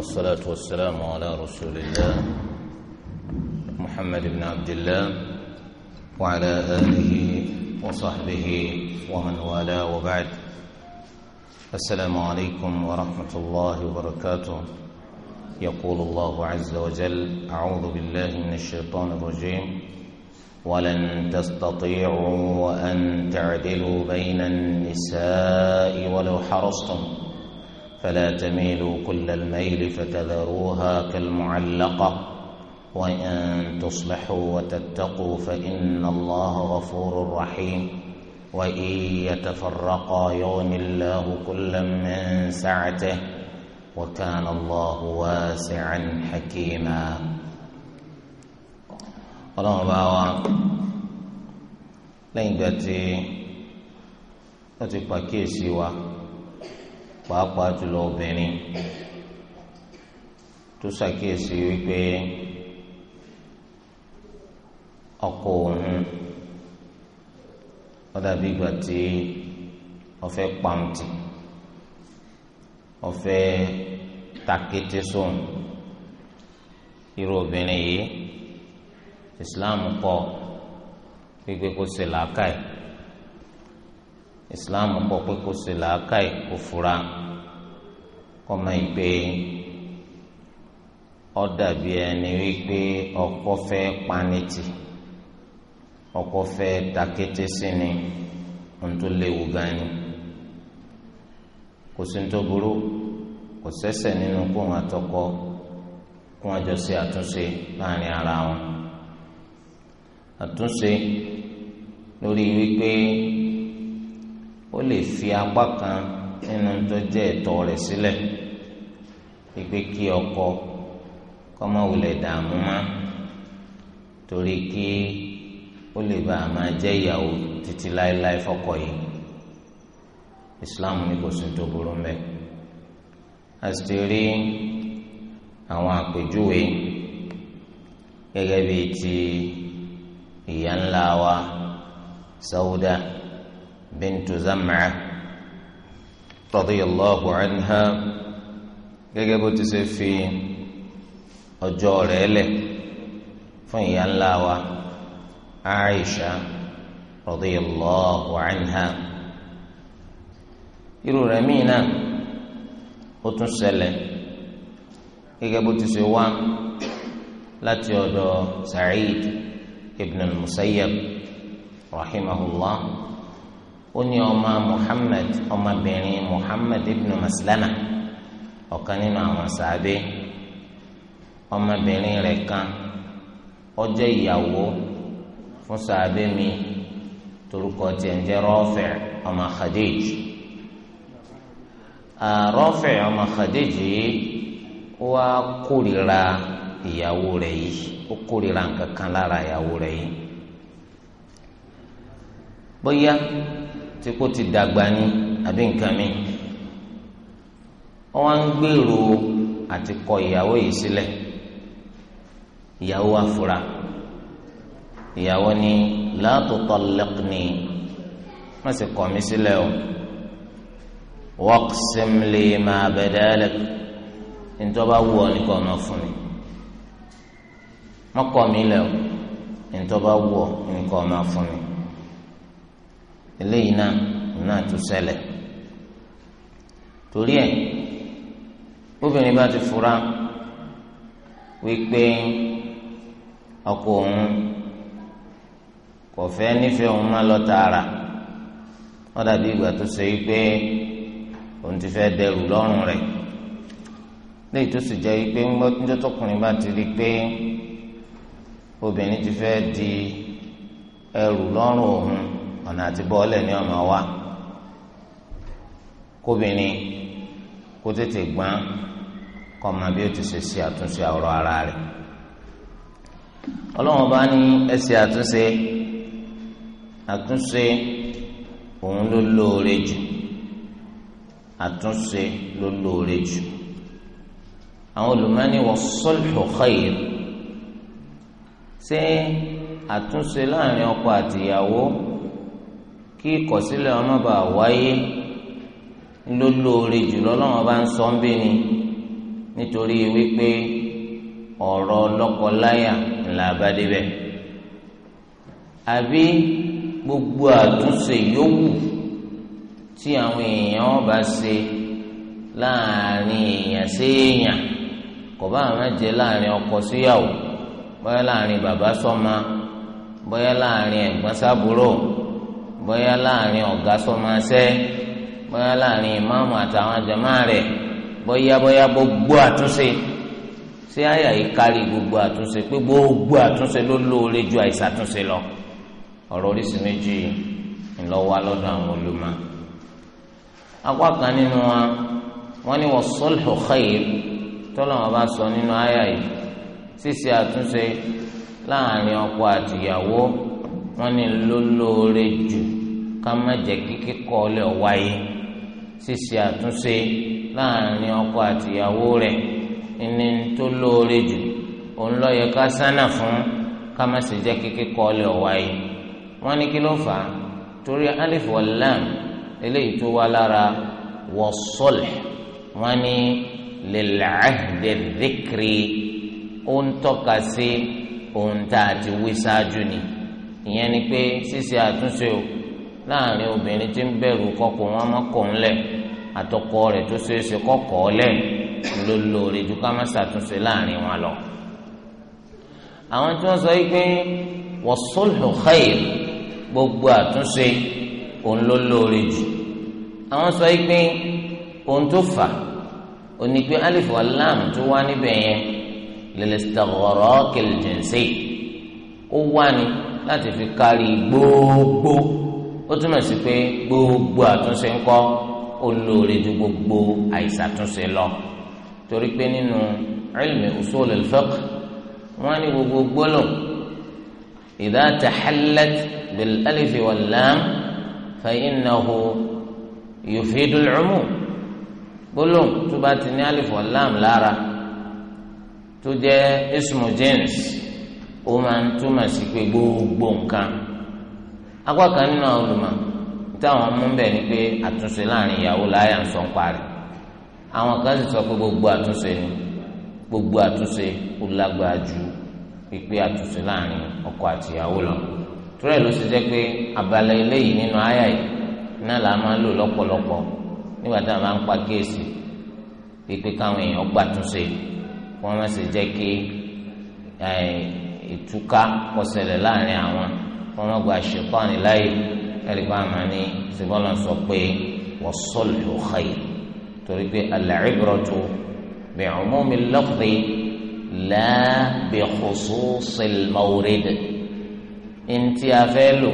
والصلاة والسلام على رسول الله محمد بن عبد الله وعلى آله وصحبه ومن والاه وبعد السلام عليكم ورحمة الله وبركاته يقول الله عز وجل أعوذ بالله من الشيطان الرجيم ولن تستطيعوا أن تعدلوا بين النساء ولو حرصتم فلا تميلوا كل الميل فتذروها كالمعلقة وإن تصلحوا وتتقوا فإن الله غفور رحيم وإن يتفرقا يغن الله كلا من سعته وكان الله واسعا حكيما الله bá لين lẹ́yìn ìgbà tí ó ti pàápàá jùlọ obìnrin tó ṣàkíyèsí wípé ọkọ òun ó dàbí ìgbà tí ọfẹ pàǹtì ọfẹ takété sóun irú obìnrin yìí islam kọ̀ pé kó ṣe làákàyè islam kọ pé kó ṣe làákàyè kó fura kọ́ mọ̀ yìí pé ó dàbí ẹni wípé ọkọ fẹ́ panitì ọkọ fẹ́ takété sí ni ohun tó léwu gan ni kò sí ní tó burú kò sẹ́sẹ̀ nínú kóhun àtọkọ kó wọn jọ ṣe àtúnṣe láàrin ara wọn àtúnṣe lórí wípé. ó lè fi apá kan nínú tó jẹ́ ẹ̀tọ́ rẹ̀ sílẹ̀ ọkọ kọ́mọ̀wulẹ̀ dààmú má torí kí ó lè bá máa jẹ́ ìyàwó títí láéláé yìí Islam ní kò sí tó burú mbẹ a sì rí àwọn àpèjúwe gẹ́gẹ́ ti ìyá ńlá wa Sauda. بنت زمعة رضي الله عنها gẹ́gẹ́ bó ti ṣe fi ọjọ́ rẹ̀ lẹ̀ fún ìyá ńlá wa Aisha radiyallahu anha irú rẹ̀ míì náà ó tún ṣẹlẹ̀ gẹ́gẹ́ bó ti ṣe wá láti ọ̀dọ̀ Sa'id ibn al-Musayyab rahimahullah. ó ní ọmọ muhammed ọmọbìnrin muhammed ibn maslama ọ̀kan nínú àwọn sàábé ọmọbìnrin rẹ̀ kan ó jẹ́ ìyàwó fún sàábé mi torúkọ tiẹ̀ ń jẹ́ Rafi' ọmọ Khadij Rafi' ọmọ Khadij yìí ó wá kórìíra ìyàwó rẹ̀ yìí ó kórìíra nǹkan kan lára bóyá tí kò ti dàgbà ní àbí nǹkan mi wọn wá ń gbèrò àti kọ ìyàwó yìí sílẹ̀ ìyàwó wa fura ìyàwó ni la tutallaqni má sì kọ̀ mí sílẹ̀ o waqsim li ma bada lak wù ọ́ ní kọ́ ọ̀nà fún mi mọ́kọ́ mi lẹ̀ o ntọ́ba wù ọ́ ní kọ́ ọ̀nà fún mi. eléyìí náà náà tún ṣẹlẹ̀ torí ẹ obìnrin bá ti fura wípé ọkọ òun kò fẹ́ nífẹ̀ẹ́ òun má lọ tààrà wọ́n dàbí ìgbà tó ṣe wípé òun ti fẹ́ dẹrù lọ́rùn rẹ̀ léyìí tó sì wípé tọkùnrin bá ti rí pé obìnrin ti di ẹrù lọ́rùn òun. ọ̀nà àti bọ́ọ̀lẹ̀ ní ọ̀nà wa kóbìnrin kó tètè gbọ́n kọ́ máa bí ó ti ṣe ṣe àtúnṣe ọ̀rọ̀ ara rẹ̀ ọlọ́run bá ní ẹsẹ̀ àtúnṣe àtúnṣe òun ló lóore jù àtúnṣe ló lóore jù àwọn olùmọ́ni wọ́n sọ́lù khayr ṣé àtúnṣe láàrin ọkọ àtìyàwó kí ìkọ̀sílẹ̀ ọmọ bá wáyé ló lóore jùlọ lọ́wọ́n bá ń sọ ń bí ni nítorí wípé ọ̀rọ̀ lọ́kọláyà ńlá bá débẹ̀ àbí gbogbo àtúnṣe yòówù tí àwọn èèyàn bá ṣe láàrin èèyàn sí èèyàn kò bá àwọn jẹ láàrin ọkọ síyàwó bóyá láàrin bàbá sọ́mọ bóyá láàrin ẹ̀gbọ́n sábúrò bóyá láàrin ọ̀gá sọmaṣẹ́ bóyá láàrin ìmáàmù àtàwọn jàmá rẹ̀ bóyá bóyá gbogbo àtúnṣe ṣé àyà yìí kárí gbogbo àtúnṣe pé gbogbo àtúnṣe ló lóore ju àìsàtúnṣe lọ ọ̀rọ̀ oríṣi méjì ńlọ́wọ́ lọ́dọ̀ àwọn olùmọ̀ apá kan nínú wa wọ́n ní wọ́n sọ́lù xeyìr tọ́lọ́wọ́n bá sọ nínú àyà yìí ṣíṣe àtúnṣe láàrin ọkọ àtìyàwó wọ́n ní ló lóore jù ká má jẹ́ kí kíkọ́ ọlẹ́ wáyé ṣíṣe àtúnṣe láàrin ọkọ àtìyàwó rẹ̀ ní tó lóore jù òun lọ yẹ ká sánà fún ká má sì jẹ́ kí kíkọ́ ọlẹ́ ní kí ló fà á torí alif wàlám eléyìí tó wá lára wọ́sọ̀lẹ̀ wọ́n ní lẹ́lẹ́àdẹ̀ dìkìrì ó sí ohun tá a ti wí ṣáájú ni ìyẹn ni pé ṣíṣe àtúnṣe o láàrin obìnrin tí ń bẹ̀rù kọkọ wọn mọ́kọ̀ ńlẹ̀ àtọkọ rẹ̀ tó ṣeé ṣe kọ́kọ́ ọ̀lẹ̀ ló lóore ju ká má ṣàtúnṣe láàrin wọn lọ. àwọn tí wọ́n sọ yìí pé was-sulhu khair gbogbo àtúnṣe òun ló lóore jù àwọn sọ yìí pé ohun tó fà ó pé alif wa tó wá níbẹ̀ yẹn lil-istaghraq al ó wá ní láti fi kárí gbogbo ó túmọ̀ sí pé gbogbo àtúnṣe ń kọ́ ó lóore ju gbogbo àìsàtúnṣe lọ torí pé nínú ilmi usul al-fiqh wọ́n ní gbogbo gbólóhùn idha tahallat bil alif wal lam fa innahu yufidu al-umum gbólóhùn tó bá ti ní alif wal lam lára tó jẹ́ ismu jins ó máa ń túmọ̀ sí pé gbogbo nǹkan. apá kan nínú àwọn olùmọ̀ táwọn mú bẹ̀ ni pé àtúnṣe láàrin ìyàwó láyà ń sọ àwọn kan sì sọ pé gbogbo àtúnṣe ni gbogbo àtúnṣe ó lágbára ju pípé àtúnṣe láàrin ọkọ àti ìyàwó lọ túrẹ̀ si ṣe jẹ́ pé abala eléyìí nínú àyà yìí náà la máa ń lò lọ́pọ̀lọpọ̀ nígbà tá a máa ń pa pípé káwọn èèyàn má ọlọ́gba ṣèpáàní láyè ẹ̀ríkọ́ àmà ní ṣèbọ́lá sọ pé was-sulhu khayr torí pé al-ibratu bi'umumi al-lafzi la bi khususi al-mawrid ntí a fẹ́ lò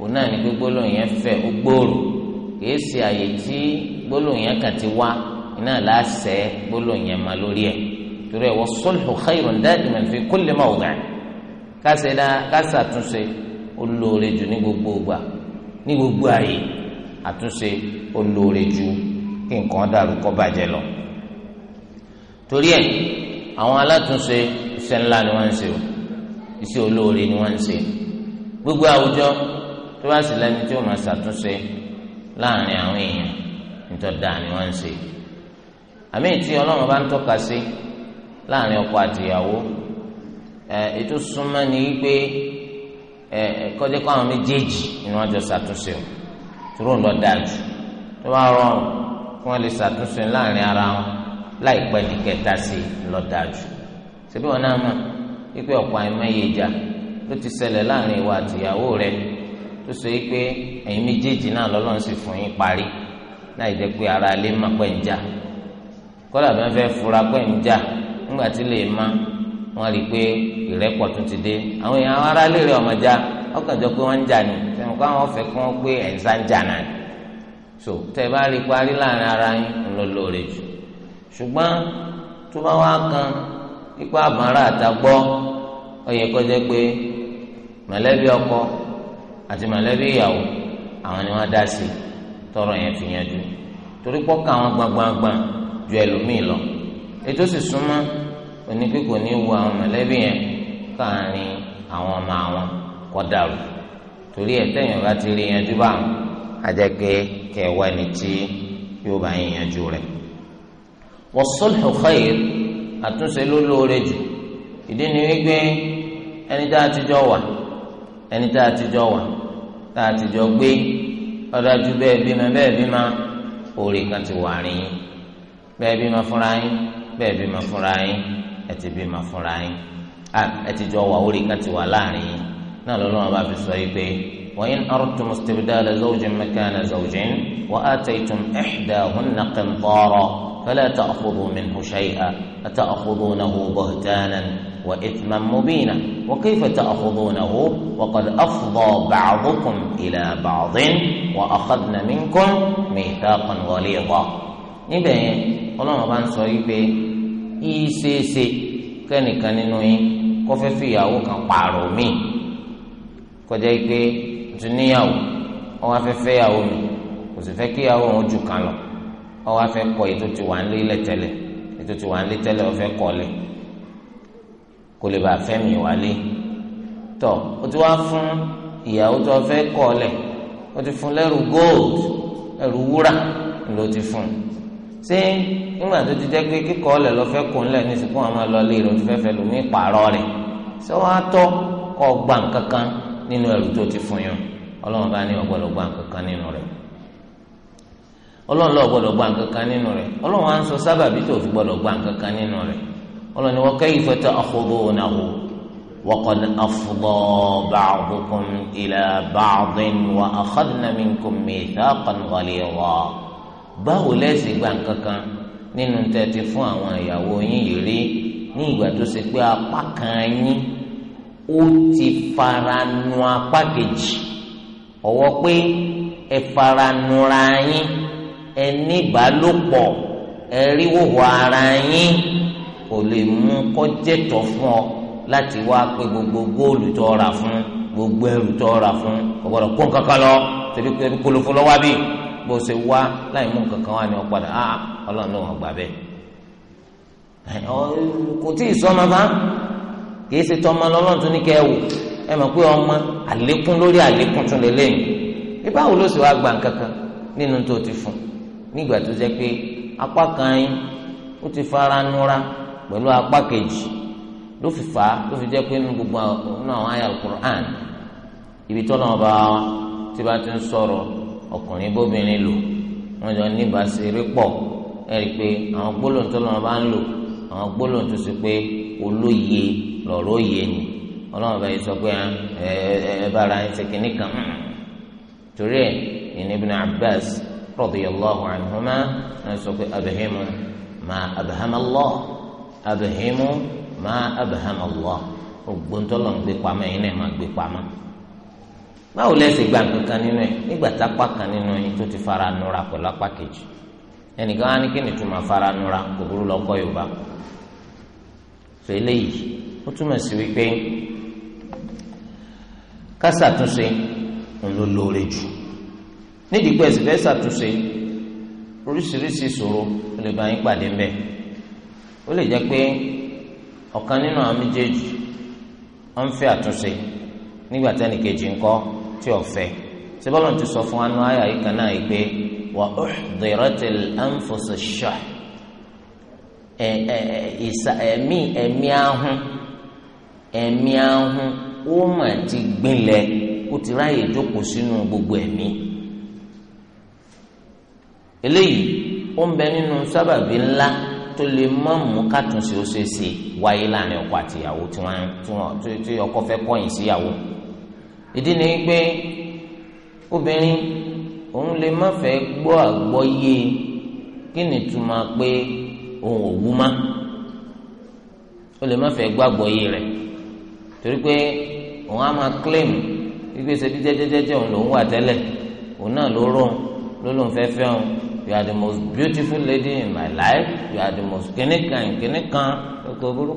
òun náà ní gbígbóló yẹn fẹ́ ó gbòòrò kìí ṣe àyè tí gbóló yẹn kàn ti wá iná láṣẹ gbóló yẹn má lórí ẹ̀ torí ẹ̀ was-sulhu khayrun da'iman fi kulli mawdi' kásẹ̀ dá kásà túnṣe ó lóore jù ní gbogbo ìgbà ní gbogbo ààyè àtúnṣe ó lóore jù kí nǹkan dàrú kó bàjẹ́ lọ torí ẹ̀ àwọn alátúnṣe iṣẹ́ ńlá ni wọ́n ń ṣe o iṣẹ́ olóore ni wọ́n ń ṣe gbogbo àwùjọ tó bá sì lẹ́ni tí ó máa ṣàtúnṣe láàrin àwọn èèyàn nítorí ni wọ́n ń ṣe àmì tí ọlọ́run bá ń tọ́ka sí láàrin ọkọ àtìyàwó ẹ̀ ètò súnmọ́ ni wípé. ẹ kọjá kó àwọn méjèèjì ni wọn ṣàtúnṣe o tóró ń lọ dájú tó bá ara wọn ní kẹta sí lọ dájú síbí wọn náà mọ̀ wípé ọ̀pọ̀ àìmọye ló ti ṣẹlẹ̀ láàrin ìwà àtìyàwó rẹ tó sọ wípé ẹ̀yin méjèèjì náà lọ́lọ́run sì fún yín parí láì jẹ́ pé ara ilé pẹ́ wọ́n rí i pé ìrẹ́pọ̀ tún ti dé àwọn èèyàn ará léèrè ọmọjà ọkàn jọ pé wọ́n ń jà ní sẹ́wọ̀n kó àwọn ọ̀fẹ́ kí wọ́n pé ẹ̀ǹsà ń jà náà so tẹ́ ẹ bá rí i parí láàrin ara yín ló lóore jù ṣùgbọ́n tó bá wá kan ipa àbára àtàgbọ́ ó yẹ kó jẹ́ pé mọ̀lẹ́bí ọkọ àti mọ̀lẹ́bí ìyàwó àwọn ni wọ́n dá sí tọrọ yẹn fi yanjú torí pọ́kà àwọn gbangbangban ju ẹlòmíì lọ ètò sì súnmọ́ oníkíkò ní wo àwọn mọ̀lẹ́bí yẹn káàárín àwọn ọmọ àwọn kọ́ dàrú torí ẹ̀ tẹ̀yìn ọ̀gá ti rí yanjú bá wọn àjẹkẹ́ kẹwà ẹni tí yóò bá yín yanjú rẹ̀. was-sulhu khair àtúnṣe ló lóore jù ìdí ni wípé ẹni tá a ti jọ wà ẹni tá a ti jọ wà tá a ti jọ gbé ọ̀dájú bẹ́ẹ̀ bímọ bẹ́ẹ̀ bímọ òòrè kan ti wà rìn yín bẹ́ẹ̀ bímọ fúnra yín bẹ́ẹ̀ bímọ fúnra yín ẹ ti bímọ fúnra yín ẹ ti jọ wà orí kan ti wà láàrin yín náà lọ́lọ́run bá fi sọ yìí pé وإن أردتم استبدال زوج مكان زوج وآتيتم إحداهن قنطارا فلا تأخذوا منه شيئا أتأخذونه بهتانا وإثما مبينا وكيف تأخذونه وقد أفضى بعضكم إلى بعض وأخذن منكم ميثاقا غليظا نبي قلنا بان سويبي ìṣeéṣe kẹ́nìkan nínú yín kó fẹ́ fi ìyàwó kan pààrọ̀ míì kọjá yìí pé tún níyàwó ọwọ́ afẹ́ fẹ́ ìyàwó mi kò sì fẹ́ kí ìyàwó òun jù kan lọ ọwọ́ afẹ́ kọ ètò tí wà ń lé ilẹ̀ tẹ́lẹ̀ ètò tí wà ń lé tẹ́lẹ̀ ọ̀fẹ́ kọ́lẹ̀ kò lè bá fẹ́ mi wálé tọ́ o ti wá fún ìyàwó tó ọfẹ́ kọ́lẹ̀ o ti fún lẹ́rù gold ẹrù wúrà ló ti fún un ṣé nígbà tó ti jẹ́ pé kíkọ́ ọ̀lẹ̀ lọ fẹ́ kó ńlẹ̀ ní ìsìnkú àwọn ọlọ́lẹ̀ rẹ̀ tó fẹ́ẹ́ fẹ́ lómi pààrọ̀ rẹ̀ ṣé wọ́n á tọ́ kọ́ gba nǹkan kan nínú ẹrù tó ti fún yàn ọlọ́run bá ní ọgbọ́dọ̀ gba nǹkan nínú rẹ̀ ọlọ́run lọ gbọ́dọ̀ gba nǹkan nínú rẹ̀ ọlọ́run á ń sọ sábàbí tó fi gbọ́dọ̀ gba nǹkan nínú rẹ̀ ọlọ́run ni wa kayfa báwo lẹ́sìn gba nǹkan kan nínú tẹ́tí fún àwọn ìyàwó yín yìí rí ní ìgbà tó ṣe pé apá kan yín ó ti fara nu apá kejì ọ̀wọ́ pé ẹ fara nura yín ẹ ní ẹ rí ara yín kò lè mú kọ́jẹ́tọ̀ fún ọ láti wá pé gbogbo góòlù tó ra fún gbogbo ẹrù tó ra fún kò gbọdọ̀ kó nǹkan kan lọ tẹbi kólófó lọ́wọ́ bí bó ṣe wá láì mú nǹkan kan wá ní ọ̀padà á ah, ọlọ́run náà wọ́n gbà bẹ́ẹ̀. kò tí ì sọmọ bá kìí ṣe tọmọ lọ́lọ́run tún ní kẹ́ ẹ wò ẹ mọ̀ pé ọmọ àlékún lórí àlékún tún lè ló wá nǹkan kan nínú tó ti fún nígbà tó jẹ́ pé al ibi tó náà ọkùnrin bóbìnrin lò wọn jọ níbàṣírí pọ̀ ẹ rí i pé àwọn gbólóhùn tó lọ́wọ́ bá ń lò àwọn gbólóhùn tó sì pé olóye lọ̀rọ̀ òye ni ọlọ́run bá yìí sọ pé ẹ ẹ bára ẹ ṣe kìnnì kan hmm. torí ẹ ìní Ibn Abbas radiyallahu anhuma ẹ sọ pé abahimu ma abahama Allah abahimu ma abahama Allah ògbóntọ́lọ́ ń gbé pamọ́ ẹ̀yin náà máa gbé pamọ́. báwo lẹ́sẹ̀ gba nǹkan kan nínú ẹ̀ nígbà tápá kan nínú tó ti fara nura pẹ̀lú apá kejì ẹnìkan á ní ni tó máa fara nura kò burú lọ́kọ́ yorùbá tó eléyìí ó túmọ̀ sí wípé ká ṣàtúnṣe ló lóore jù nídìí pé ẹ̀sìn fẹ́ ṣàtúnṣe oríṣiríṣi ìṣòro ó lè bá yín pàdé ó lè jẹ́ pé ọ̀kan nínú àwọn tí ó fẹ́ sibọlọ ti sọ fún anu ayé àyíká náà yìí pé wà uhdiratil anfus ash-shah ẹ ẹ ìsà ẹ̀mí ẹ̀mí ahun ẹ̀mí ahun ó mà ti gbinlẹ̀ ó ti ráàyè jókòó sínú gbogbo ẹ̀mí eléyìí ó ń bẹ nínú sábàbí ńlá tó lè mọ mú kàtúnṣe ó ṣe é ṣe wáyé láàrin ọkọ àtìyàwó tí wọn tí ọkọ fẹ́ kọ̀yìn síyàwó. Si ìdí ni pé obìnrin òun lè má fẹ́ gbọ́ àgbọ́yé kí ni túmọ̀ pé òun ò wú má ó lè má fẹ́ gbọ́ àgbọ́yé rẹ̀ torí pé òun á máa claim wípé ṣebí jẹ́jẹ́jẹ́jẹ́ òun lòún wà tẹ́lẹ̀ òun náà ló rọ̀ ló lòún fẹ́ fẹ́ òun you are the most beautiful lady in my life you are the most kìnnìkan kìnnìkan kò burú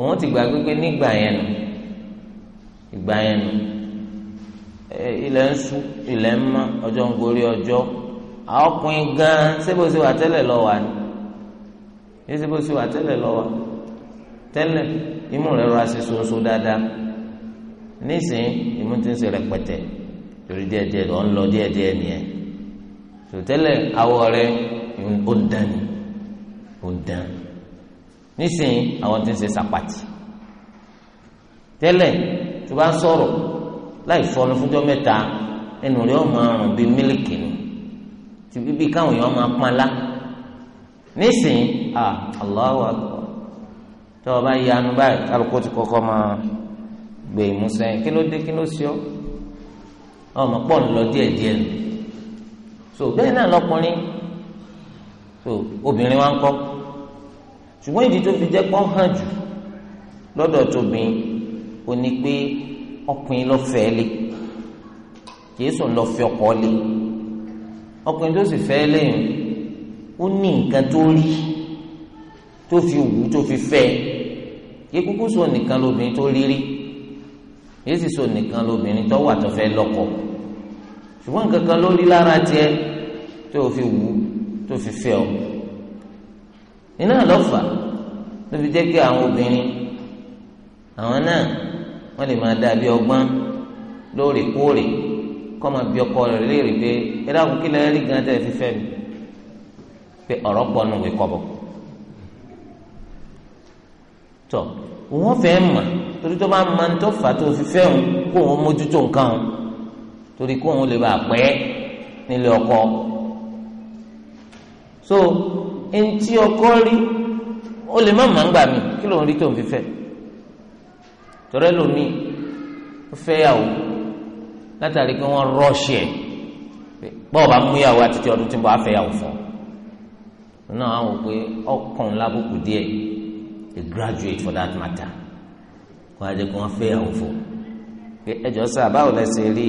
òun ti gbàgbé pé nígbà yẹn nù ìgbà yẹn nù ilẹ̀ ń sú ilẹ̀ ń mọ́ ọjọ́ ń gorí ọjọ́ àwọn ọkùnrin gan-an síbòsí wà tẹ́lẹ̀ lọ wà ní yìí síbòsí wà tẹ́lẹ̀ lọ wà tẹ́lẹ̀ imú rẹ̀ rọra ṣe ṣoṣo dáadáa nísìnyí imú ti ń ṣe rẹpẹtẹ torí díẹ̀díẹ̀ lọ ń lọ díẹ̀díẹ̀ nìyẹn sòtẹ́lẹ̀ awọ rẹ̀ ó dán ni ó dán nísìnyí àwọn ti ń ṣe sàpàtì tẹ́lẹ̀ tó bá sọ̀rọ̀ láì fọnu fúnjọ́ mẹ́ta ẹnu rẹ̀ ọmọ àrùn bíi mílìkì ni ti bíbí káwọn èèyàn máa pọn lá nísìnyí à Allahu akbar tó o bá yanu báyìí kálukú ti kọ́kọ́ máa gbé ìmúsẹ́ kí ló dé kí ló sí ọ ọmọ pọ̀ ń lọ díẹ̀díẹ̀ nù so bẹ́ẹ̀ náà lọkùnrin so obìnrin wa ń kọ́ ṣùgbọ́n ìdí tó fi jẹ́ pọ́n hàn jù lọ́dọ̀ tóbi ó ní pé ọkùnrin lọ fẹ́ lé kìí sùn lọ fi ọkọ lé ọkùnrin tó sì fẹ́ lẹ́yìn ó ní nǹkan tó rí tó fi wù tó fi fẹ́ kìí kúkú sùn nìkan lóbìnrin tó rí rí kìí sì sùn nìkan lóbìnrin tó wà tó fẹ́ lọ́kọ ṣùgbọ́n nǹkan kan ló rí lára tiẹ̀ tó fi wù tó fi fẹ́ ọ iná lọ́fà ló fi jẹ́ pé àwọn obìnrin àwọn náà wọ́n lè máa dá bí ọgbọ́n lóòrèkóòrè kọ́ máa bí ọkọ rẹ̀ léèrè pé ẹ dákun kí lẹ́yìn rí gan tẹ́ fi fẹ́ mi pé ọ̀rọ̀ pọ̀ nù wí kọ́bọ̀ tọ́ wọ́n fẹ́ mọ̀ torí tó bá máa ń tó fà tó fi fẹ́ òun kó òun mójútó nǹkan òun torí kó òun lè bá pẹ́ nílé ọkọ so ntí ọkọ rí ó lè má màá ń gbà mí kí lòun rí tó ń fi fẹ́ torí ẹlòmíì ó fẹ́ yàwó látàrí pé wọ́n rọ́ọ̀ṣì ẹ̀ bọ́ọ̀ bá mú yàwó àtijọ́ ọdún tí ń bọ̀ á fẹ́ yàwó fún un náà àwọn òpè ọkàn lábùkù díẹ̀ a graduate for that matter kó adé kó wọ́n fẹ́ yàwó fún un pé ẹjọ́ sá báwo lẹ ṣe rí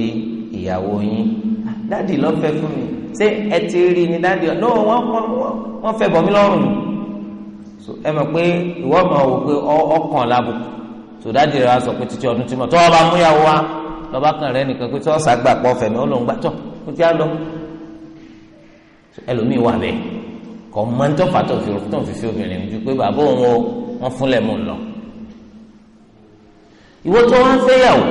ìyàwó yín ah, dáàdì lọ fẹ́ fún mi ṣé ẹ ti rí ni dáàdì ọ náà wọ́n fẹ́ bọ̀ mí lọ́rùn so ẹ mọ̀ pé ìwọ mọ̀ wò pé ọkàn lábùkù sòdádìí rẹ̀ wá sọ pé títí ọdún tí mo tọ́ ọba múyàwó wa lọ́ba kan rẹ̀ nìkan pé tí wọ́n sàgbà pọ̀ fẹ̀mí ó lòún gbàtọ̀ ó ti á lọ ẹlòmíì wà bẹ́ẹ̀ kọ́ mọ́ńtọ́fà tó fi tó fi fi obìnrin ju pé bàbá òun o wọ́n fúnlẹ̀ mú un lọ. ìwọ tó wọ́n fẹ́ yàwó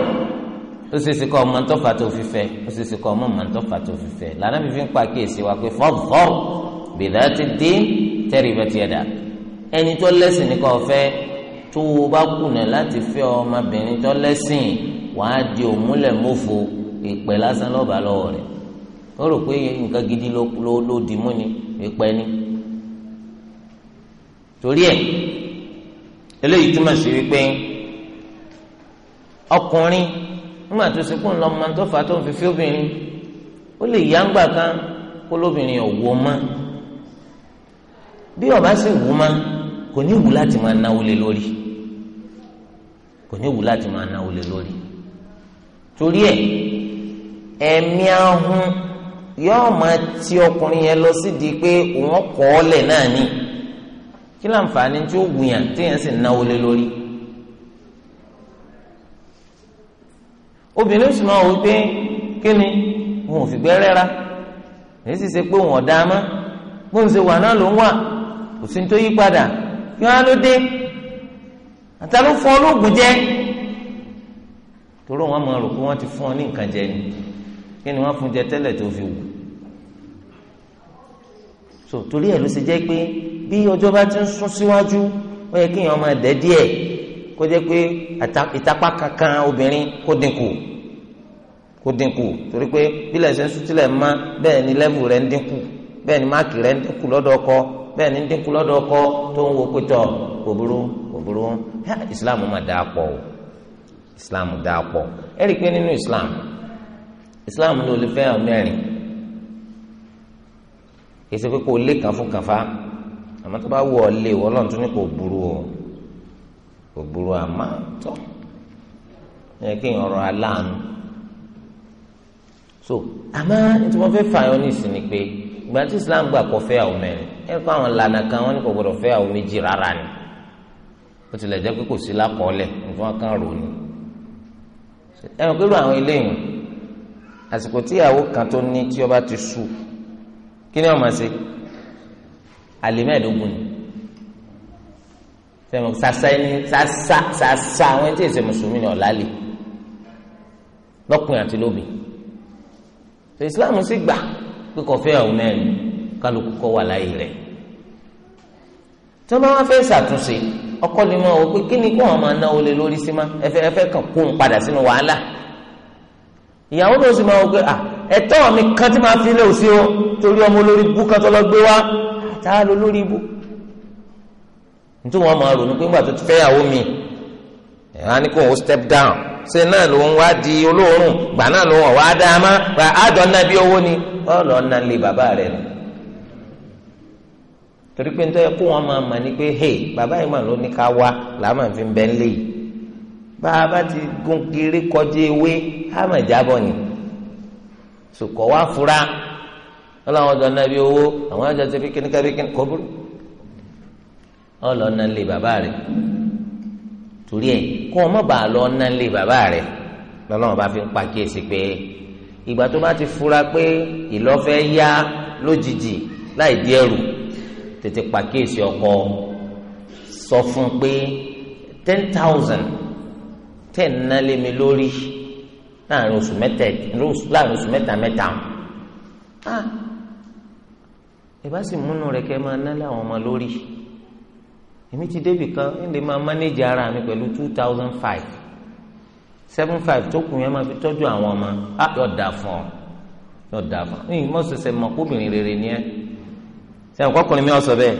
ó ṣe é ṣe kọ́ mọ́ńtọ́fà tó fi fẹ́ ó ṣe é ṣe kọ́ mọ́ mọ́ńtọ́fà fi fẹ́ lànà fífi ń pa wa pé fọ́ọ̀fọ́ọ̀ bìdá ti dín tẹ́rìbẹ́tì ẹ̀dá ẹni tó lẹ́sìn ní kọ́ fẹ́ tó o bá kùnà láti fẹ́ ọmọbìnrin tó lẹ́sìn wàá di òmúlẹ̀mófo ìpè lásán lọ́ba lọ́wọ́ rẹ̀ ó rò pé nǹkan gidi ló ló mú ni ni torí ẹ̀ eléyìí túmọ̀ sí wípé ọkùnrin nígbà tó sekú ńlọ ọmọ tó fà tó ń fi fi obìnrin ó lè yá bí ọba sì mọ́ kò ní wù láti máa náwó lé kò ní wù láti máa náwó lé lórí torí ẹ ẹ̀mí ahun yóò máa ti ọkùnrin yẹn lọ sídìí pé òun kọ ọ lẹ náà ni kí láǹfààní tí ó wùyàn téèyàn sì náwó lé lórí. obìnrin sì máa wò pé kí ni òun ò fìgbẹ́ rẹ́ra èyí sì ṣe pé òun ọ̀dá mọ́ bóun ṣe wà náà ló ń wà kò sí ní tó yí padà kí á ló dé àtà ló fún olóògùn jẹ torí wọn máa rò pé wọn ti fún ọ ní nǹkan jẹ ni kí ni wọn fún jẹ tẹ́lẹ̀ tó fi wù so torí ẹ̀ ló ṣe jẹ́ pé bí ọjọ́ bá ti ń sún síwájú ó yẹ kéèyàn máa dẹ díẹ̀ kó jẹ́ pé ìtapá kankan obìnrin kó dínkù kó dínkù torí pé bílẹ̀ ṣe ń sún sílẹ̀ mọ́ bẹ́ẹ̀ ni lẹ́vù rẹ̀ ń dínkù bẹ́ẹ̀ ni máàkì rẹ̀ ń dínkù lọ́dọ̀ ọkọ bẹ́ẹ̀ ni ń dínkù lọ́dọ̀ ọkọ tó ń wo pétọ̀ kò burú burú islam mà dáa pọ̀ o islam dáa pọ̀ ẹ rí i pé nínú islam islam ló lè fẹ́ àwọn mẹ́rin kì í ṣe pé kò lé kan fún kan fa àmọ́ tó bá wù ọ́ lé wọ́n lọ́n tún ní kò burú o kò burú àmọ́ tọ́ ẹ kí n ọ̀rọ̀ aláàánú so àmọ́ tí wọ́n fẹ́ fààyàn ní ìsìn ni pé ìgbà tí islam gbà kọ́ fẹ́ àwọn mẹ́rin ẹ kọ́ àwọn lànà kan wọ́n ní kò gbọdọ̀ fẹ́ àwọn méjì rárá ni bó tilẹ̀ jẹ́ pé kò sí lákọọ́lẹ̀ nǹkan kan rò ní. ẹnu pẹ̀lú àwọn eléyìí àsìkò tí ìyàwó kan tó ní tí ọba ti sùn kí ni wọ́n máa ṣe àlè mẹ́ẹ̀ẹ́dógún ni fẹ́mi sasa ẹni sasa sasa àwọn tí èsè mùsùlùmí ni ọ̀la lè lọ́kùnrin àti lóbi tó ìsìláàmù sì gbà pé kò fẹ́ ìyàwó mẹ́rin kálukú kọ́ wà láyé rẹ̀ tí wọ́n bá wá fẹ́ ṣàtúnṣe ọkọ lè máa wọ pé kí ni kí wọn máa náwó lé lórí sí ma ẹfẹ ẹfẹ kàn kó ń padà sínú wàhálà ìyàwó náà sì máa wọ pé ẹ̀tọ́ mi kan tí máa fi lé òsì o torí ọmọ olórí ibú kan tó lọ gbé wá tá a lórí ibú nítorí wọn máa ronú pé ńgbà tó ti fẹ́yàwó mi ẹ̀rọ á ní kó o step down ṣe náà ló ń wá di olóòórùn gbà náà ló ń wá dáa má àádọ́ náà owó ni ọ̀rọ̀ náà bàbá rẹ̀ nù torí pé nítorí kó wọn máa mà ní pé hey bàbá yìí mà ló ní ká wá làá mà fi bẹ́ẹ̀ lé yìí bá a bá ti gun kiri kọjá ewé á mà jábọ̀ ni sùkọ́ wá fura wọn làwọn náà bí owó àwọn ọjọ́ ti fi kíníkà bí kíníkà kó ọlọ́ọ̀nà lé bàbá rẹ̀ torí ẹ̀ kó wọn má bàa lọ́ọ̀nà lé bàbá rẹ̀ lọ́lọ́wọ́n bá fi ń pa kíyèsí pé ìgbà tó bá ti fura pé ìlọ́fẹ́ yá lójijì láì di ẹrù tètè pàkíyèsí ọkọ sọ fún pé ten thousand ten ná lé mi lórí láàrin oṣù mẹ́ta láàrin oṣù mẹ́ta mẹ́ta ah ìbá sì múnú rẹ̀ kẹ́ máa ná láwọn ọmọ lórí èmi ti débì kan ẹ lè máa mánéjì ara mi pẹ̀lú two thousand five seven five tó kù yẹn máa fi tọ́jú àwọn ọmọ ah yóò dà fún ọ yóò dà fún ọ ní ìmọ̀ ṣẹ̀ṣẹ̀ mọ̀ kóbìnrin rere ni ẹ́ sẹ́wọ̀n kọkùnrin mi ọ̀sọ̀ bẹ́ẹ̀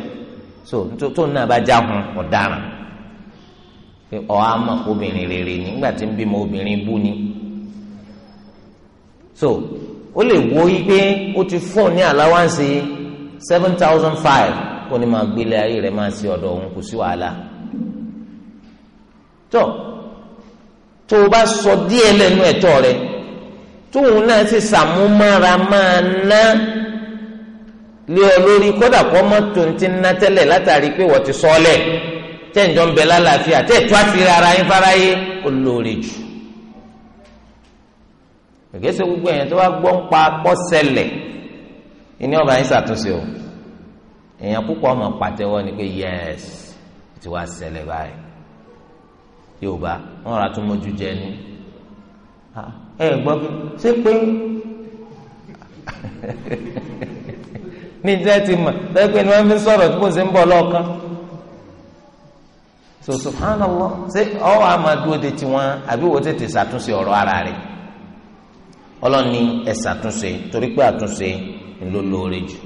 so tó náà bá já hun ọ̀daràn pé ọ̀há mọ̀ obìnrin rere nígbà tí ń bímọ obìnrin bú ni so ó lè wo yí pé ó ti fún ní aláwáǹsì seven thousand five kó ní máa gbélé ayé rẹ̀ máa ṣe ọ̀dọ̀ òun kò sí wàhálà tó tó o bá sọ díẹ̀ lẹ́nu ẹ̀tọ́ rẹ̀ tóun náà ti lé ọ lórí kódà kó mọ́ tonti ná tẹ́lẹ̀ látàrí pé wọ́n ti sọ́ọ́lẹ̀ tẹ́ǹjọ́ ń bẹ lálàáfíà tẹ́ẹ̀tú àṣírí ara yín fáráyé ó lóore jù gẹ́gẹ́ gbogbo èèyàn tó wá gbọ́ ń pa pọ́sẹ̀lẹ̀ ìní ọba yín ṣàtúnṣe o èèyàn púpọ̀ ọmọ pàtẹ́wọ́ ni pé yẹ́s ti wá ṣẹlẹ̀ báyìí yorùbá wọn rà tún mójú jẹ ní ah, ẹ gbọ́ pé ṣé pé ní tẹ́ ti mọ̀ tẹ́ pé ni wọ́n fi ń sọ̀rọ̀ tí kò sí ń bọ̀ lọ́ọ̀kan so subhanallah ṣé ọwọ amadu de tiwọn àbí wọ́n tètè ṣàtúnṣe ara rẹ̀ ọlọ ẹ̀ ṣàtúnṣe torí pé àtúnṣe ló lóore jù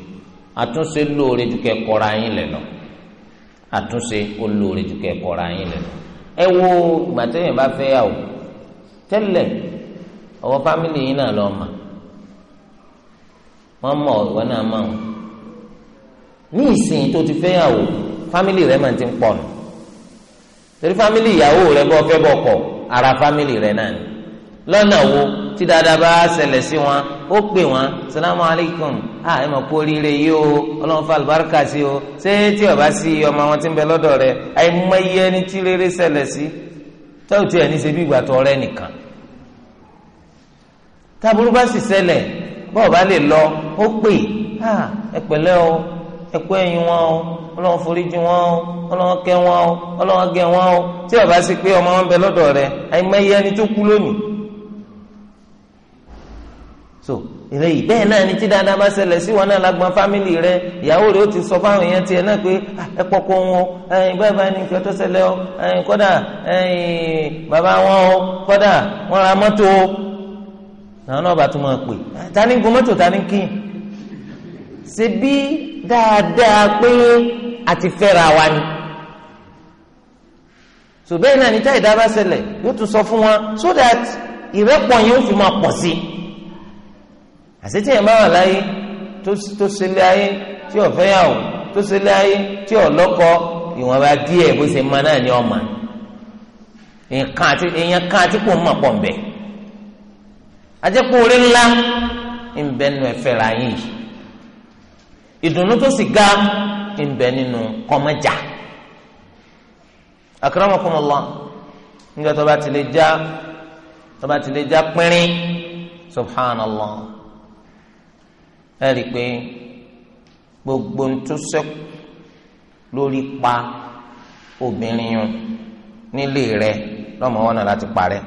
àtúnṣe lóore jù kẹ́ kọ́ra yín àtúnṣe ó lóore jù kẹ́ kọ́ra yín o tẹ́lẹ̀ ọwọ́ fámìlì yín náà lọ́ọ́ wọ́n mọ̀ ní ìsìn tó ti fẹ́yàwó fámìlì rẹ máa ti ń pọ̀ nù torí fámìlì ìyàwó rẹ bọ́ fẹ́ bọ̀ kọ̀ ara fámìlì rẹ náà ni lọ́nà wo tí dáadáa bá ṣẹlẹ̀ sí wọn ó pè wọn salamu alaykum a ah, ẹ mọ̀ kú oríire yìí o ọlọ́run fa àlùbáríkà sí o ṣé tí ọba sí ọmọ wọn ti ń bẹ lọ́dọ̀ rẹ àìmọye ẹni tí rere ṣẹlẹ̀ sí tọ́wọ́ tí ẹ̀ ní ṣe bí ìgbà tó ọ̀rẹ́ nìkan táburú bá sì ṣẹlẹ̀ bọ́ọ̀ bá lè lọ ó pè ah, ẹ pẹ̀lẹ́ o ẹkú ẹ̀yìn wọn o Ọlọ́run foríjì wọn o Ọlọ́run kẹ́ wọn o Ọlọ́run gẹ̀ wọn o tí o bá sì pé ọmọ wọn bẹ lọ́dọ̀ rẹ àìmọye ẹni tó kú lónìí. so eléyìí bẹ́ẹ̀ náà ni tí dáadáa bá ṣẹlẹ̀ sí wọn náà lágbọn fámìlì rẹ ìyàwó rẹ ó ti sọ fáwọn èèyàn tiẹ̀ náà pé ah, ẹ pọ̀kọ wọn ẹ̀yìn báyìí báyìí ní nǹkan tó ṣẹlẹ̀ o ẹ̀yìn kọ́dà ẹ̀yìn bàbá wọn o kọ́dà wọn ra mọ́tò o àwọn náà bá tún máa pè tani gun ṣe bí dáadáa pé a ti fẹ́ra wa ni ṣùgbọ́n náà níta ìdábà ṣẹlẹ̀ yóò tún sọ fún wọn so that ìrẹ́pọ̀ yẹn ó fi máa pọ̀ sí i àṣetí yẹn bá wà láyé tó ṣe lé ayé tí ò fẹ́ yàwó tó ṣe lé ayé tí ò lọ́kọ ìwọ̀nba díẹ̀ bó ṣe máa náà ní ọmọ èèyàn kan àti kò mọ̀ pọ̀ ń ajẹ́pọ̀ orí ńlá ń bẹ́ẹ̀ ẹ̀fẹ́ ra yín yìí ìdùnnú tó sì ga ń bẹ nínú kọ́mọ́jà akramakumullah nígbà tó bá ti lè já tó bá ti já pínrín subhanallah ẹ rí i pé gbogbo ń lórí pa obìnrin yun nílé rẹ̀ lọ́mọ wọn náà láti parẹ́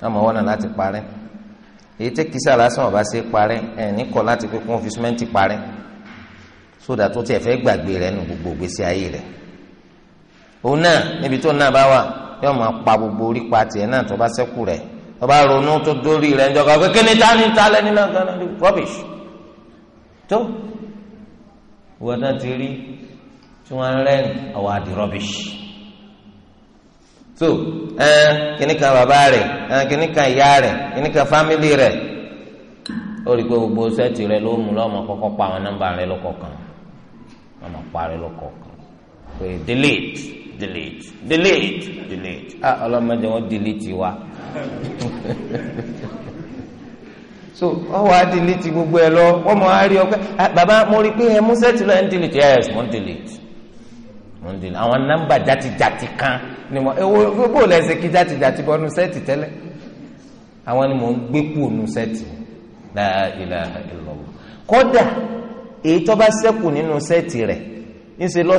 lọ́mọ wọn náà láti parẹ́ èyí tẹ́kísà lásán ọ̀bá ṣe parẹ́ ẹ̀ ní kọ́ láti pé kún fi parẹ́ sódà tó tiẹ̀ fẹ́ gbàgbé rẹ̀ nù gbogbo gbèsè ayé rẹ̀ òun náà níbi tó náà bá wà yóò máa pa gbogbo orí pa tiẹ̀ náà tó bá sẹ́kù rẹ̀ tó bá ronú tó dórí rẹ̀ ń jọkọ̀ pé kí ni tani ta náà ganan ní rubbish tó wọ́n náà ti rí tí wọ́n rẹ́ni àwọn àdì rubbish tó ẹ kíní kan bàbá rẹ̀ ẹ kíní kan ìyá rẹ̀ kíní kan fámìlì rẹ̀ ó rí i pé gbogbo sẹ́ẹ̀tì rẹ̀ ló mú lọ́mọ kọ́kọ́ pa àwọn nọ́mbà rẹ̀ lọ́kọ̀ọ̀kan wọn máa parí lọ́kọ̀ọ̀kan pé delete delete delete delete ah ọlọ́mọdé wọn delete wa so ọwọ́ á delete gbogbo ẹ lọ wọ́n máa rí ọ pé ah, bàbá mo rí i pé ẹ mú sẹ́ẹ̀tì lọ ẹ ń delete yes mo ń delete mo ń delete àwọn nọ́mbà jatijati kan ni mo ewo gbogbo lẹ́sẹ̀ kí jatijati bọ́nu sẹ́ẹ̀tì tẹ́lẹ̀ àwọn ni mo ń gbé kúònù sẹ́ẹ̀tì la ilaha illallah kódà èyí tó bá ṣẹ́kù nínú sẹ́ẹ̀tì rẹ̀ ńṣe lọ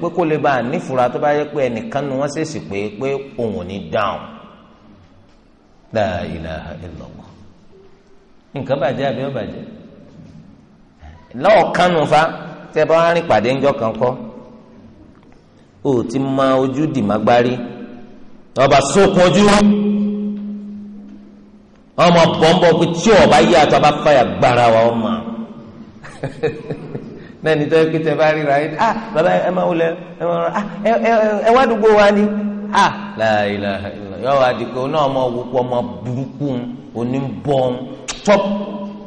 pé kó lè bá a nífura tó bá yẹ pé ẹnìkan nu wọ́n ṣèṣì pé pé òun ò ní dáhùn la ilaha nǹkan bàjẹ́ àbí bàjẹ́ lọ́ọ̀kan nu fa tẹ́ pàdé ńjọ́ kan kọ́ o ti ma ojú dì má gbárí ọba sókun ojú ọmọ bọ́ńbọ́ pé tí ọba bá fàyà gbára ọmọ. náà nítorí pé tẹ bá ríra yìí ah bàbá ẹ máa wọlé ẹ máa rọra ah ẹ wá dùgbò wa ni ah láìla yọ wá di pé oná ọmọ wúkú ọmọ burúkú oníbọ̀n tọ́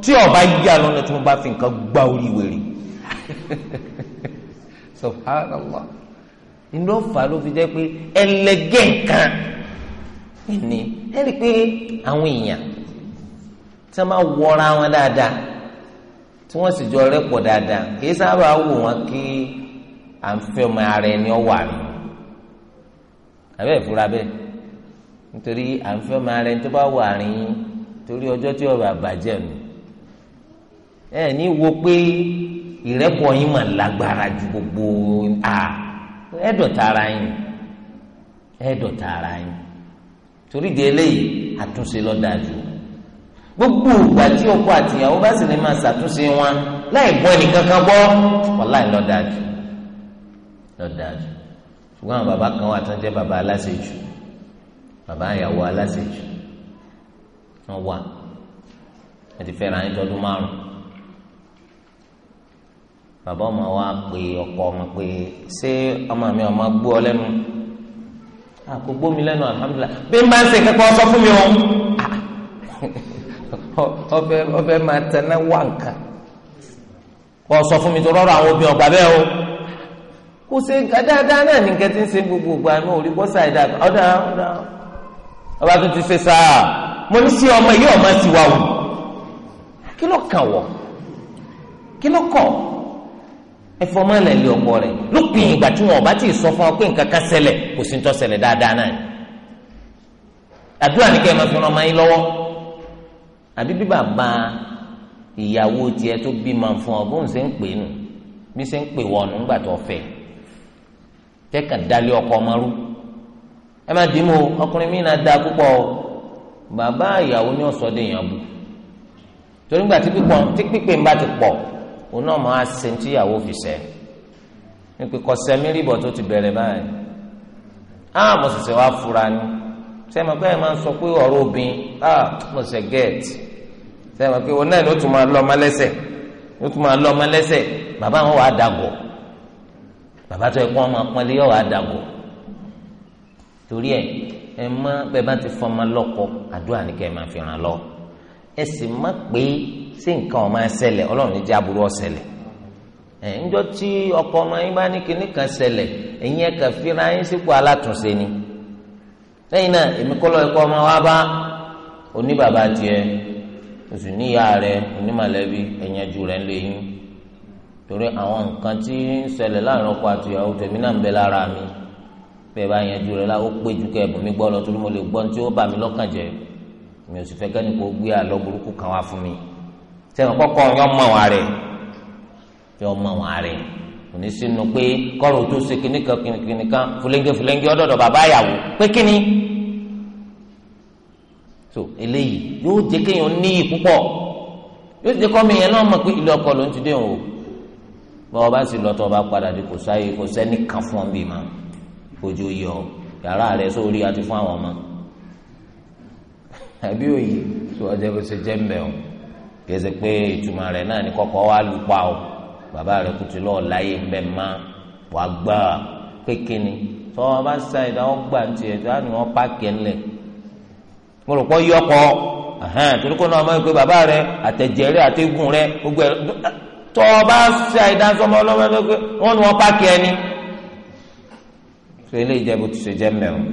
tí ọba yíyá lọ́nà tí mo bá fi nǹkan gbá orí wèrè subhanallah inú ọ̀fà ló fi jẹ́ pé ẹlẹgẹ́ nǹkan ẹni ẹ rí i pé àwọn èèyàn tí wọ́n máa wọra wọn dáadáa tí wọ́n sì jọ rẹ́pọ̀ dáadáa kìí sábà wù wọ́n kí à ń fẹ́ ọmọ ara ẹni ọwọ́ àmì abẹ́ ìfura bẹ́ẹ̀ nítorí à ń fẹ́ ọmọ ara ẹni tó bá wà rìn yín torí ọjọ́ tí ọba bàjẹ́ mi ẹ ní wo pé ìrẹ́pọ̀ yín mà lágbára ju gbogbo à ẹ̀dọ̀ta ara yín ẹ̀dọ̀ta ara yín torí di eléyìí àtúnṣe lọ́dà jù gbogbo ìgbà tí ọkọ àtìyàwó bá sì lè máa ṣàtúnṣe wọn láì gbọ́ ẹnìkankan gbọ́ wàláì lọ́dàájú lọ́dàájú ṣùgbọ́n àwọn bàbá kan wà tó ń jẹ́ bàbá aláṣejù bàbá ìyàwó aláṣejù wọn wà ẹ ti fẹ́ràn ayé tọdún márùn bàbá ọmọ wa pe ọkọ ọmọ pé ṣé ọmọ mi ọmọ gbọ́ ọ lẹ́nu àkógbó mi lẹ́nu alhamdulilah bí n bá ń ṣe kẹ́kọ̀ọ́ sọ fún mi o. ọbẹ ma máa tẹná wá nǹkan sọ fún mi tó rọrọ àwọn obìnrin ọgbà bẹ́ẹ̀ o kò ṣe dáadáa náà ní kẹtí ń gbogbo ìgbà náà ò rí bọ́sà ìdá ọ̀dà ọ̀dà ọba tó ti ṣe sáà mo ní sí ọmọ yìí ọmọ ti wọ kí ló ẹfọ máa lé lópin ìgbà tí wọn sọ fún ọ pé nǹkan kan kò sí ń náà àdúrà ní kẹ́ ẹ máa àbí bí bàbá ìyàwó tiẹ̀ tó bímọ fún ọ bóun ṣe ń pè nù bí ṣe ń pè wọnù ńgbà tó fẹ́ dalẹ ọkọ ọmọ ẹ má dìímọ ọkùnrin mi náà da bàbá ìyàwó ní ọsọdẹ yẹn bù torí ńgbà tí tí ń bá ti òun náà máa ṣe tí ìyàwó fi tó ti báyìí á wá sọ pé obìnrin á sẹ́wọ̀n pé wọn náà ló tún máa lọ ọmọ lẹ́sẹ̀ ló tún máa bàbá wà dàgọ̀ bàbá tó yẹ ọmọ wọn wà torí ẹ ẹ má bẹ́ẹ̀ bá ti fọmọ lọ́kọ àdúrà ni kẹ́ máa lọ ẹ sì má pé sí nǹkan ọmọ ẹsẹlẹ ọlọ́run ní aburú ẹ tí ọkọ ọmọ yín bá ní kinní kan oṣù níyà rẹ onímọ̀lẹ́bí ẹ̀yẹ́jú rẹ̀ ń lè yín torí àwọn nǹkan tí ń ṣẹlẹ̀ láàrin ọkọ àtìyàwó tèmi náà ń bẹ lára mi bẹ́ẹ̀ bá yẹnjú rẹ̀ láwọn ó pé ju kẹ́ ẹ̀bùn mi gbọ́ lọ torí mo lè gbọ́n tí ó bà mí lọ́kàn jẹ́ mi ò sì fẹ́ kẹ́ni kó gbé àlọ́ burúkú kan wá fún mi sẹ́yìn kọ́kọ́ yọ mọ̀ wọn rẹ̀ kò ní sínú pé kọ́rọ̀ tó ṣe kíníkan kíníkan fúlẹ́ńgẹ́ fúlẹ́ńgẹ́ ọ̀dọ̀dọ̀ so eléyìí yóò jẹ́ kéèyàn níyì púpọ̀ yóò jẹ́ kọ́ mi yẹn náà mọ̀ pé ilé ọkọ ló ń ti dé o bá ọba sì lọ tó ọba padà dé kò sáyé kò sẹ́ni kan fún ọ bí ma ojú yọ yàrá rẹ sórí àti fún àwọn ọmọ àbí òye tó ọjọ́ bó ṣe jẹ́ mbẹ́ o kẹsẹ̀ pé ìtumọ̀ rẹ̀ náà ní kọ́kọ́ wá lù pa o bàbá rẹ kùtù lọ́ọ̀ láyé mbẹ́ má wàá gbà kékeré tó ọba sáyé tó ọgbà tiẹ̀ tó á ní wọ́n pàkẹ́ ńlẹ̀ mo rò pọ yí ọkọ torí kó náà ọmọ yìí pé bàbá rẹ àtẹjẹrẹ àtẹgùn rẹ gbogbo ẹ tó o bá ṣe àìdánsọmọ ọlọmọ ẹgbẹ pé wọn ni wọn pààkì ẹni tó eléyìí jẹ bó ti ṣe jẹ mẹrun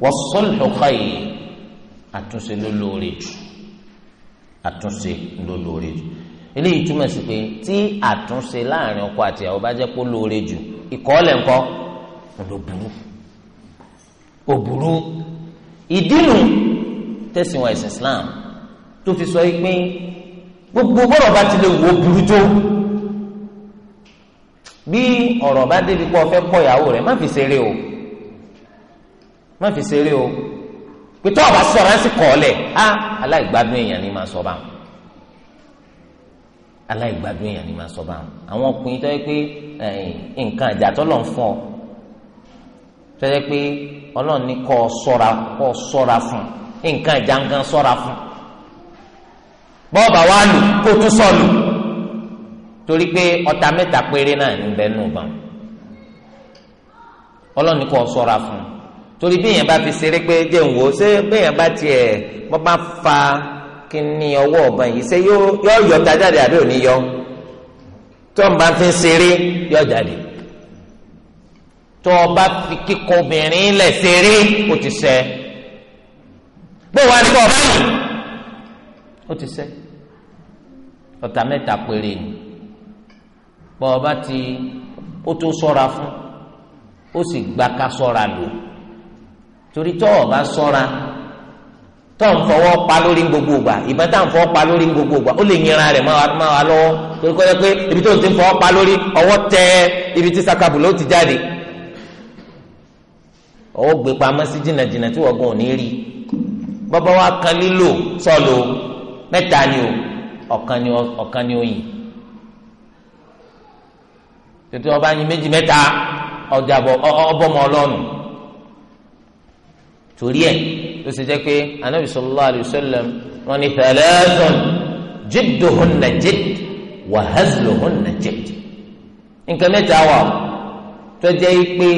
wọ́n sọ̀lù káyè àtúnṣe ló lóore jù àtúnṣe ló lóore jù eléyìí túmọ̀ sí pé tí àtúnṣe láàrin ọkọ àti ìyàwó bá jẹ́ kó lóore jù ìkọ́lẹ̀ ńkọ́ ló burú ó burú tẹ̀sìn wa ẹ̀sìn Islam tó fi sọ pé gbogbo bọ́rọ̀ bá ti lè wò ó burú tó bí ọ̀rọ̀ bá débi pé ọfẹ́ kọ ìyàwó rẹ̀ má fi ṣeré o má fi ṣeré o pété ọba sọ̀rọ̀ ẹ̀sìn kọ̀ ọ́lẹ̀ á aláìgbádùn èèyàn ni máa sọ báwọn aláìgbádùn èèyàn ni máa sọ báwọn àwọn ọkùnrin tó yẹ pé nǹkan ìjà tó lọ́n fún ọ tó yẹ pé ọlọ́run ní kọ́ ọ sọ́ra kọ́ ọ sọ́ra fún un nǹkan ìjà nǹkan sọ́ra fún bọ́ọ̀bà wa lù kó tún sọ̀lù torí pé ọta mẹ́ta péré náà ń bẹ nù bàn ọlọ́ni kò sọ́ra fún torí bí èèyàn bá fi ṣeré pé jẹ́ ń wò ó ṣé bí èèyàn bá tiẹ̀ bọ́ bá fa kini ọwọ ọwọ́ ọba yìí ṣé yóò yọ ọ̀tá jáde àbí òní yọ tó ń bá fi ṣeré yọ jáde tó fi kíkọ obìnrin lẹ̀ ṣeré o ti bó wà ní bọ́ọ̀ báyìí ó ti sẹ́ ọ̀tá mẹ́ta péré ni bọ́ọ̀ bá ti ó tó sọ́ra fún ó sì gba ká sọ́ra lò torí tọ́ọ̀ bá sọ́ra tọ́ ń fọwọ́ pa lórí gbogbo ìgbà ìbọn tá ń fọwọ́ pa lórí gbogbo ìgbà ó lè yẹra rẹ̀ máa wà lọ́wọ́ torí kọ́ pé ibi tó ti ń fọwọ́ pa lórí ọwọ́ tẹ ibi tí sakabù ló ti jáde ọwọ́ gbé pamọ́ sí jìnnàjìnnà tí wọ́n gan ò ní rí i bàbá wa kan lílò sọlọ mẹ́ta ni o ọ̀kan ni ọ̀kan ni oyin tètè ọba yin méjì mẹ́ta ọjàbọ ọbọmọ ọlọ́run torí ẹ ló ṣe jẹ́ pé anabi sallallahu alayhi wa sallam wọn ni thalathun jidduhunna jidd wa hazluhunna jidd nǹkan mẹ́ta wà tó jẹ́ pé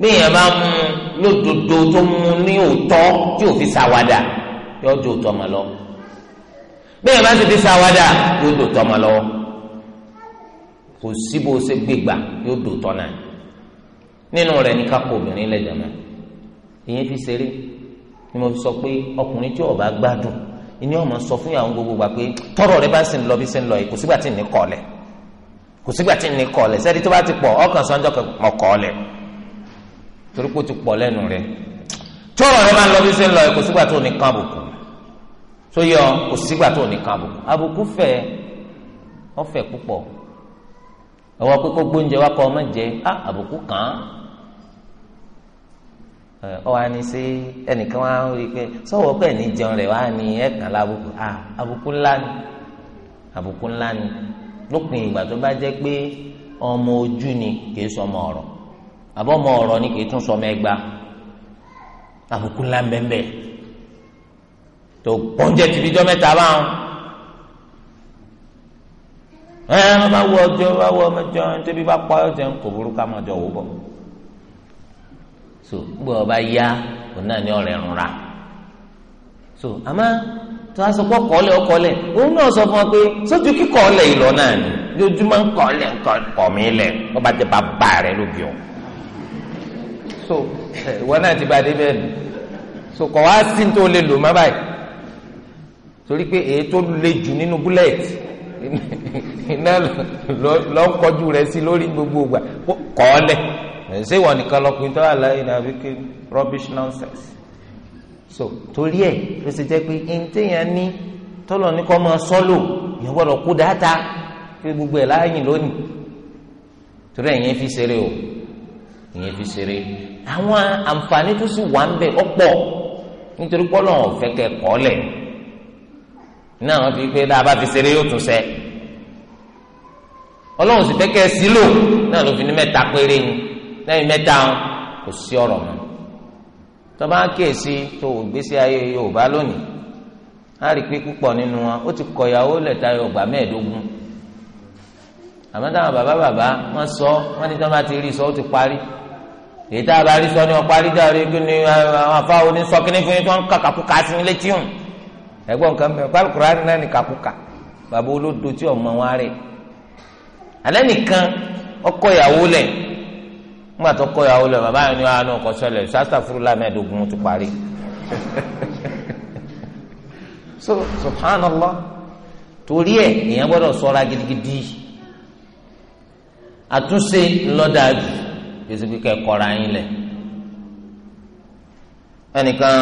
bí èèyàn bá mú lódodo tó mú ní òótọ́ tí ò fi ṣàwádà yóò di òótọ́ ọmọ lọ bẹ́ẹ̀ bá ti fi ṣàwádà yóò di òótọ́ ọmọ lọ kò sí bó ṣe gbégbà yóò di òótọ́ náà nínú rẹ̀ ní kápò obìnrin lẹ́jọ́ náà ìyẹn fi ṣeré ni mo fi sọ pé ọkùnrin tí ó bá gbádùn ìní ọmọ sọ fún ìyàwó gbogbo gbà pé tọrọ rẹ bá sì ń lọ bí sì ń lọ yìí kò sígbà tí ì ní kọ́ ọ lẹ̀ kò sígbà tí ì ní kọ́ ọ lẹ̀ sẹ́ni tó bá ti pọ̀ ọkàn sọ́njọ́ kan mọ̀ kọ́ ọ lẹ̀ torí kó ti pọ̀ lẹ́nu rẹ̀ tọrọ rẹ máa ń lọ bí ṣe ń lọ kò sígbà tó ní kan àbùkù tó yọ kò sígbà tó ní kan àbùkù àbùkù fẹ̀ ọ̀fẹ́ púpọ̀ ọwọ kókó gbóúnjẹ wa ọmọ jẹ àbùkù kàn án ọwọ àni ṣe ẹnìkan wa ń rí pé sọwọ pẹ ní jẹun rẹ wa ni ẹkàn lábùkù à àbùkù ńlá ni àbùkù ńlá ni lópin ìgbà tó bá jẹ pé ọmọ ojú ni kì í sọ ọmọ ọ̀rọ̀ àbọ̀mọ ọ̀rọ̀ ni kì í tún sọmọ ẹgba àbùkù ńlá ńbẹ́ńbẹ́ tó pọ́njẹ́ tìbí jọ́ mẹ́ta báwọn ẹ ẹ bá wọ ọjọ́ bá wọ ọmọjọ́ tẹ́bí bá pa ọ̀jẹ̀ kò burú ká máa jọ wò bọ̀ so gbọ́ ọba yá òun náà ní ọ̀rẹ́ ń ra so àmọ́ tó a sọ pé ọkọọlẹ ọkọọlẹ òun náà sọ fún wa pé sójú kíkọ ọlẹ ìlọ náà ni lójúmọ́ ń kọ ọlẹ ń ọba tẹ bá bá rẹ lóbi ọ̀hún so ìwọ náà ti ba dé bẹ́ẹ̀ nù so kọ̀ wá sí tó lè lò má báyìí torí pé èyí tó le jù nínú búlẹ̀tì iná lọ ń kọjú rẹ̀ sí lórí gbogbo ìgbà kọ́ ọ lẹ̀ ṣé ìwọ nìkan lọkùnrin tó wà láyé ní àbíké rubbish nonsense so torí ẹ̀ ló ṣe jẹ́ pé ntẹ̀yàn ni tọ́lọ̀ ní kọ́ máa sọ́lò ìyẹn gbọ́dọ̀ kú dáta pé gbogbo ẹ̀ láàyè lónìí torí ẹ̀yìn fi ṣeré o ìyẹn fi ṣeré àwọn àǹfààní tó sì wà ń bẹ ọ̀pọ̀ nítorí pọ́lọ́ ọ̀fẹ́ kẹ́kọ̀ọ́ lẹ̀ náà wọ́n fi pé dáa bá fi ṣeré yóò tún ṣe ọlọ́run sì fẹ́ kẹ́ ẹ sílò náà ló fi ní mẹ́ta péré ni lẹ́yìn mẹ́ta kò sí ọ̀rọ̀ mọ́ tọ́ba kíyèsí tó ògbésí ayé Yorùbá lónìí á rí pé púpọ̀ nínú wọn ó ti kọ̀yàwó lẹ́ta Yorùbá mẹ́ẹ̀ẹ́dógún àmọ́ táwọn bàbá bàbá wọ́n sọ wọ́n ní tí wọ́n bá ti rí sọ ó ti parí èyí tá a bá rí sọ ni ọ̀pá rí dàrí kí ni eh, àwọn afáwo ní sọ kíní fún yín tó ń kà kàkúkà sí ilé tíhùn ẹ̀gbọ́n nǹkan mẹ́rin pálukùrá ni náà ní kàkúkà bàbá olódo tí ọmọ wọn rè alẹ́ nìkan ọkọ ìyàwó lẹ̀ nígbà tó kọ ìyàwó lẹ̀ bàbá yẹn ni wọn á nù ọkọ sọlẹ̀ sàtàfúrúlà mẹ́ẹ̀ẹ́dógún ti parí so subhanallah torí ẹ̀ èèyàn gbọ́dọ̀ ṣọ́ra gidigidi àtúnṣe ńlọ́dàájú yéésù pé kẹ́kọ̀ọ́ra yín lẹ̀ ẹnìkan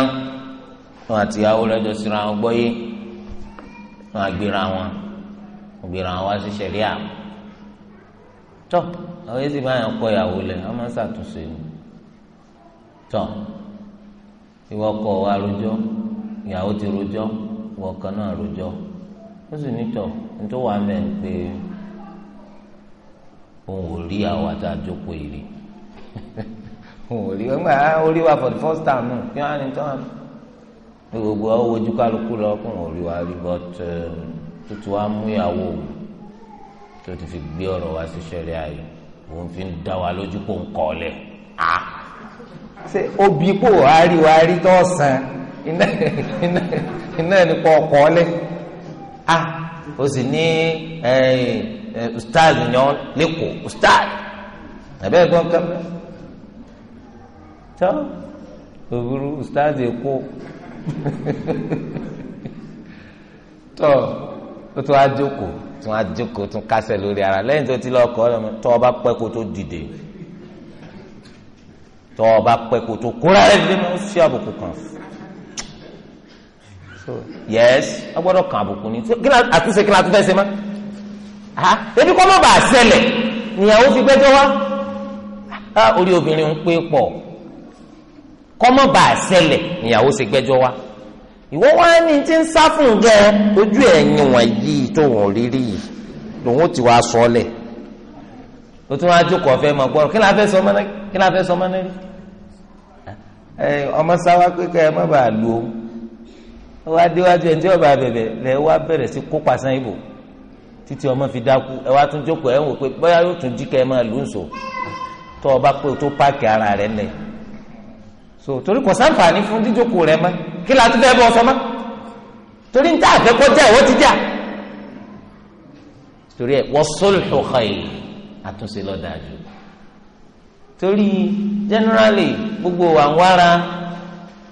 wọn àti ìyàwó rẹ̀ jọ síra wọn gbọ́ yé wọn àgbèrà wọn àgbèrà wọn wá sí sẹ̀ríà tọ́ àwọn yéésù bá yàn kọ́ ìyàwó lẹ̀ wọ́n máa ń ṣàtúnṣe ni tọ́ ìwọ kọ́ wa rojọ́ ìyàwó ti rojọ́ ìwọ kan náà rojọ́ ó sì nítọ̀ nítorí wàá mẹ́ pé òun ò rí àwọn àti àjọpọ̀ èrè. wọn ò rí ó rí wa for the first time nù kí wọn gbogbo ọwọ́ ojú kálukú lọ kó wa rí but um, tuntun wa mú ìyàwó tó ti fi gbé ọ̀rọ̀ wa sí sẹ́rí ayé òun fi ń dá wa lójú kó ń kọ́ lẹ̀ á ṣe obì kò wá rí wa rí tó sàn iná iná iná ustaz ustaz tó òbúrú ustaz èkó tó o tún á jókòó tún á jókòó tún kásẹ̀ lórí ara lẹ́yìn tó ti lọ kọ́ ọ́ tó o bá pẹ́ kó tó dìde tó o bá pẹ́ kó tó kóra rẹ̀ lé mọ́ sí àbùkù kan yẹ́s ọgbọ́dọ̀ kan àbùkù ni àtúnṣe kí ni àtúnṣe ṣe má ebi kọ́ mọ́ bàa ṣẹlẹ̀ nìyàwó fi gbẹ́jọ́ wá orí obìnrin ń pé pọ̀. kọ́mọ́ bá a n'iyawo ìyàwó ṣe gbẹ́jọ́ wa wá ti ń sá fún gẹ ojú ẹ̀yìn wọn yìí tó wọn rírí yìí lòun ti wá sọ lẹ̀ o tún wá jókòó ọ̀fẹ́ máa kí sọ mọ́nà kí sọ rí ọmọ sáwá ẹ má bàa lu o wá ọba bẹ̀bẹ̀ lẹ̀ wá bẹ̀rẹ̀ sí títí ọmọ fi dákú ẹ wá tún jókòó ẹ ń wò pé bóyá yóò tún jí kẹ́ ẹ máa lù sọ tó o tó páàkì ara rẹ̀ lẹ̀ so torí kò sáǹfààní fún jíjókòó rẹ mọ́ kí la tún fẹ́ bọ́ sọmọ́ torí ń tà àfẹ́kọ́jà ìwọ́ ti jà torí ẹ wasulhu khair àtúnṣe lọ́dàájú torí generally gbogbo wa ń wára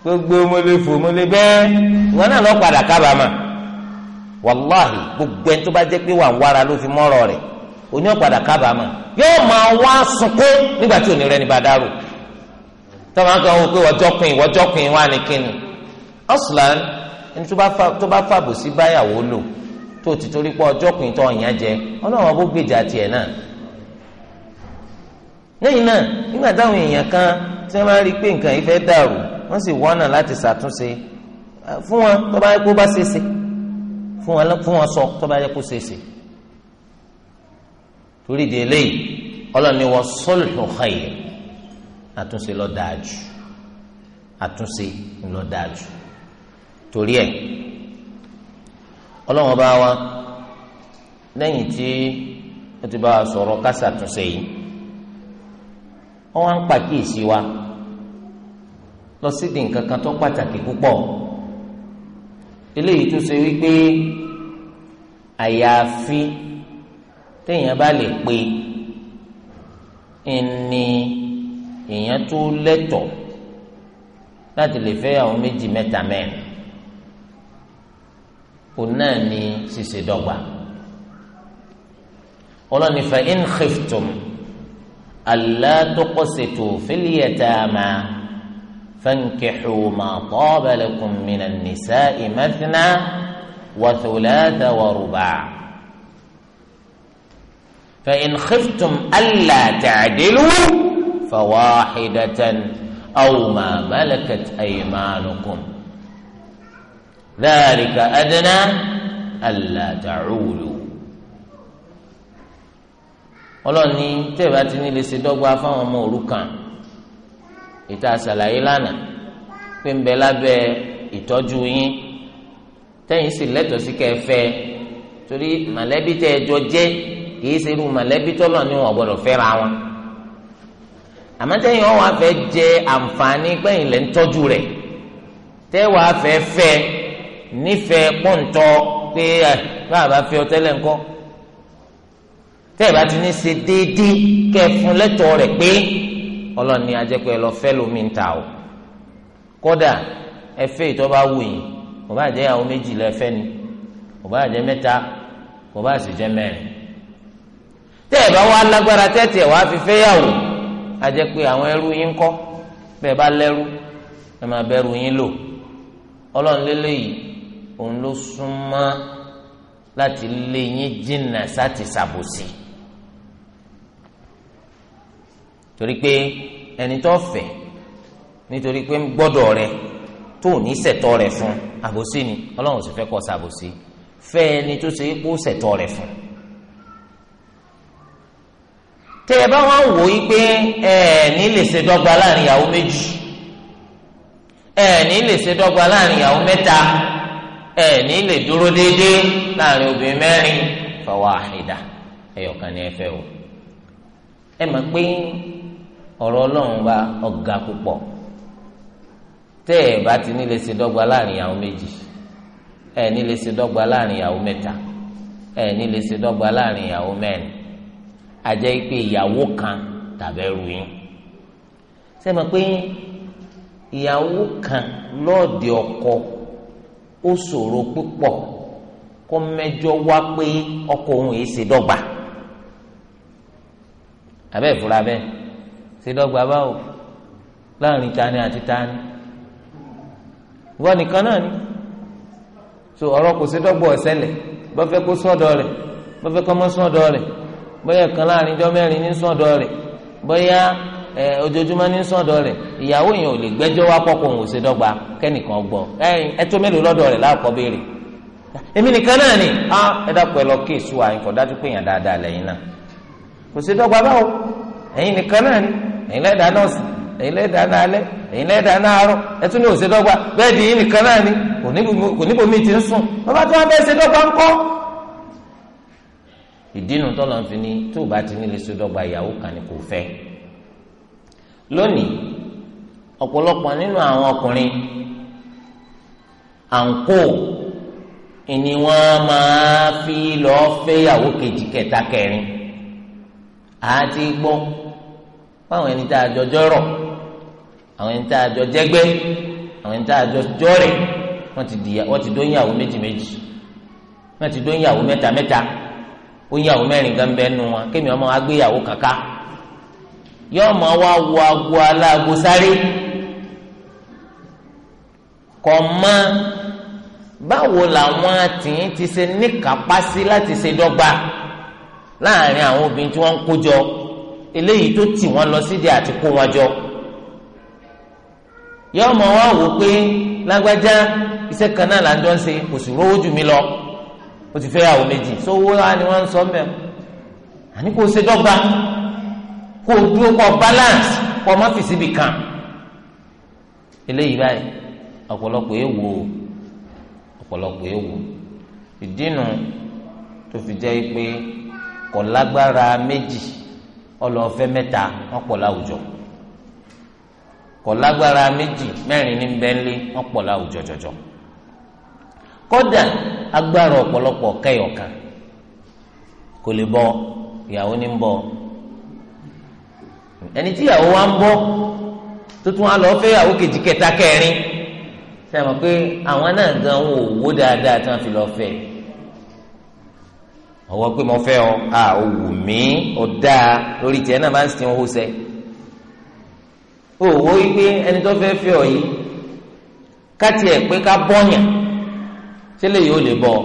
gbogbo mọ̀lẹ́fọ̀ mọ̀lẹ́bẹ́ wọn náà lọ padà kábàámà wàláhì gbogbo ẹni tó bá jẹ́ pé wà ń wára ló fi mọ́rọ̀ rẹ̀ oní ọ̀padà kábàámà yóò máa wá sunkún nígbà tí ò ní rẹ́ni bá dárò tọ́ba kan wò pé wọ́jọ́pin wọ́jọ́pin wà ní kíni ọ̀sùlán ẹni tó bá fàbòsí báyàwó lò tó ti torí pé ọjọ́pin tó ọ̀yàn jẹ ọlọ́run bó gbèjà tiẹ̀ náà lẹ́yìn náà nígbà táwọn èèyàn kan tí wọ́n máa rí i pé nǹkan yìí fẹ́ dàrú wọ́n sì wọ́nà láti ṣàtúnṣe fún wọn tó bá yẹ kó bá ṣeéṣe fún wọn sọ tó bá yẹ kó ṣeéṣe torí di eléyìí ọlọ́ni wọ́n sọ́lù àtúnṣe ló dáa jù àtúnṣe ló dáa jù torí ẹ̀ ọlọ́wọ́n bá wa lẹ́yìn tí ó ti bá wa sọ̀rọ̀ ká ṣàtúnṣe yìí wọ́n wá ń pàkíyèsí wa lọ sídi nǹkan kan tó pàtàkì púpọ̀ eléyìí tó ṣe wípé àyàfi téèyàn bá lè pe ẹni èèyàn tó lẹ́tọ̀ọ́ láti lè fẹ́ àwọn méjì mẹ́ta mẹ́rin kò náà ní ṣíṣe dọ́gba ọlọ́ni fa in khiftum alla tuqsitu fil yatama fankihu ma taba lakum minan nisa'i mathna wa in khiftum alla فواحدة أو ما ملكت أيمانكم ذلك أدنى ألا تعولوا ọlọ́ni tẹ́ẹ̀bá ti ní lè ṣe dọ́gba fáwọn ọmọ òrukàn ìta àṣàlàyé lánàá pé ń bẹ lábẹ́ ìtọ́jú yín tẹ́yìn sì lẹ́tọ̀ọ́ sí kẹfẹ́ torí mọ̀lẹ́bí tẹ́ ẹ jọ jẹ́ kì í ṣe irú mọ̀lẹ́bí tọ́lọ̀ ni wọ́n gbọ́dọ̀ fẹ́ra wọn àmọ́tẹ́yìn wọn wà fẹ́ jẹ àǹfààní pẹ́yìn lẹ́ ń tọ́jú rẹ̀ tẹ́ wàá fẹ́ fẹ́ nífẹ̀ẹ́ pọ́ǹtọ́ pé ẹ ah, báàbá fẹ́ ọ tẹ́lẹ̀ ńkọ́ tẹ́ ẹ bá ti ní ṣe déédéé kẹ́ ẹ fún lẹ́tọ̀ọ́ rẹ̀ pé ọlọ́ni ajẹ́pẹ́ lọ fẹ́ lómi ń ta o kódà ẹ fẹ́ ìtọ́ bá wù yín kò bá jẹ́ ìyàwó méjì lẹ́fẹ́ ni kò bá jẹ́ mẹ́ta kò bá sì jẹ́ mẹ́rin tẹ́ ẹ bá wà lágbára tẹ́tẹ́ wàá fi fẹ́ yàwó a jẹ́ pé àwọn ẹrú yín kọ́ bẹ́ẹ̀ bá lẹ́rú ẹ máa bẹ́rù yín lò ọlọ́run lélẹ́yìí òun ló súnmọ́ láti lé yín jìnnà sáti ṣàbòsí torí pé ẹni tó fẹ́ nítorí pé ń gbọ́dọ̀ rẹ tó ní ṣẹ̀tọ́ rẹ fún àbòsí ni ọlọ́run sì fẹ́ kó ṣàbòsí fẹ́ ẹni tó ṣe é kó ṣẹ̀tọ́ rẹ fún un. tẹ ẹ bá wọn wò yí pé ẹ ní lè ṣe dọ́gba láàrin ìyàwó méjì ẹ ní lè ṣe dọ́gba láàrin ìyàwó mẹ́ta ẹ ní lè dúró déédéé láàrin obìnrin mẹ́rin fawahida ẹyọkan ni ẹ fẹ́ o ẹ mọ̀ pé ọ̀rọ̀ Ọlọ́run bá ọ̀gá púpọ̀ tẹ ẹ bá ti ní lè ṣe dọ́gba láàrin ìyàwó méjì ẹ ní lè ṣe dọ́gba láàrin ìyàwó mẹ́ta ẹ lè ṣe dọ́gba láàrin ìyàwó mẹ́rin ajẹ́ pé ìyàwó kan tàbẹ́rù yín sẹ́mi pé ìyàwó kan lọ́ọ̀dì ọkọ ó ṣòro púpọ̀ kó mẹ́jọ wá pé ọkọ òun èé ṣe dọ́gba abẹ́ ìfura bẹ́ẹ̀ ṣe dọ́gba báwo láàrin tani àti tani wọ́n nìkan náà ni so ọ̀rọ̀ kò ṣe dọ́gba ọ̀sẹ̀lẹ̀ bọ́fẹ́ kó sọ́dọ̀ rẹ̀ bọ́fẹ́ kọ́ mọ́ sọ́dọ̀ rẹ̀ bóyá kan láàrin jọ mẹ́rin ní sọ́dọ̀ rẹ̀ bóyá ẹ ojoojúmọ́ ní sọ́dọ̀ rẹ̀ ìyàwó yẹn ò lè gbẹjọ wá pọ̀ òun ò ṣe ẹ tó mélòó lọ́dọ̀ rẹ̀ láàkọ́ béèrè èmi nìkan náà ni ẹ dákun ẹ lọ kí èso dájú pé dáadáa náà kò ṣe báwo nìkan náà ni náà náà ìdínú tọ́lọ̀ ń fi ni tó o bá ti nílé sódọ́gba ìyàwó kan ni kò fẹ́ lónìí ọ̀pọ̀lọpọ̀ nínú àwọn ọkùnrin àǹkó ìní wọn máa fi lọ́ọ́ fẹ́yàwó kejì kẹta kẹrin àti gbọ́ fáwọn ẹni tá a jọ jọ́rọ̀ àwọn ẹni tá a jọ jẹ́gbẹ́ àwọn ẹni tá a jọ jọ́rẹ̀ wọ́n ti dóyàwó méjì méjì wọ́n ti dóyàwó mẹ́ta mẹ́ta. ó yàwó mẹ́rin gan bẹ́ẹ̀ nu wọn kémi ọmọ agbéyàwó kàkà yóò mọ wá wo agbo aláàgbo sáré kọ mọ báwo làwọn tìǹ ti ṣe níkàpásí láti ṣe dọ́gba láàrin àwọn obìnrin tí wọ́n ń kó jọ eléyìí tó tì wọ́n lọ sídìí àti kó wọn jọ yóò mọ wá wò pé lágbájá iṣẹ́ kan náà là ń jọ ń ṣe kò sì rówó jù mí lọ. ó ti fẹ́ yàwó méjì sówó wa ni wọ́n ń sọ mẹ́ àní kò ṣe dọ́gba kò dúró kọ balance kọ má fi síbi kan eléyìí báyìí ọ̀pọ̀lọpọ̀ èèwò ọ̀pọ̀lọpọ̀ èèwò ìdínú tó fi jẹ́ pé kò lágbára méjì ọlọ́ọ̀fẹ́ mẹ́ta wọ́n pọ̀ láwùjọ lágbára méjì mẹ́rin ní wọ́n pọ̀ láwùjọ jọjọ. kódà agbára ọ̀pọ̀lọpọ̀ kẹyọ̀kan kò lè bọ ìyàwó ní ń bọ ẹni tí ìyàwó wa ń bọ tuntun wa lọ fẹ́ ìyàwó kejì kẹta kẹrin pé àwọn náà gan wò wó dáadáa tí wọ́n fi lọ fẹ́ ọwọ́ pé mo fẹ́ ọ a ó wù mí ó dáa lórí tiẹ̀ náà máa ń owó sẹ́ ẹni tó fẹ́ fẹ́ ọ yìí ká tiẹ̀ tẹ́lẹ̀ yóò lè bọ̀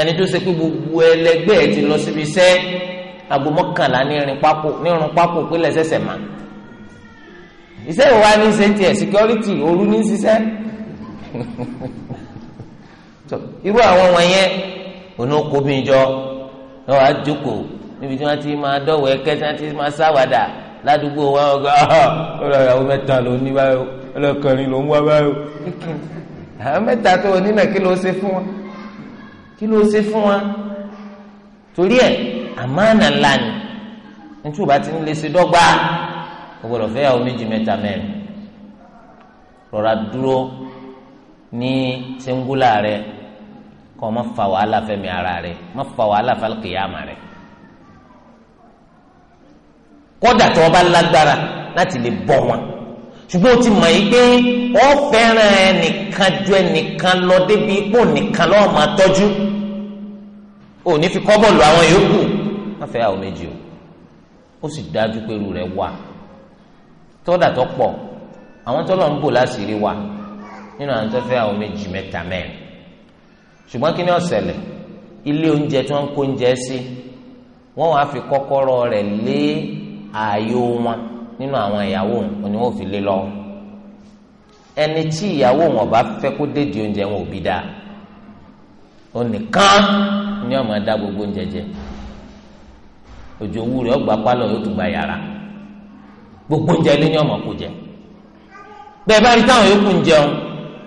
ẹni tó ṣe pé gbogbo ẹlẹgbẹ́ ẹ ti lọ síbi iṣẹ́ aago mọ́kànlá ní irin pápó ní irun pápó pínlẹ̀ sẹ̀sẹ̀ mà iṣẹ́ ìwà ní ṣe tiẹ̀ security òru ní ṣiṣẹ́ irú àwọn wọ̀nyẹn òun ó kó mi jọ ẹ wàá jókòó níbi tí wọ́n ti máa dọ̀wọ́ ẹkẹ tí wọ́n ti máa sáwàdà ládùúgbò wọn ọgá ah, ọlọ́yàwó mẹ́ta ló ní báyọ ọlọ́kànrin ló ń wá báyọ àwọn mẹ́ta tó o nílẹ̀ kí ló ṣe fún wa kí ló ṣe fún wa torí ẹ̀ àmánà ńlá ni nítorí bá ti ń lè ṣe dọ́gba o gbọ́dọ̀ fẹ́ yàwó méjì mẹ́ta mẹ́rin rọra dúró ní ṣẹ́ngúlà rẹ kọ́ ọ fa wàhálà fẹ́mi ara rẹ má fa wàhálà fálkìyàmà rẹ kódà tó o bá lágbára láti lè bọ̀ wọn ṣùgbọ́n o ti mọ̀ yìí pé. ọ fẹ́ràn ẹnìkan ju ẹnìkan lọ débi ipò nìkan máa tọ́jú ò ní fi àwọn yòókù má àwọn o ó sì dájú pé irú wà tọ́dà tó pọ̀ àwọn tó lọ ń bò láṣìírí wà nínú àwọn tó fẹ́ àwọn méjì mẹ́ta mẹ́rin ṣùgbọ́n kí ni ilé oúnjẹ tí wọn nínú àwọn ìyàwó òun ni fi lé lọ́wọ́ ẹni tí ìyàwó wọn bá fẹ́ kó dédìí oúnjẹ wọn ò bí dáa onìkan ni ọmọ ẹ̀dá gbogbo oúnjẹ jẹ òjò owó rẹ ọgbà pálọ yóò tún gba yàrá gbogbo oúnjẹ ilé ni ọmọ kò jẹ bẹ́ẹ̀ bá rí táwọn yòókù ń jẹun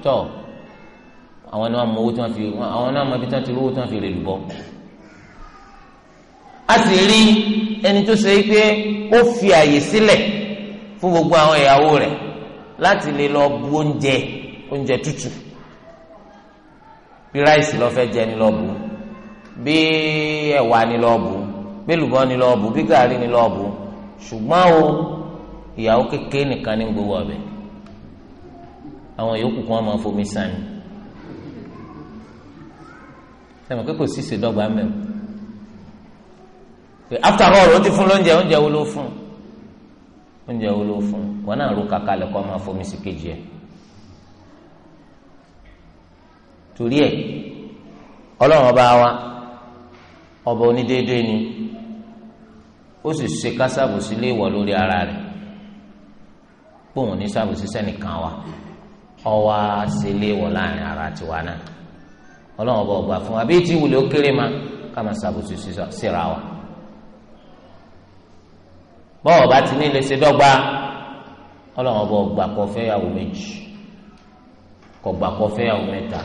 tọ àwọn náà mọ owó tí wọn fi àwọn náà mọ ibi tí wọn ti rówó tí wọn fi rè lùbọ a sì rí ẹni tó ṣe é pé ó fi àyè sílẹ̀ fún gbogbo àwọn ìyàwó rẹ̀ láti lè lọ bu oúnjẹ oúnjẹ tútù bí ráìsì lọ fẹ́ jẹ ni lọ bu bí ẹ̀wà ni lọ bu bí lùbọ́ ni lọ bu bí gàrí ni lọ bu ṣùgbọ́n o ìyàwó kékeré nìkan ní gbowó ọbẹ̀ àwọn yòókù kan máa fomi sani sẹ́mi pé kò sí ìṣèdọ́gba mẹ́rin after all ó ti fún lóúnjẹ oúnjẹ wo ló fún un oúnjẹ wo ló fún un wọn náà ro kàkà lẹ́kọ́ máa fomi sí kejì ẹ̀ torí ẹ̀ ọlọ́run ọba wa ọba onídéédé ni ó sì ṣe kásáàbòsí léèwọ̀ lórí ara rẹ̀ pòun ní sáàbòsí sẹ́nìkan wa ọwọ́ ṣe léèwọ̀ láàrin ara tiwa náà ọlọrun ọba ọba fún wa bí tí wùlé ó kéré ma ká máa sáàbòsí síra wa. bọ́ọ̀ bá ti ní lè ṣe dọ́gba ọlọ́run ọba ọgbà kọ fẹ́yàwó méjì kọgbà kọ fẹ́yàwó mẹ́ta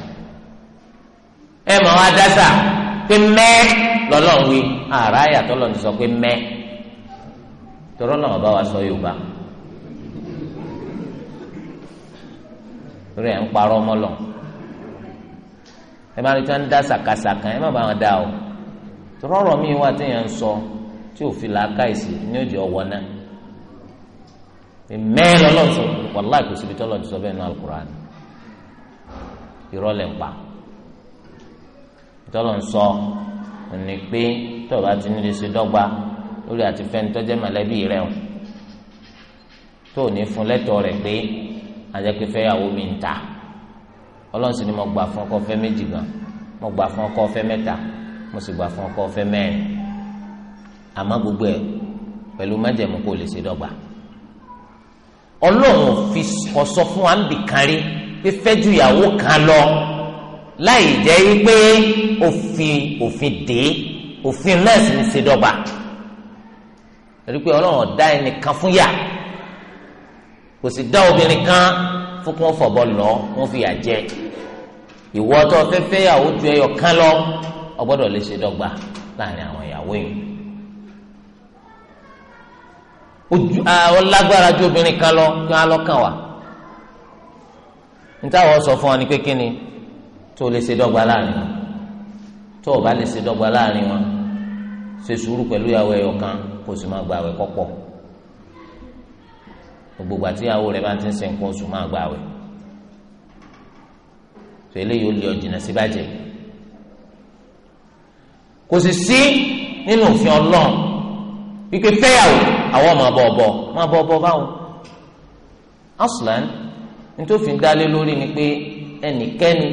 ẹ mọ̀ wá dásà pé mẹ́ lọ́lọ́run wí sọ pé mẹ́ tọ́rọ́ náà ọba wa sọ yorùbá torí ń parọ́ mọ́lọ̀ ẹ tí wọ́n ń o tọ́rọ́ ọ̀rọ̀ mi wà tí òfin làákàyèsí ní òjò ọwọ́ náà mẹ́rin ọlọ́sọ wàláì kò síbi tọ́lọ̀ ti sọ bẹ́ẹ̀ ní alukur'an ìrọ̀lẹ́ pa tọ́lọ̀ ń sọ ní pé tọ́lọ̀ àti nílé ṣe dọ́gba lórí àti fẹ́ni tọ́jẹ́ mọ̀lẹ́bí rẹ̀ o tó ní fún lẹ́tọ̀ọ́ rẹ̀ pé àjẹpẹ́ fẹ́yàwó mi ń ta ọlọ́sìn ni mo gbà fún ọkọ fẹ́ méjì gan mo gbà fún ọkọ fẹ́ mẹ́ta mo sì gbà fún ọkọ fẹ́ mẹ́rin àmọ́ gbogbo ẹ̀ pẹ̀lú májẹ̀mú kò lè ṣe dọ́gba ọlọ́run fi ọ̀sọ́ fún wa ń bì kárí fífẹ́ ju ìyàwó kan lọ láì jẹ́ wípé òfin òfin dé òfin náà sì ń ṣe dọ́gba torí pé ọlọ́run ọ̀dá ẹnìkan fún yà kò sì dá obìnrin kan fún kí wọ́n fọ̀bọ lọ wọ́n fi yà jẹ ìwọ tó fẹ́fẹ́ yàwó ju ẹyọ kan lọ ọgbọ́dọ̀ lè ṣe dọ́gba láàrin àwọn ìyàwó yìí. ojú ọlágbára ju obìnrin kan lọ kí wọn lọ kàn wá nítawọ sọ fún ọ ni pé kí ni tó o lè ṣe dọ́gba láàrin wọn tó o bá lè ṣe dọ́gba láàrin wọn ṣe sùúrù pẹ̀lú ìyàwó ẹyọ kan kó o sì máa gba àwẹ̀ kọ́pọ̀ gbogbo àti ìyàwó rẹ̀ bá ti ń ṣe nǹkan oṣù máa gba àwẹ̀ tó eléyìí ó lè ọ̀jìnà sí bàjẹ́ kò sì sí nínú òfin Ọlọ́run. wípé fẹ́yàwó àwọn ọmọ bọ̀ bọ̀ ọmọ bọ̀ bọ̀ báwo aslan nítòfin dálé lórí ni pé ẹnikẹ́ni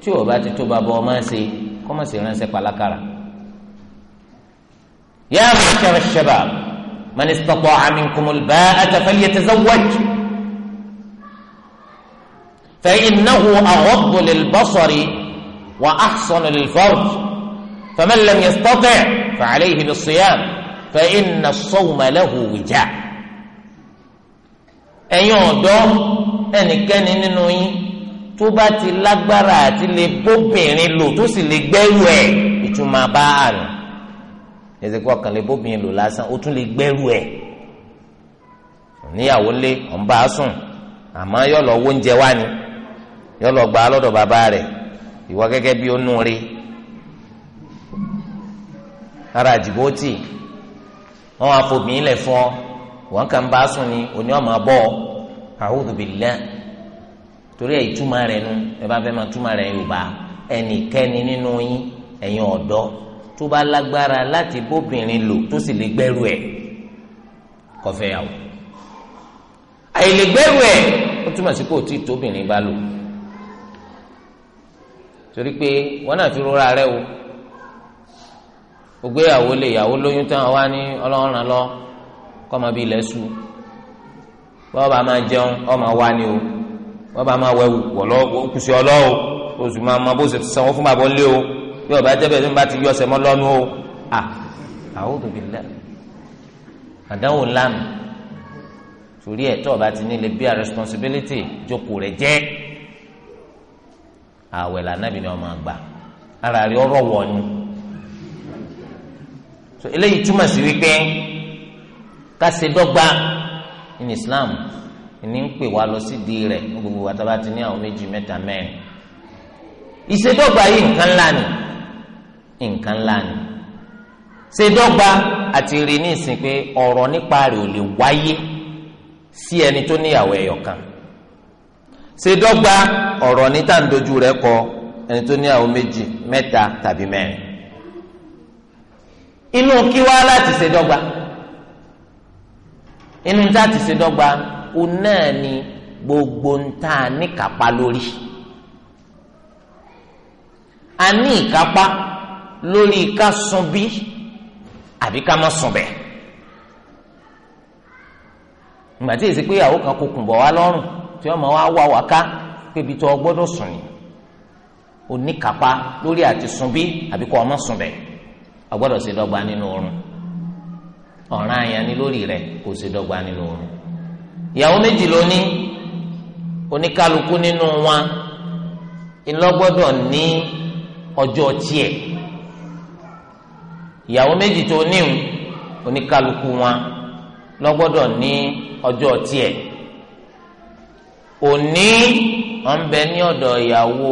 tí ó bá ti tó bàbá ọmọ ṣe kó má ṣe ránṣẹ́ pàlákàrà. ya ma'shara shabab man istata'a minkumul ba'ata falyatazawwaj fa innahu aghaddu lil-basari wa ahsanu lil-farj faman lam yastati' fa alayhi bis-siyam fa inna as-sawma lahu wija' ẹ̀yin ọ̀dọ́ ẹnikẹ́ni nínú yín tó bá ti lágbára àti lè bóbìnrin lò tó sì lè gbẹ́rù ẹ̀ ìtumọ̀ bá àrùn ẹ̀sìnkú ọkàn lè bóbìnrin lò lásán ó tún lè gbẹ́rù ẹ̀ níyàwó lé ọ̀nba sùn àmọ́ yọ lọ wó wá ni yọ lọ gbà lọ́dọ̀ bàbá rẹ̀ ìwọ gẹ́gẹ́ bí ó nù rí ara jìbìtì wọn wá fò fún ọ wọn kàn bá sùn ni òní ọmọ abọ́ a'udhu torí ẹ̀ ìtumọ̀ rẹ̀ nu ẹ bá fẹ́ máa túmọ̀ rẹ̀ yorùbá ẹnikẹni nínú yín ẹ̀yin ọdọ tó bá lágbára láti bóbìnrin lò tó sì lè gbẹ́rù yàwó ó wọn náà fi rẹ o. gbogbo ìyàwó lè ìyàwó lóyún tán wá ní ọlọ́run lọ kọ́mọ bíi lẹ́sù wọ́n bá máa jẹun ọmọ wa ni o wọ́n bá máa wẹ̀ kùsì ọlọ́wọ́ oṣù máa ma bó ṣe sanwó fún bàbá ńlẹ́ o bí ọba jẹ́bẹ̀ẹ́ tó ń bá ti yọ ọsẹ̀ mọ́ lọ́nu o à a'udhu billah àdánwò lánà torí ẹ̀ ọba ti ní lè bí a responsibility jókòó rẹ̀ jẹ́ àwẹ̀ lànà bí ni ọmọ àgbà ara rẹ̀ ọ̀rọ̀ wọ̀ ni so eléyìí túmọ̀ sí wípé kásẹ̀ dọ́gba in Islam ní ń pè wá lọ sí di rẹ̀ ní gbogbo wa tá a bá ti ní àwọn méjì mẹ́ta mẹ́rin ìṣèdọ́gba yìí nǹkan ńlá ni nǹkan ńlá ni ṣèdọ́gba àti rí ní ìsìn pé ọ̀rọ̀ nípa rẹ̀ ò lè wáyé sí ẹni tó níyàwó ẹyọ kan ṣèdọ́gba ọ̀rọ̀ ní tàǹdojú rẹ̀ kọ ẹni tó níyàwó méjì mẹ́ta tàbí mẹ́rin inú kí wá láti ṣe dọ́gba inú tá ti ṣe dọ́gba òun náà ni gbogbo ń tà níkàpá lórí a ní ìkápá lórí ká sun bí àbí ká má sun bẹ́ẹ̀ ìgbà tí èsì pé ìyàwó kan kò kùn bọ̀ wá lọ́rùn tí ọmọ wa wá wá ká pébi tó o gbọ́dọ̀ sùn ni oníkápá lórí àti sun bí àbí kó o sun bẹ́ẹ̀ a gbọ́dọ̀ ṣe dọ́gba nínú oorun ọ̀ràn àyàn ni lórí rẹ̀ kò ṣe dọ́gba nínú oorun ìyàwó méjì ló ní nínú wọn ìlọgbọ́dọ̀ ní ọjọ́ tiẹ̀ ìyàwó méjì tó níhùn oníkálukú wọn lọ́gbọ́dọ̀ ní òní ọ̀nbẹ ní ọ̀dọ̀ ìyàwó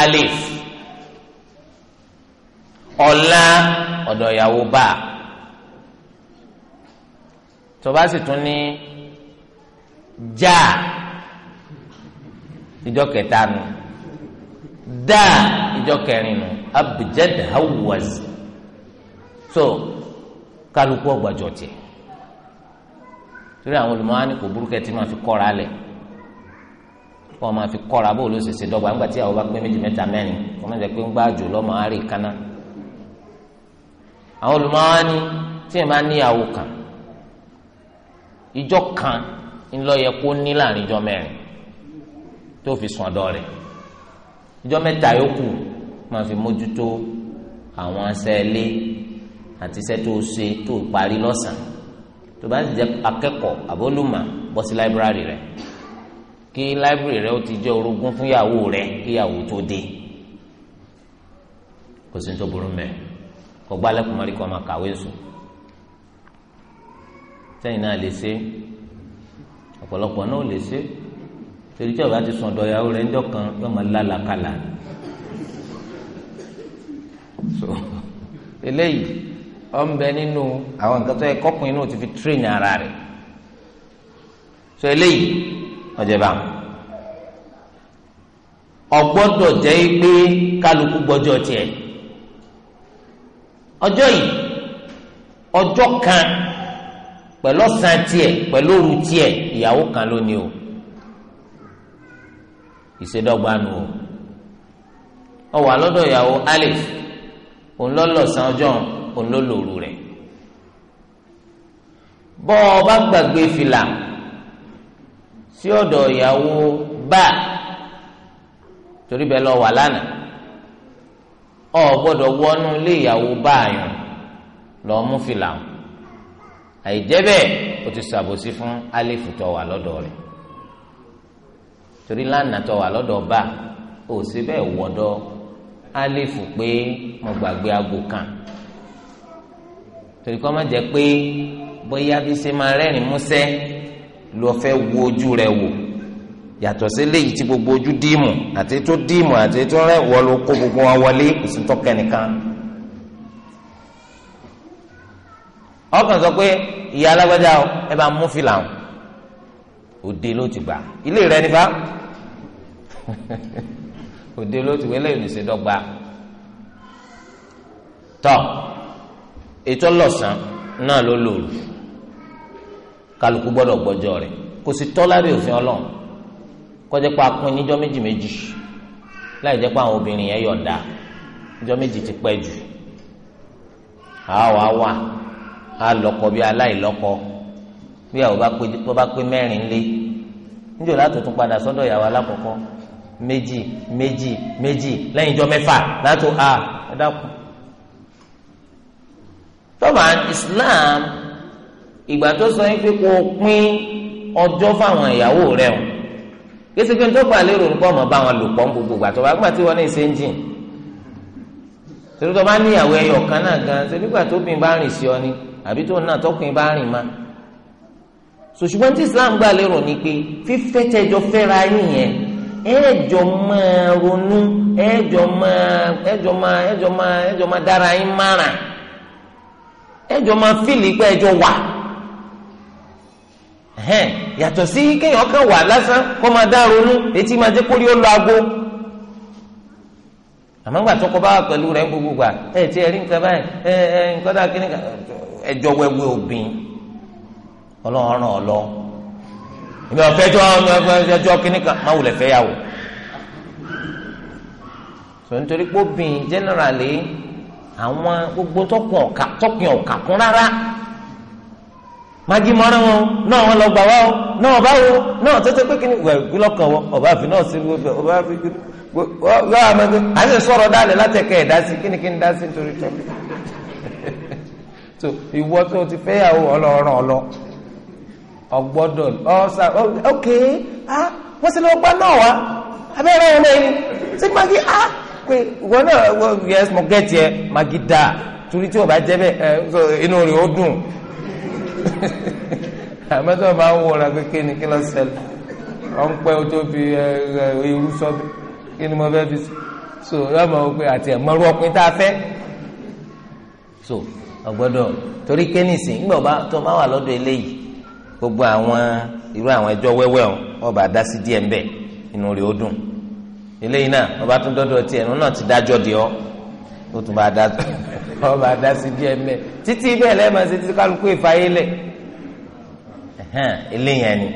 alif ọ̀la ọ̀dọ̀ ìyàwó bá a tó bá sì tún ní já ìjọ kẹta nù dá ìjọ kẹrin nù abjad hawaz so kálukú ọgbàjọ tiẹ torí àwọn olùmọ̀ọ́ ni kò burúkẹ́ tí máa fi kọ́ra lẹ̀ wọ́n máa fi kọ́ra bó ló ṣe ṣe dọ́gba nígbà tí àwọn bá pé méjì mẹ́ta mẹ́rin wọ́n máa jẹ́ pé ń gbá àjò lọ́mọ àárẹ̀ kaná àwọn olùmọ̀wá ni tí ẹ̀ máa níyàwó kan ìjọ kan ńlọ yẹ kó ní láàrin ìjọ mẹ́rin tó fi sùn ọ̀dọ̀ rẹ̀ ìjọ mẹ́ta yòókù máa fi mójútó àwọn asẹ́lé àti iṣẹ́ tó ṣe tó parí lọ́sàn-án tó bá ti jẹ́ akẹ́kọ̀ọ́ àbólùmọ̀ bọ́ sí láìbírárì rẹ̀ kí láìbírárì rẹ̀ ó ti jẹ́ orogún fún ìyàwó rẹ̀ kí ìyàwó tó dé kò sí ní tó burú mẹ́rin kò gbá lẹ́kùn mọ́rí kọ́ máa kàwé sùn sẹ́yìn náà lè ṣe ọ̀pọ̀lọpọ̀ náà lè ṣe torí tí ọba ti sùn ọ̀dọ̀ ìyàwó rẹ̀ ńjọ́ kan yóò máa lálàkàlà so eléyìí ọ̀nbẹ nínú àwọn nǹkan tó yẹ kọ́kùnrin náà ti fi tírèèni ara rẹ̀ so eléyìí ọ̀jẹ̀bà ọgbọ́dọ̀ jẹ́ pé kálukú gbọ́jọ́ tiẹ̀ ọjọ́ yìí ọjọ́ kan pẹ̀lú ọ̀sán tiẹ̀ pẹ̀lú òru tiẹ̀ ìyàwó kan ló ní o ìṣèdọ́gba nu o ó wà lọ́dọ̀ ìyàwó alif òun ló lọ́sàn ọjọ́ òun ló lòru rẹ̀ bọ́ ọ bá gbàgbé fìlà sí ọ̀dọ̀ ìyàwó bá torí bẹ́ẹ̀ lọ wà lánàá. ọ gbọ́dọ̀ wọnú ilé ìyàwó báyọ lọ fìlà àìjẹ́ o ti ṣàbòsí fún alifu tó wà lọ́dọ̀ rẹ̀ torí lánàá tó wà lọ́dọ̀ bá o sì bẹ́ẹ̀ wọdọ alifu pé mo gbàgbé aago kan torí kọ́ má jẹ́ pé bóyá bí máa rẹ́rìn músẹ́ fẹ́ wo ojú yàtọ̀ sí léyìí tí gbogbo ojú díìmù àti tó díìmù àti tó rẹ̀ wọ́n ló kó gbogbo wọn wọlé ìsìntọ́kẹ́ nìkan. ọkàn sọ pé ìyá alágbájá ẹ bá mú fìlà hàn òde ló ti gbà ilé rẹ nípa òde ló ti wẹlé ìrìnsẹdọgba tọ ètò ọlọsàn náà ló lòlù kálukú gbọ́dọ̀ gbọ́jọ́ rẹ̀ kò sì tọ́ lábẹ́ òfin Ọlọ́run kọjá pé akún níjọ́ méjì méjì láì jẹ́ pé àwọn obìnrin yẹn yọ̀ǹda níjọ́ méjì ti pẹ́ jù àwa wà á lọ́kọ bí aláìlọ́kọ bí àwọn bá pé mẹ́rin lé níjọ́ láti tún padà sọ́dọ̀ ìyàwó alákọ̀ọ́kọ́ méjì méjì méjì lẹ́yìn ìjọ mẹ́fà látò a ẹ dákun. tọ́ba Islam ìgbà tó sọ yín pé kó o pín ọjọ́ fáwọn ìyàwó rẹ̀ o. kéṣe pé nítorí àlérò nípa ọmọ bá wọn lò pọ̀ gbogbo ìgbà tó bá gbà tí jìn torí tó kan náà gan ṣe nígbà tó bá rìn sí ọ àbí tó náà tọkùn bá rìn má Islam gbà ni ronú hẹn yàtọ̀ sí kéèyàn kan wà lásán kó máa dá ronú etí máa jẹ́ kórí ó lọ aago àmọ́ tó kọ rẹ̀ gbogbo gbà ẹ̀ tí ẹ rí nǹkan báyìí ẹ ẹ nǹkan dá kíní ẹjọ́ wẹ́wẹ́ òbin ọlọ́run ọlọ́ ìgbà ọ̀fẹ́ jọ kíní kan máa yàwó sọ pé obìn àwọn gbogbo tọkùn ọ̀kà tọkùn ọ̀kà kún magi mọ́ra wọn náà wọn ọba wo náà tètè pé kíni wẹ̀ lọ́kàn wọn ọba àfi náà sí gbogbo ọba àfi gbogbo ọba àmọ́gbé àti sọ̀rọ̀ dálẹ̀ látẹ̀kẹ́ ẹ̀ kíni kíni nítorí tó so ìwọ tó ti ọlọ́ọ̀rọ̀ ọlọ́ ọgbọ́dọ̀ ọ̀sà ok wọ́n sì gbá àmọ́ tó o bá wọra pé kí ni kí lọ ṣẹlẹ̀ ọ̀ ń pẹ́ o tó fi irú sọ́bí kí ni mo fẹ́ fi so yóò máa wọ pé àti ẹ̀mọ́rú ọkùnrin tá a fẹ́ so ọ̀gbọ́dọ̀ torí kẹ́nìsì ńgbọ̀ bá tó bá wà lọ́dọ̀ eléyìí gbogbo àwọn irú àwọn ẹjọ́ wẹ́wẹ́ ọ̀ ọba dá sí díẹ̀ ńbẹ̀ inú rẹ̀ ó dùn eléyìí náà ọba tó dọ́dọ̀ tiẹ̀ nínú náà ti dájọ́ di ọ́ ó tún bá dájọ́ wọn bá dá sí díẹ̀ mẹ títí bẹ́ẹ̀ lẹẹma ṣe títí kálukú ìfàyè lẹ eléyàn ni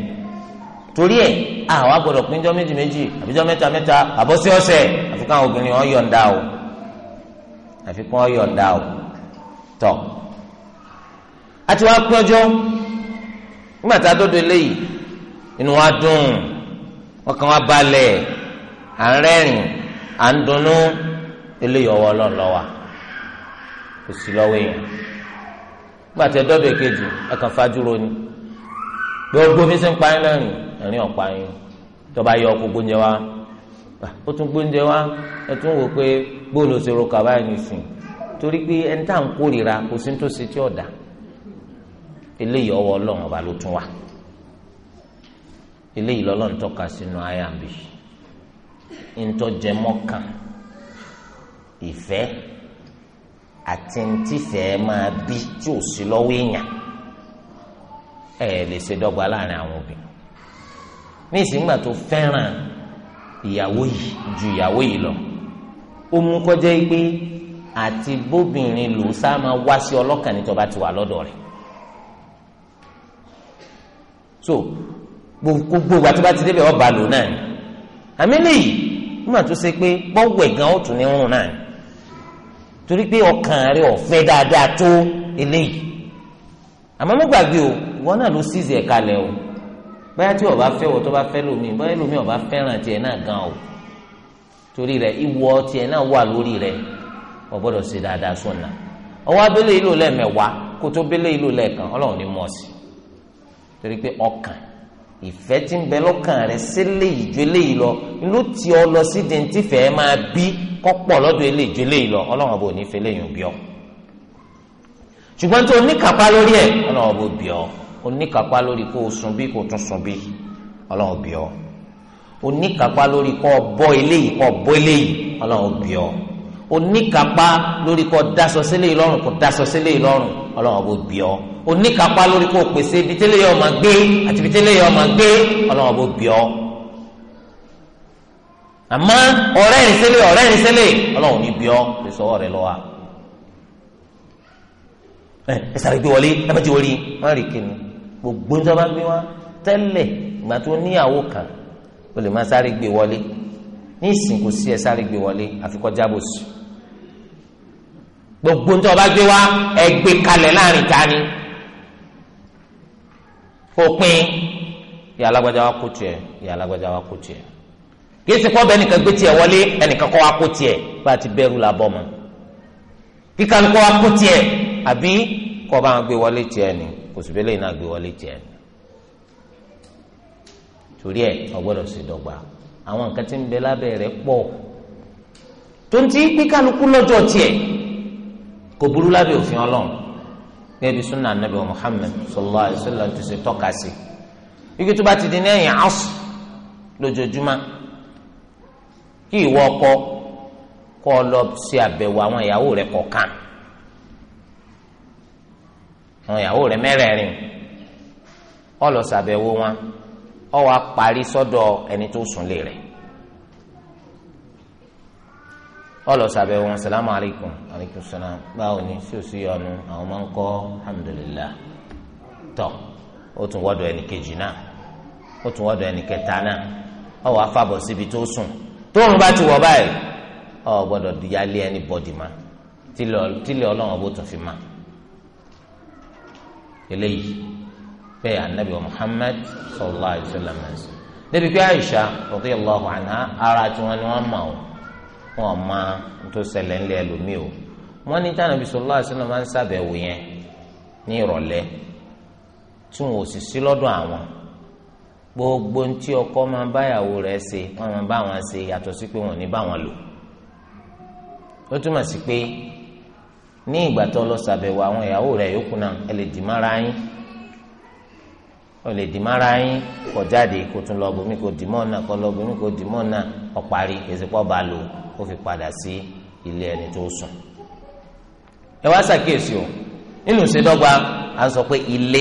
torí ẹ àwọn agbọ́dọ̀ pínjọ méjì méjì àbíjọ mẹ́ta mẹ́ta àbọ̀sí ọ̀sẹ̀ àfikún àwọn obìnrin wọn yọ̀ǹda o àfikún wọn yọ̀ǹda o tọ àti wọn pín nígbà tá a dọdọ eléyìí inú wa dùn ọkàn wa balẹ̀ à ń rẹ́rìn à ń dunnú eléyìí ọwọ́ ọlọ́run lọ́wọ́ kò sí lọ́wọ́ èèyàn gbàtẹ́ dọ́dọ̀ èkejì ẹ̀kan fájúro ni gbogbo bí sẹ́ ń parí náà rìn ẹ̀rín ọ̀pá yín tọ́ba yọ ọkọ̀ gbóúnjẹ wa ó tún gbóúnjẹ wa ẹ tún wò pé bóòlù òṣèrò nìsín torí pé ẹni tá à ń kò sí wà eléyìí lọ́lọ́run tọ́ka àti ntífẹ̀ẹ́ máa bí tí ò sí lọ́wọ́ èèyàn ẹ lè ṣe dọ́gba láàrin àwọn obìnrin ní ìsìngbà tó fẹ́ràn ìyàwó ju ìyàwó yìí lọ ó mú kọjá pé àti bóbìnrin lò sá máa wá sí ọlọ́kàn ní ti wà lọ́dọ̀ rẹ̀ so gbogbo ìgbà tó bá ti débẹ̀ ọba náà ni àmì ṣe pé ẹ̀gán ní torí pé ọkàn rẹ ọ̀fẹ́ dáadáa tó eléyìí àmọ́ mo gbàgbé o ìwọ náà ló ṣìṣe ẹ̀ kalẹ̀ o báyà tí ọba fẹ́ wọ tó bá fẹ́ lómi báyà lómi ọba fẹ́ràn tiẹ̀ náà gan o torí rẹ ìwọ tiẹ̀ náà wà lórí rẹ o gbọ́dọ̀ ṣe dáadáa sọ̀nà ọwọ́ abẹ́lé ìlú lẹ́ẹ̀mẹ̀wá kó tó bẹ́lé ìlú lẹ́ẹ̀kan ọlọ́run ní mọ̀ sí torí pé ọkàn ìfẹ́ tí ń bẹ lọ́kàn rẹ sí léyìí ju eléyìí lọ ló ti ọ lọ sí dèntí fẹ́ máa bí kọ́pọ̀ lọ́dọ̀ eléyìí ju eléyìí lọ ọlọ́run ọba ò ní fẹ́ léyìn bí ọ ṣùgbọ́n tó oníkàpá lórí ẹ̀ ọlọ́run ọba ò bí ọ oníkàpá lórí kó o sùn bí kó o tún sùn bí ọlọ́run ò bí ọ oníkàpá lórí kó o bọ́ eléyìí kó o bọ́ eléyìí ọlọ́run ò bí ọ oníkàpá lórí kó o dáṣọ sílé ìlọ́run kó o dáṣọ sílé ìlọ́run ọlọ́run ọbọ bí ọ oníkápá lórí kó o pèsè ibi tẹ́lẹ̀ yọ ọmọ gbé àti ibi tẹ́lẹ̀ yọ ọmọ gbé ọlọ́run ọbọ bí ọ àmọ́ ọ̀rẹ́ ìṣẹ̀lẹ̀ ọ̀rẹ́ ìṣẹ̀lẹ̀ ọlọ́run ní bí ọ lè sọ ọ̀rẹ́ lọ wa ẹ ẹ sáré gbé wọlé ẹ bá ti wọlé má rí kíni gbogbo níta bá gbé wá tẹ́lẹ̀ ìgbà tó níyàwó kan o lè má sáré gbé wọlé ní ìsìn kò sí ẹ sáré gbé wọlé àfikọ́ jábòsì gbogbo ní tí wọn bá gbé wá ẹgbẹ́ kalẹ̀ láàrin tani òpin ìyá alágbájá wa kó tiẹ̀ ìyá alágbájá wa kó tiẹ̀ kìsì kọ́ bẹ́ẹ̀ nìkan gbé tiẹ̀ wọlé ẹnìkan kọ́ wa kó tiẹ̀ bá ti bẹ̀rù la bọ́ ma kíkà kọ́ wa kó tiẹ̀ àbí kọ́ bá wọn gbé wọlé tiẹ̀ ni kò sì bẹ́ẹ̀ lẹ́yìn náà gbé wọlé tiẹ̀ ni torí ẹ ọgbọ́dọ̀ sì dọ́gba àwọn nǹkan tí ń bẹ lábẹ́ rẹ̀ pọ̀ tó ń ti pé kálukú kò burú lábẹ́ òfin ọlọ́run gẹ́gẹ́ bí sunna anabi muhammed sallallahu alayhi wa sallam ti ṣe tọ́ka sí ike tó bá ti di lẹ́yìn asù lójoojúmọ́ kí ìwọ ọkọ kọ́ ọ lọ sí àbẹ̀wò àwọn ìyàwó rẹ kọ̀ọ̀kan àwọn ìyàwó rẹ mẹ́rẹ̀ẹ̀rin ọ lọ sàbẹ̀wò wọn ọ wá parí sọ́dọ̀ ẹni tó sùn lé rẹ̀ ọlọ sàbẹ wọn salamu alaykum alaykum salam báwo ni sí òsì ọnu àwọn máa ń kọ alhamdulilah tọ ó tún wọdọ ẹnìkejì náà ó tún wọdọ ẹnìkẹta náà ó wàá fàbọ síbi tó sùn tóun bá ti wọ báyìí ọ gbọ́dọ̀ yálé ẹni bọdì ma tílẹ Ọlọ́run bó tún fi ma eléyìí bẹ́ẹ̀ anabi wa muhammad sallallahu alayhi wa sallam ẹsẹ débi aisha radiyallahu anha ara tiwọn ni wọn mọ ọ. wọn ọmọ tó ṣẹlẹ̀ ńlẹ̀ ẹlòmíì o wọn ní tànà bisalòlá àṣìlò máa ń ṣàbẹ̀wò yẹn ní ìrọ̀lẹ́ tí wọn ò sì sí gbogbo ntí ọkọ máa báyàwó rẹ̀ ṣe wọn máa bá wọn ṣe yàtọ̀ sí wọn ò ní wọn lò ó túmọ̀ sí pé ní ìgbà tó lọ ṣàbẹ̀wò àwọn ìyàwó rẹ̀ náà ẹ lè dì mára yín ẹ lè dì mára yín kó tún lọ bomi ọ̀parí èsìpọ̀ bá lò ó fi padà sí ilé ẹni tó sùn. ẹ wá ṣàkíyèsí o nínú ìṣèdọ́gba a sọ pé ilé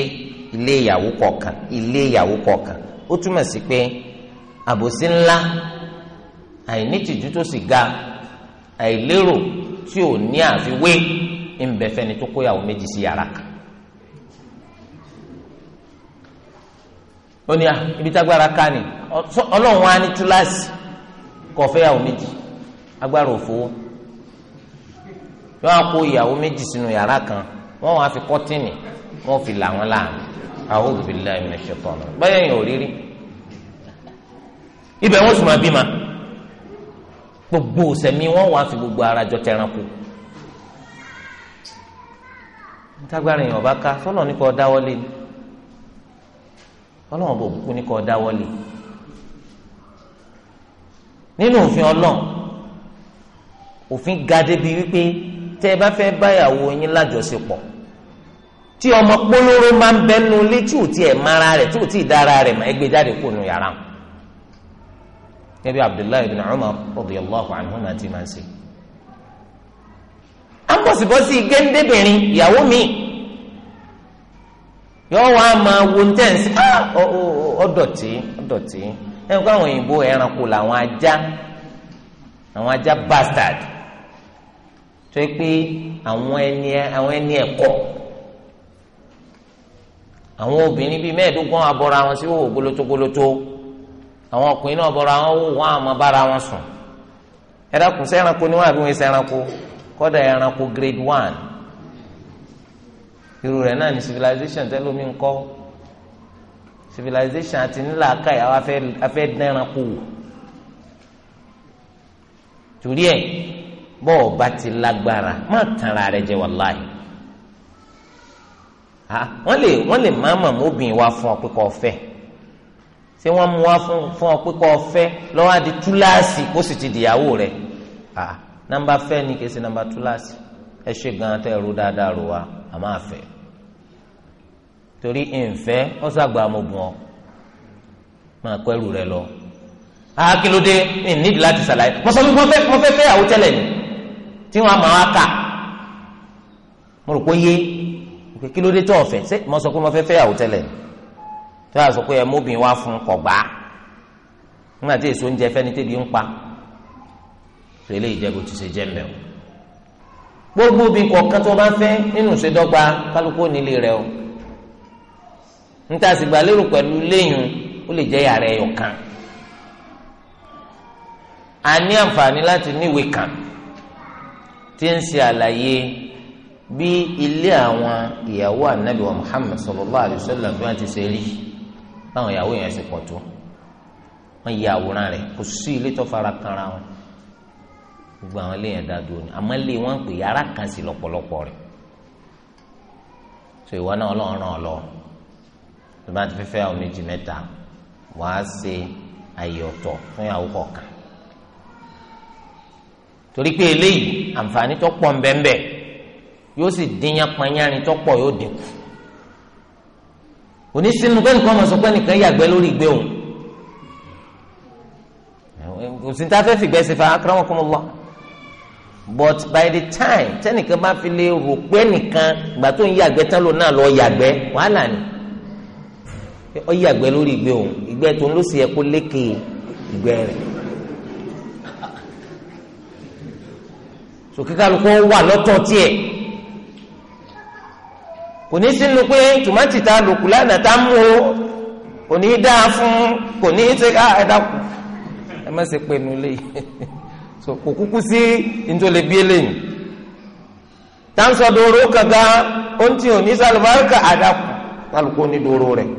ilé ìyàwó kọ̀ọ̀kan ilé ìyàwó kọ̀ọ̀kan ó túmọ̀ sí pé àbòsí ńlá àìnítìjú tó sì ga àìlérò tí ò ní àfiwé ń bẹ fẹ́ni tó kóyàwó méjì sí yàrá kan. ó ní à ibi tágbára ká ni ọlọ́run ní kọfẹ́ ìyàwó méjì agbára òfowó wọ́n á kó ìyàwó méjì sínú yàrá kan wọn wàá fi kọ́tìnì wọn fi là wọ́n láàmú a'udhu billahi minash shaitani báyọ̀ yẹn ò rírí ibẹ̀ wọ́n sì máa bímọ gbogbo sẹ̀mí wọn wàá fi gbogbo ara jọ tẹranko ntagbara yẹn ọba ká sọlọ ní kò dáwọ́lé ọlọ́wọ́n bò kú ní kò dáwọ́lé. nínú òfin Ọlọ́run òfin ga débi wípé tẹ ẹ bá fẹ́ báyàwó yín lájọṣepọ̀ tí ọmọ polówó máa ń bẹ ilé tí ò tí ẹ mara rẹ̀ tí ò tí ì dára rẹ̀ mọ́ ẹgbẹ́ jáde kó nu yàrá wọn. gẹ́gẹ́ bí Abdullahi ibn Umar radiyallahu anhuma ti máa ń ṣe. a ń bọ̀sibọ́sí géńdébìnrin ìyàwó mi yọ wá máa wo ẹ kó àwọn òyìnbó ẹranko làwọn ajá àwọn ajá bastard tó yẹ pé àwọn ẹni àwọn ẹni ẹ̀kọ́ àwọn obìnrin bíi mẹ́ẹ̀ẹ́dógún abọra wọn sí wò gólótógólótó àwọn ọkùnrin náà bọra wọn wò wọn àmọ́ bára wọn sùn ni wọn àbí wọn sẹranko ẹranko grade one irú re náà ni civilization tẹlómi ń civilization àti nílà káyà wa afẹ́ dẹ́ran kù torí ẹ bọ́ọ̀ bá ti lágbára má tanra rẹ jẹ wàláì wọ́n lè wọ́n lè má màmú obìnrin wa fún ọ pé kò fẹ́ ṣé wọ́n mú wa fún ọ pé kò fẹ́ lọ́wọ́ á di túláàsì kó sì ti dìyàwó rẹ̀ nọ́mbà fẹ́ ni kì í ṣe nọ́mbà túláàsì ẹ ṣe gan-an tẹ́ ẹ ro dáadáa ro wa àmọ́ àfẹ́ torí ìǹfẹ́ ọ̀sàgbà mo bùn ọ́ máa kọ́ ẹrù rẹ lọ. akílódé ah, mi nídìí láti ṣàlàyé mo sọ fún mo fẹ́ fẹ́ àwọn tẹ́lẹ̀ ni tí wọ́n á máa kà mo rò pé yé kílódé tó ọ̀fẹ́ ṣé mo sọ pé mo fẹ́ fẹ́ àwọn tẹ́lẹ̀ ni tí wọ́n á sọ pé ẹ móbìn wá fún kọ̀gbá nígbà tí èso ń jẹ fẹ́ni tẹ́bi ń pa tẹ́lẹ̀ ìjẹ́bù ti ṣe jẹ́ mẹ́wọ̀ gbogbo obìnrin kọ̀ọ̀kan tó bá fẹ́ nínú ìṣèdọ́gba kálukú nílé rẹ o níta sì gbà lérò pẹ̀lú léyìn ó lè jẹ́ yàrá ẹ̀yọ̀ kan a ní àǹfààní láti níwè kan tí ń ṣe àlàyé bí ilé àwọn ìyàwó ànábì wa Muhammad sallallahu alaihi wasallam bí wọ́n ti ṣe rí báwọn ìyàwó yẹn ṣe pọ̀ tó wọ́n yẹ àwòrán rẹ̀ kò sí ilé tó fara kanra wọn gbogbo àwọn ilé yẹn dá dúró ni àmọ́ ilé wọn pè yàrá kan sí lọ́pọ̀lọpọ̀ rẹ̀ so ìwọ náà Ọlọ́run ràn ọ́ lọ́wọ́ tó bá ti fẹ́ àwọn méjì mẹ́ta wàá ṣe àyè ọ̀tọ̀ fún ìyàwó kọ̀ọ̀kan torí pé eléyìí àǹfààní tó pọ̀ ńbẹ́ńbẹ́ yóò sì dínyàn panyárin tó pọ̀ yóò dínkù onísìnnú pé nǹkan ọmọ pé nìkan yàgbẹ́ lórí ìgbé òun òsì tá a fẹ́ fìgbẹ́ sí fa akramakumullah but by the time tẹ́nìkan bá fi lè rò pé nìkan ìgbà tó ń yàgbẹ́ tán ló náà lọ yàgbẹ́ wàhálà ni ọ yàgbẹ́ lórí ìgbẹ́ òun ìgbẹ́ tó ń lọ sí ẹkú lékè ìgbẹ́ rẹ̀ sòkèkálukú wà lọ́tọ̀ tiẹ̀ kò ní sínú pé tòmátì tá a lò kù lánàá tá a mú o kò ní í dáa fún kò ní í ṣe ká ah, ẹ dákun ẹ má ṣe pé nulẹ̀ so kò kúkú sí ntòlè bíi eléyìí táǹsọ̀ dòrò kankan ó ń tì ò ní sálùbáríkà àdàkù kálukú ní dòrò rẹ̀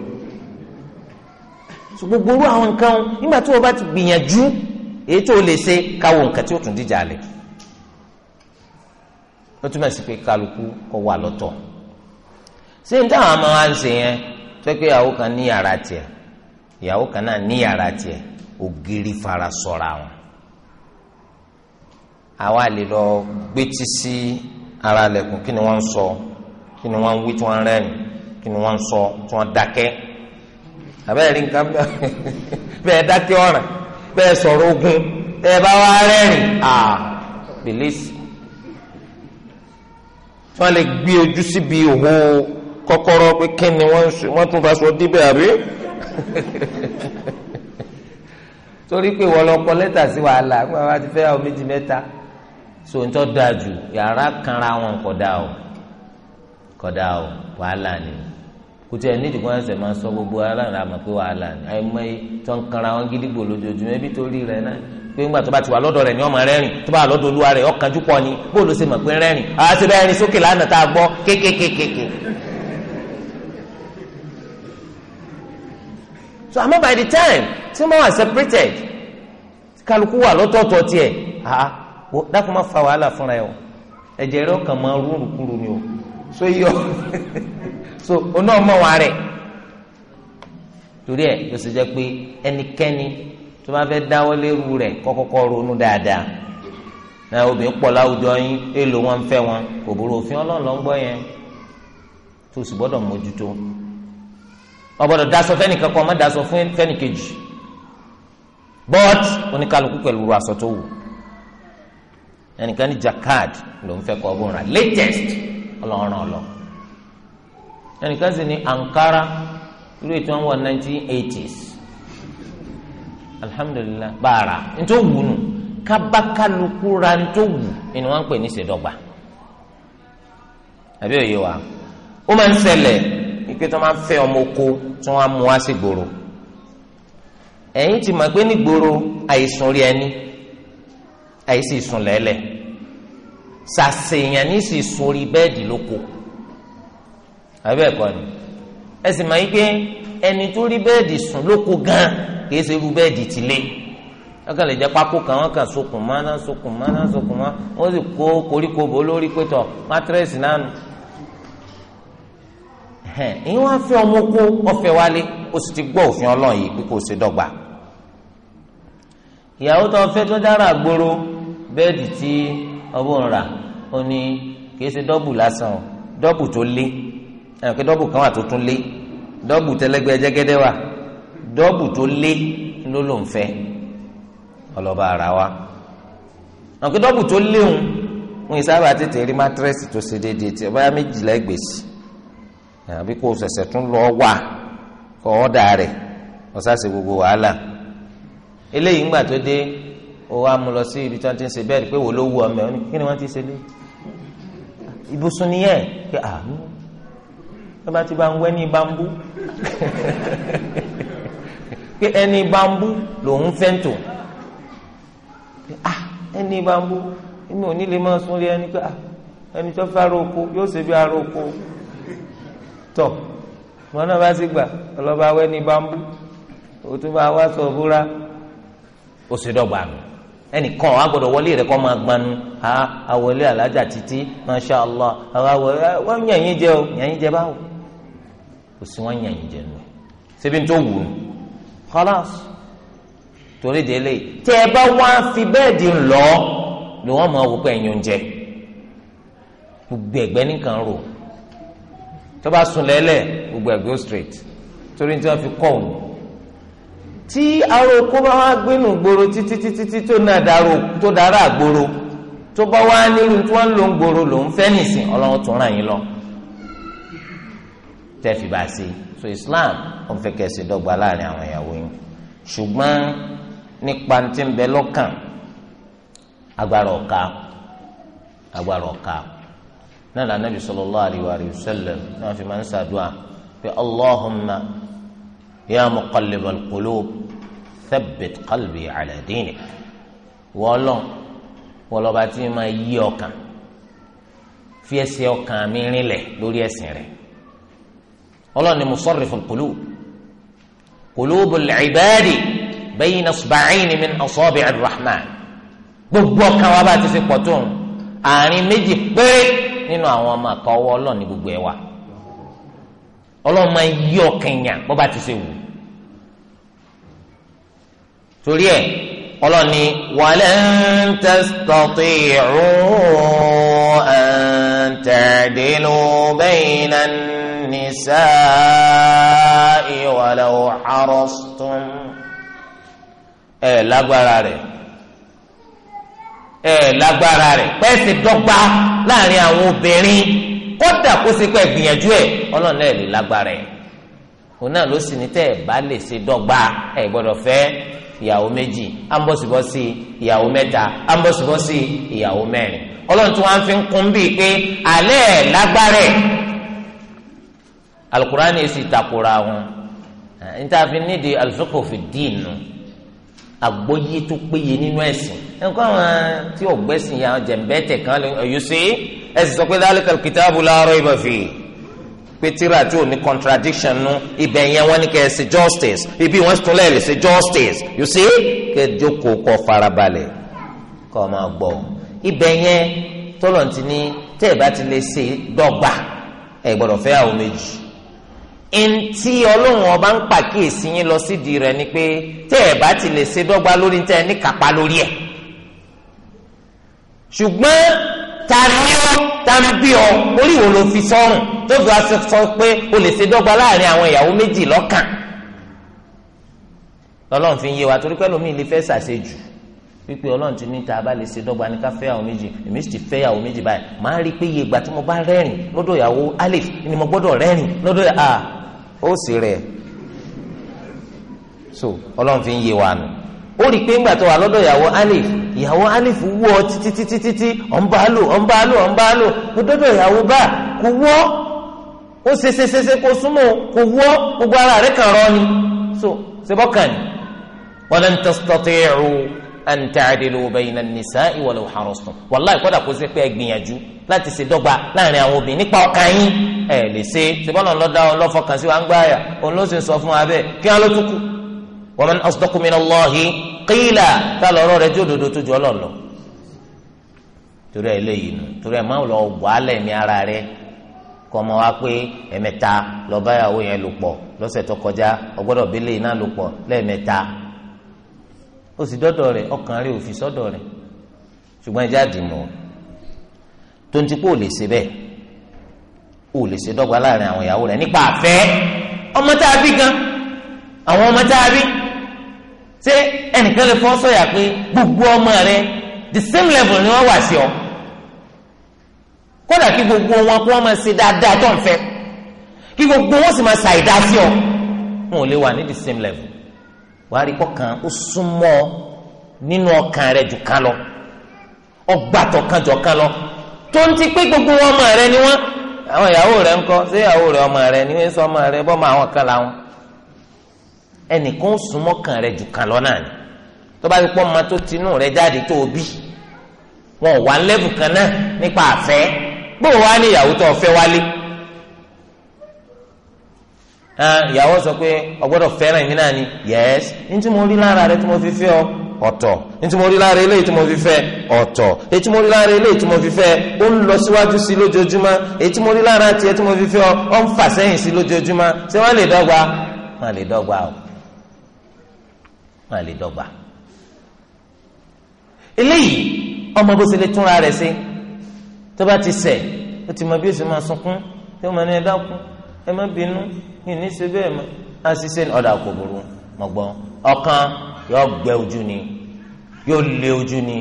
so gbogbo orú àwọn nǹkan o nígbà tí wọ́n bá ti gbìyànjú èyí tó lè ṣe káwọ nǹkan tí ó tún díjà lẹ̀ ó túmọ̀ sí pé kálukú kọ́ wà lọ́tọ̀ ṣé ní táwọn àmọ́ wa ń ṣe yẹn tó pé ìyàwó kan ní yàrá tiẹ̀ ìyàwó kan náà ní yàrá tiẹ̀ ògiri fara sọ̀ra wọn àwa lè lọ gbétí sí ara lẹ̀kùn kí ni wọ́n ń sọ kí ni wọ́n ń wí tí wọ́n ń rẹ́rìn kí ni wọ́n ń sọ tí wọ́n dákẹ́ àbẹ́rẹ́ rí nǹkan bẹ́ẹ̀ bẹ́ẹ̀ dákẹ́ ọ̀ràn bẹ́ẹ̀ sọ̀rọ̀ ogun bẹ́ẹ̀ bá wá rẹ́rìn à bìlísì tí wọ́n lè gbé ojú síbi òhò kọ́kọ́rọ́ pé kí ni wọ́n tún faṣọ díbẹ̀ àbí torí pé wọ́n lọ kọ lẹ́tà sí wàhálà pé wọ́n ti fẹ́ ọ méjì mẹ́ta so ń tọ́ da jù yàrá kanra wọn kódà o kódà o wàhálà ni kùtì ẹ̀ nídìí kó ẹ̀ sẹ̀ máa sọ gbogbo aláǹda àmọ̀ pé wàhálà ni àìmọ́ ẹ tó ń kanra wọn gídígbò lójoojúmọ́ ẹbí tó rí rẹ náà pé ńgbà tó bá ti wà lọ́dọ̀ rẹ̀ ni ọmọ rẹ́rìn tó bá lọ́dọ̀ olúwa rẹ̀ ọkànjú pọ̀ ni bóòlù ṣe mọ̀ pé rẹ́rìn àá ti bẹ́ẹ̀ rin sókè lánàá tá a gbọ́ kékékékéké. so àmọ́ by the time tí wọ́n wà separated kálukú wà lọ́tọ̀ọ̀tọ̀ tiẹ̀ ah dákun má fa wàhálà fúnra ẹ̀ o ẹ̀jẹ̀ rẹ̀ ọkàn máa rú òrùkúrú ni o so yọ. so oná ọmọ wa rẹ̀ torí ẹ̀ ló ṣe jẹ́ pé ẹnikẹ́ni tó bá fẹ́ dáwọ́ lérú rẹ̀ kọ́kọ́kọ́ ronú dáadáa náà obìnrin pọ̀ láwùjọ yín èèlò wọn fẹ́ wọn kò burú òfin ọlọ́run ló ń gbọ́ yẹn tó sì gbọ́dọ̀ mójútó ọgbọ́dọ̀ daṣọ fẹ́nìkan kan má daṣọ fún fẹ́nìkejì but oníkálukú pẹ̀lú aṣọ tó wù ẹnìkan ní jacquard ló ń fẹ́ kọ́ ọgbọ́n rà latest ọlọ́run ọlọ́run ẹnìkan sì ní Ankara irú ètò wọn wọ nineteen eighties alhamdulilah bàrà nítorí wù nù kábàkálukú ra nítorí wù ni wọn ń pè ní ìṣèdọ́gba àbí òye wa ó máa ń ṣẹlẹ̀ ipe tó máa ń fẹ́ ọmọ oko tí wọ́n mú wá sí gbòòrò ẹ̀yin ti mọ̀ pé ní gbòòrò àìsùn rí ẹni àìsí ìsùn lẹ́lẹ̀ ṣàṣeyàn ní sì sùn orí bẹ́ẹ̀dì lóko àbẹ́ ẹ̀kọ́ ni ẹ sì máa yí pé ẹni tó rí bẹ́ẹ̀dì sùn lóko gan kì í ṣe irú bẹ́ẹ̀dì ti lé ọkàn lè jẹ́ pákó kan wọ́n kàn sokùn mọ́ náà sokùn mọ́ náà sokùn mọ́ wọ́n sì kó koríko bò lórí pétọ̀ mátírẹ́sì náà nù ìyẹn wọ́n fẹ́ ọmọ kó ọfẹ́ wálé ó sì ti gbọ́ òfin ọlọ́run yìí pé kò ṣe dọ́gba ìyàwó tó fẹ́ tó dára gbòòrò bẹ́ẹ̀dì tí ọbọ̀ rà ó ní kì í ṣe dọ́bù lásán dọ́bù tó lé ẹ̀ pé dọ́bù kan wà tó tún lé dọ́bù dọ́bù tó lé ló ló ń ọlọ́ba ara wa ẹ̀ pé dọ́bù tó léhùn wọn ìsábà tètè rí mátírẹ́sì tó ṣe déédéé tí ọba méjìlá gbèsè àbí wà kọ́ ọ́dà gbogbo wàhálà eléyìí ńgbà tó dé lọ sí ibi tí ti ń ṣe pé wò ló wú ọmọ kí ni ti ṣe tó bá ti bá ń wẹ́ ní bambú pé ẹni bambú lòún fẹ́ ń ah ẹni bambú inú òní lè máa súnlé ẹni pé ah ẹni tó fẹ́ ara oko yóò ṣe bí ara oko tọ̀ wọn náà bá sì gbà ọlọ́ba wẹ́ ní bambú òtún bá wá sọ fúra ó sì dọ̀gba nù ẹnìkan ah, a gbọ́dọ̀ wọlé rẹ kọ máa gbanu ha awọlé alájà títí masha allah àwọn awọlé wọn ah, yàn yín jẹ o yàn yín jẹ báwo sí wọn yàn yín jẹnu síbi tó wù ú khalas torí délé tẹ ẹ bá wá fi bẹ́ẹ̀dì lọ ni wọn máa wò pé ẹyin oúnjẹ gbogbo ẹgbẹ nìkan rò tó bá sùn lẹ́lẹ̀ gbogbo ẹgbẹ ó straight torí tí wọn fi kọ òun tí aróko bá wá gbénu gbòòrò títí títí tí tó náà dárò tó dára àgbòòrò tó bá wá nírú tí wọn lò ń gbòòrò lòún fẹ́ nìsín ọlọ́run tó ràn yín lọ tẹ́fì bá ṣe so islam ó ń fẹ́ kẹ́sì dọ́gba láàrin àwọn ìyàwó yín ṣùgbọ́n nípa ti ń bẹ lọ́kàn agbára ọ̀ka agbára ọ̀ka náà lànà bí sallallahu alaihi wa sallam náà fi máa ń ṣàdúrà pé allahumma ya muqallibal qulub thabbit qalbi ala dinik wọ́ọ́lọ́ wọ́ọ́lọ́ba tí ma yí ọkàn fi ẹsẹ̀ ọkàn mi rinlẹ̀ lórí ẹ̀sìn rẹ̀ ọlọ́run ni musarriful qulub qulubul ibadi bayna isba'ayni min asabi'ir rahman gbogbo ọkàn wa bá ti ṣe pọ̀ tó ń àárín méjì péré nínú àwọn ọmọ àkọ́ ọwọ́ ọlọ́run ní gbogbo ẹ̀ wa ọlọ́run máa yí ọkàn yàn bó bá ti ṣe wù torí ẹ̀ ọlọ́run ni walan tastati'u ẹ̀. أن تعدلوا بين النساء ولو حرصتم ẹ lágbára rẹ̀ ẹ lágbára rẹ̀ pẹ́ẹ́sì dọ́gba láàrin àwọn obìnrin kódà kó sì pẹ́ gbìyànjú ẹ̀ ọlọ́run náà lè lágbára ẹ̀ òun náà ló sì ní tẹ́ ẹ̀ bá lè ṣe dọ́gba ẹ̀ gbọ́dọ̀ fẹ́ ìyàwó méjì ambọ̀sibọ́sí ìyàwó mẹ́ta ambọ̀sibọ́sí ìyàwó mẹ́rin ọlọ́run tí wọ́n fi ń kún bíi pé alẹ́ lágbára ẹ̀ alukurani èsì takora wọn níta fi nídìí alùsọ́kò fi díìnù àgbọ́yé tó péye nínú ẹ̀sìn ẹ̀kọ́ àwọn tí ọ̀gbẹ́sìn yà jẹ̀ǹbẹ́tẹ̀ kan lè ọ̀yọ́sẹ̀ ẹ̀sìn sọ pé dhalika alkitabu la rayba pé tíra tí ò ní contradiction nu ibẹ̀ yẹn wọ́n ní kẹ́ ẹ ṣe justice ibi wọ́n tún lẹ́ẹ̀lì ṣe justice you see kẹ́ ẹ jókòó kọ́ farabalẹ̀ kọ́ ọ máa gbọ́ ibẹ̀ yẹn tọ́lọ̀ ti ní tẹ́ ẹ̀ bá ti lè ṣe dọ́gba ẹ̀ gbọ́dọ̀ fẹ́ àwọn méjì ntí ọlọ́run ọba ń pàkíyèsí yín lọ sídìí rẹ̀ ni pé tẹ́ ẹ̀ bá ti lè ṣe dọ́gba lórí tẹ́ ẹ ní kápá lórí ẹ̀ ṣùgbọ́n tani tani bí ọ orí wo ló fi sọ́rùn tó fi wá sọ pé o lè ṣe dọ́gba láàrin àwọn ìyàwó méjì lọ́kàn lọ́lọ́run fi ń yé wa torí pé lómi ilé fẹ́ ṣàṣejù wípé ọlọ́run ti ní tá a bá lè ṣe dọ́gba ní ká fẹ́ àwọn méjì èmi sì ti fẹ́ àwọn méjì báyìí màá rí i pé iye ìgbà tí mo bá rẹ́rìn lọ́dọ̀ ìyàwó alif ni mo gbọ́dọ̀ rẹ́rìn lọ́dọ̀ à ó sì rẹ̀ so ọlọ́run fi ń yé wa nù ó rí i pé ńgbà tó wà lọ́dọ̀ ìyàwó alif ìyàwó alif wú ọ títí títí títí ọ̀n bá lò ọ̀n bá lò ọ̀n bá lò ó dọ́dọ̀ ìyàwó bá kò wọ́ ó ṣe ṣe ṣe ṣe kó súnmọ́ kò wọ́ gbogbo ara rẹ̀ kàn rọ́ ni so ṣe bọ́ kàn ní. walan tastati'u an ta'dilu bayna an-nisa'i walau harastum wallahi kódà kó ṣe pé ẹ gbìyànjú láti ṣe dọ́gba láàrin àwọn obìnrin nípa ọkàn yín ẹ lè ṣe ṣe bọ́lọ̀ lọ́dọ̀ ọlọ́fọkàn sí wa ń gbáyà òun ló sì sọ fún wa bẹ́ẹ̀ kí wọ́n ló kù wa man asdaqu minallahi qila tá lọ́rọ̀ rẹ̀ tí òdodo tó ju Ọlọ́run lọ torí ẹ léyìí nù torí ẹ máa lọ wàhálẹ̀ mi ara rẹ̀ kọ́ ọmọ wa pé ẹ̀mẹ́ta lọ́báyàwó yẹn lò pọ̀ lọ́sẹ̀ tó kọjá ọgbọ́dọ̀ bílẹ̀ iná lò pọ̀ lẹ́ẹ̀mẹ́ta ó sì dọ́dọ̀ rẹ̀ ọkàn rẹ̀ òfin sọ́dọ̀ rẹ̀ ṣùgbọ́n ẹ jáde mọ́ tó ń ti kó o ṣe bẹ́ẹ̀ o ṣe dọ́gba láàrin àwọn ìyàwó rẹ̀ nípa àfẹ́ ọmọ tá a bí gan àwọn ọmọ tá a bí ṣé ẹnìkan lè fọ́ sọ̀yà pé gbogbo ọmọ rẹ the same level ni wọ́n wà sí ọ kódà kí gbogbo wọn kó wọn máa ṣe dáadáa tó ń fẹ́ kí gbogbo wọn sì máa ṣàìdá sí ọ wọn ò lè wà ní the same level wàá rí kọkàn ó súnmọ́ nínú ọkàn rẹ jù kan lọ ọgbàtọ̀ kan jọ kan lọ tó ń ti pé gbogbo ọmọ rẹ ni wọn àwọn ìyàwó rẹ ńkọ́ ṣé ìyàwó rẹ ọmọ rẹ ni wọn sọ ọmọ rẹ bọ́ mọ àwọn kan làwọn ẹnìkan ó súnmọ́ kan rẹ jù kan lọ ni tó bá fi pọ́ ọmọ tó tinú jáde tó bí wọn ò kan náà nípa àfẹ́ wá ní ni yẹ́s ní tí mo rí lára rẹ tí mo fi fẹ́ ọ ọ̀tọ̀ ní tí mo rí lára eléyìí tí mo fi fẹ́ ọ̀tọ̀ èyí tí mo rí lára eléyìí tí mo fi fẹ́ ó ń lọ síwájú sí lójoojúmọ́ èyí tí mo rí lára tiẹ̀ tí mo fi fẹ́ ọ ń fà o wọn lè dọ́gba eléyìí ọmọ bó ṣe lè túnra rẹ̀ ṣe tó bá ti ṣẹ̀ ó ti mọ bí ó ṣe máa sunkún tó máa ní ẹ dákun ẹ má bínú ìní ṣe bẹ́ẹ̀ mọ́ àṣìṣe ọ̀dà kò burú mọ̀gbọ́n ọkàn yóò gbẹ ojú ni yóò lé ojú ni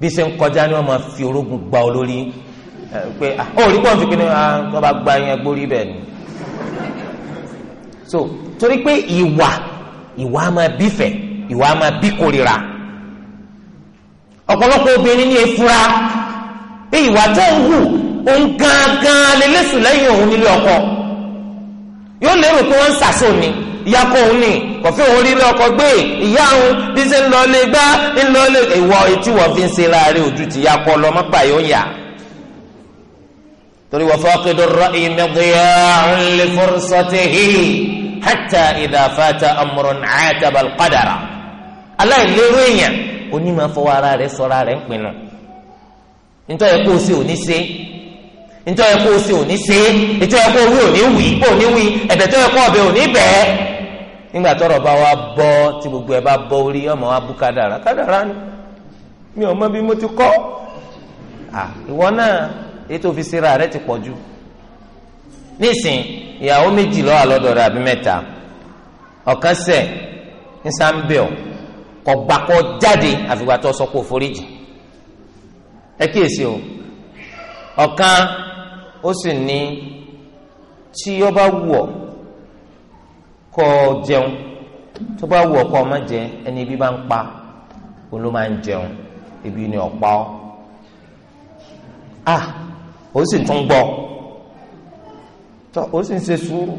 bí ṣe ń kọjá ni wọ́n máa fi orógùn gba ọ pé ó rí pọ́ǹfì kí ni wọ́n bá gba yẹn gbórí bẹ́ẹ̀ ni so torí pé ìwà ìwà máa bífẹ̀ ìwà máa bí kórìíra ọ̀pọ̀lọpọ̀ obìnrin ní efura pé ìwà tó ń hù òun gangan lélẹ́sùn lẹ́yìn òun nílé ọkọ yóò lérò pé wọ́n ń sàṣọ ni ìyá kọ òun ni kọfí òun rí ilé ọkọ gbé ìyá òun bí ṣe ń lọ lé gbá ń lọ lé ìwọ etí wọ́n fi ń ṣe láàrin ojú ti ya kọ lọ mọ́ báyìí yà torí wọ́n fọ́ kéde rọ́ ìmẹ́gbẹ́yà ń lè fọ́rọ́sọ́tẹ̀ hìí hàtà ìdàfàtà amúrún àtàbà kọ́dàrà aláìlérò èèyàn onímọ̀ fọwọ́ ara rẹ̀ sọ̀rọ̀ ara rẹ̀ ń pinnu nítorí kó o ṣe òní ṣe nítorí kó o ṣe òní ṣe nítorí kó o wí òní wí òní wí ẹ̀bẹ̀ tó yẹ kó ọbẹ̀ òní bẹ́ẹ̀ nígbà tọrọ bá wa bọ tí gbogbo ẹ bá bọ orí ọmọ wa bú kádàrá kádàrá ni mi ò mọ bí mo ti kọ́ ìwọ náà ètò òfìsí ra rẹ ti pọ̀ jù nísìn ìyàwó méjì lọ́wọ́ àlọ́dọ̀ rẹ̀ àbí mẹ́ta ọ̀kan sẹ̀ ń sáńbẹ̀ọ̀ kọ̀ gbàkọ́ jáde àfìgbà tó sọ pé òforíjì ẹ kíyèsí o ọ̀kan ó sì ní tí ó bá wù ọ́ kọ́ jẹun tó bá wù ọ́ kọ́ ọ jẹ ẹni ibi bá ń pa òun ló máa ń jẹun ibi ni ọ̀pá ọ́ ah ó sì tún gbọ́ ọ tọ́ ó sì ń ṣe sùúrù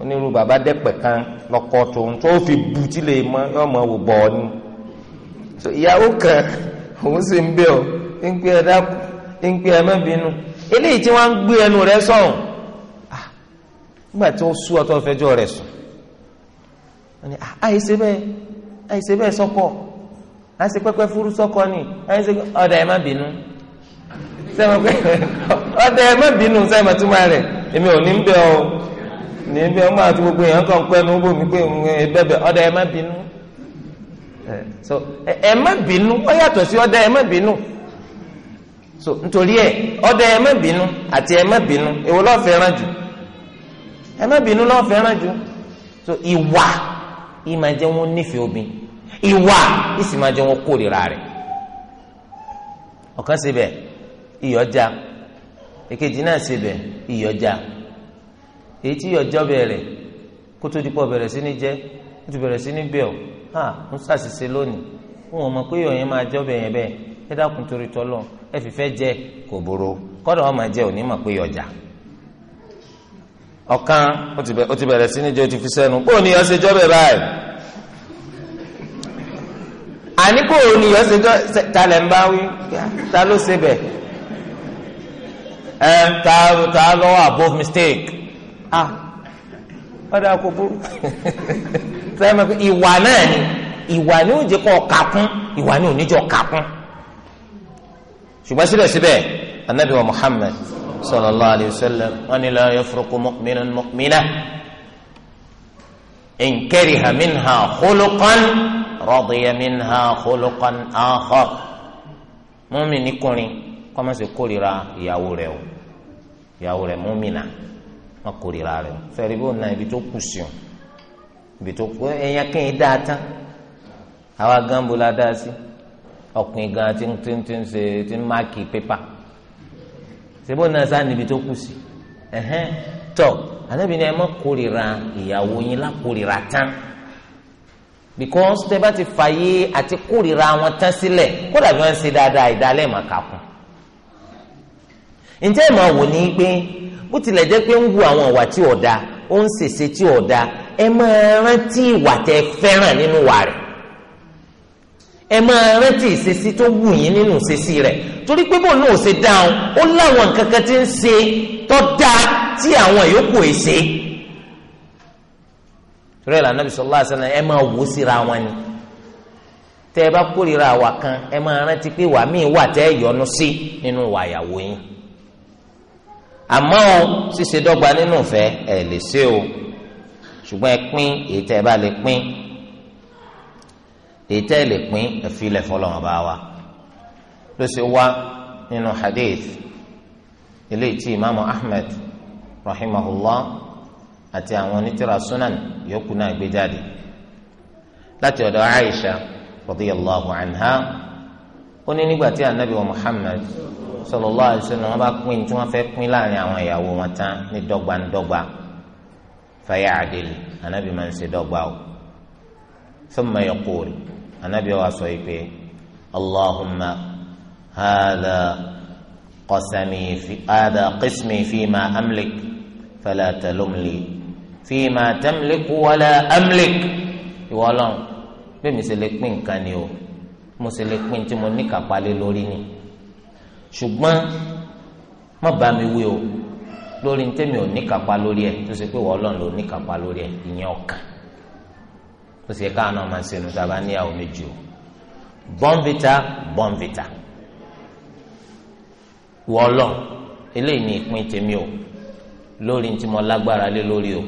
onírú bàbá dẹ́pẹ̀ kan lọ́kọ́ tó ń tó fi bu tí lè mọ ọmọ wò bọ̀ ọ́ ni so ìyàwó kan òun sì ń bẹ̀ ọ́ ń pẹ́ ẹ dákú ń pẹ́ ẹ má bínú eléyìí tí wọ́n ń gbé ẹnu rẹ sọ̀rùn ah, nígbà tí ó sú ọ tó fẹjọ́ rẹ sùn ah, àìsè bẹ́ẹ̀ àìsè bẹ́ẹ̀ sọ́kọ̀ àìsè pẹ́pẹ́ fúru sọ́kọ̀ ni àìsè ọ̀dà ẹ̀ má bínú sẹ́wọ̀n pé ọ̀dà ẹ̀ má bínú sẹ́wọ̀n túmọ̀ rẹ̀ èmi ò ní bẹ ọ ní gbogbo èèyàn kan pẹ́ nu bòmí pé bẹ́bẹ̀ ọ̀dà ẹ má bínú ẹ má bínú ọ sí ẹ má bínú so nítorí ẹ ọ̀dà ẹ má bínú àti ẹ má bínú èwo jù ẹ má bínú jù so ìwà ìmà wọn nífẹ̀ẹ́ obìn ìwà ìsì wọn kórìíra rẹ̀ ìyọjà èkejì náà ṣe bẹ ìyọjà èyí tí ìyọjọ bẹ̀rẹ̀ kó tó di pọ bẹ̀rẹ̀ sí ní jẹ ó ti bẹ̀rẹ̀ sí ní bẹ ha ń ṣàṣìṣe lónìí wọn ò mọ pé ìyọyẹn máa jọ bẹyẹn bẹ́ẹ̀ ẹ dákun torí tọlọ ẹ fìfẹ́ jẹ kò burú kọdọ ọmọ jẹ òní mọ pé ìyọjà ọ̀kan ó ti bẹ̀rẹ̀ sí ní jẹ ó ti fi sẹ́nu bó ni ọsẹ jọ bẹ báyìí àní kò ọsẹ jọ talẹ̀ ń bá wí ta ló ṣe bẹ́ẹ̀ ẹ ta ta lọ́wọ́ above mistake ah ọ̀dà kò burú sẹ́yìn mọ̀ pé ìwà náà ni ìwà ni ó jẹ́ kọ́ ọ̀ka kún ìwà ni ò ní jọ ọ̀ka kún ṣùgbọ́n síbẹ̀síbẹ̀ anabi wa muhammad sallallahu alayhi wa sallam wọn ni la yafruqu mu'minun mu'mina in kariha minha khuluqan radiya minha khuluqan akhar mọ́mí nìkùnrin kọ́mọ̀sì kórìíra ìyàwó rẹ̀ o ìyàwó rẹ̀ múmìnà wọn kórìíra rẹ̀ o sẹ́rí bó na ibi tó kù sí o ibi tó kù ẹ̀yàn kí n tán àwa gánbo la dá sí ọkùnrin gan ti ń ti ń ti máàkì pépà sebo na sá níbi tó kù sí ẹhẹn tọ anábìíní ẹ má kórìíra ìyàwó yín lákórìíra tán because tẹ bá ti fàyè àti kórìíra wọn tán sílẹ̀ kódà bí wọn ṣe dáadáa ìdálẹ mà kàkún ǹjẹ́ ìmọ̀ wò ni pé bó tilẹ̀ jẹ́ pé ń wu àwọn ìwà tí ò da ó ń ṣèṣe tí ò da ẹ máa rántí ìwà tẹ́ fẹ́ràn nínú wà rẹ̀ ẹ máa rántí ìṣesí tó wù yín nínú ìṣesí rẹ̀ torí pé bó náà ṣe dáhùn ó láwọn nǹkan kan tí ń ṣe tó dáa tí àwọn yòókù ẹ̀ ṣe torí ẹ̀la nàbì sallallahu alaihi wasallam ẹ máa wò síra wọn ni tẹ́ ẹ bá kórìíra àwà kan ẹ máa rántí pé wàá míì wà tẹ́ ẹ yọnu sí nínú wàyàwó àmọ́ o ṣíṣe dọ́gba nínú ìfẹ́ ẹ lè ṣe o ṣùgbọ́n ẹ pín èyí tẹ́ ẹ bá lè pín èyí tẹ́ ẹ lè pín ẹ fi lẹ̀ fọlọ́wọ́n bá wa ló ṣe wá nínú hadith eléyìí tí imaamu ahmed rahimahullah àti àwọn onítìrà sunan yòókù náà gbé jáde láti ọ̀dọ̀ aisha radiyallahu anha ó ní nígbà tí anabi wa muhammad sallallahu alaihi wasallam wọ́n bá pín tí wọ́n fẹ́ pín láàrin àwọn ìyàwó wọn tán ní dọ́gbandọ́gba fàyà àdèlè anábì máa ń ṣe dọ́gba o thumma yaqul anábì wa sọ yìí pé allahumma hadha qasami fi hadha qismi fima amlik fala talumli fima tamliku wala amlik ìwọ bí mi ṣe lè pín nǹkan ni o mo ṣe lè pín tí mo ní kápálẹ lórí ni ṣùgbọ́n má bá mi wí o lórí ntẹ́mi ò níkàpá lórí ẹ̀ tó ṣe pé wọ́n ọlọ́run ló níkàpá lórí ẹ̀ ìyẹn ọ̀kan tó ṣe káàánú ọmọ sínú tá a bá níyàwó méjì o bọ́ǹbìtà bọ́ǹbìtà wọ́n ọlọ́run eléyìí ni ìpín tèmi o lórí ntí mo lágbára lé lórí o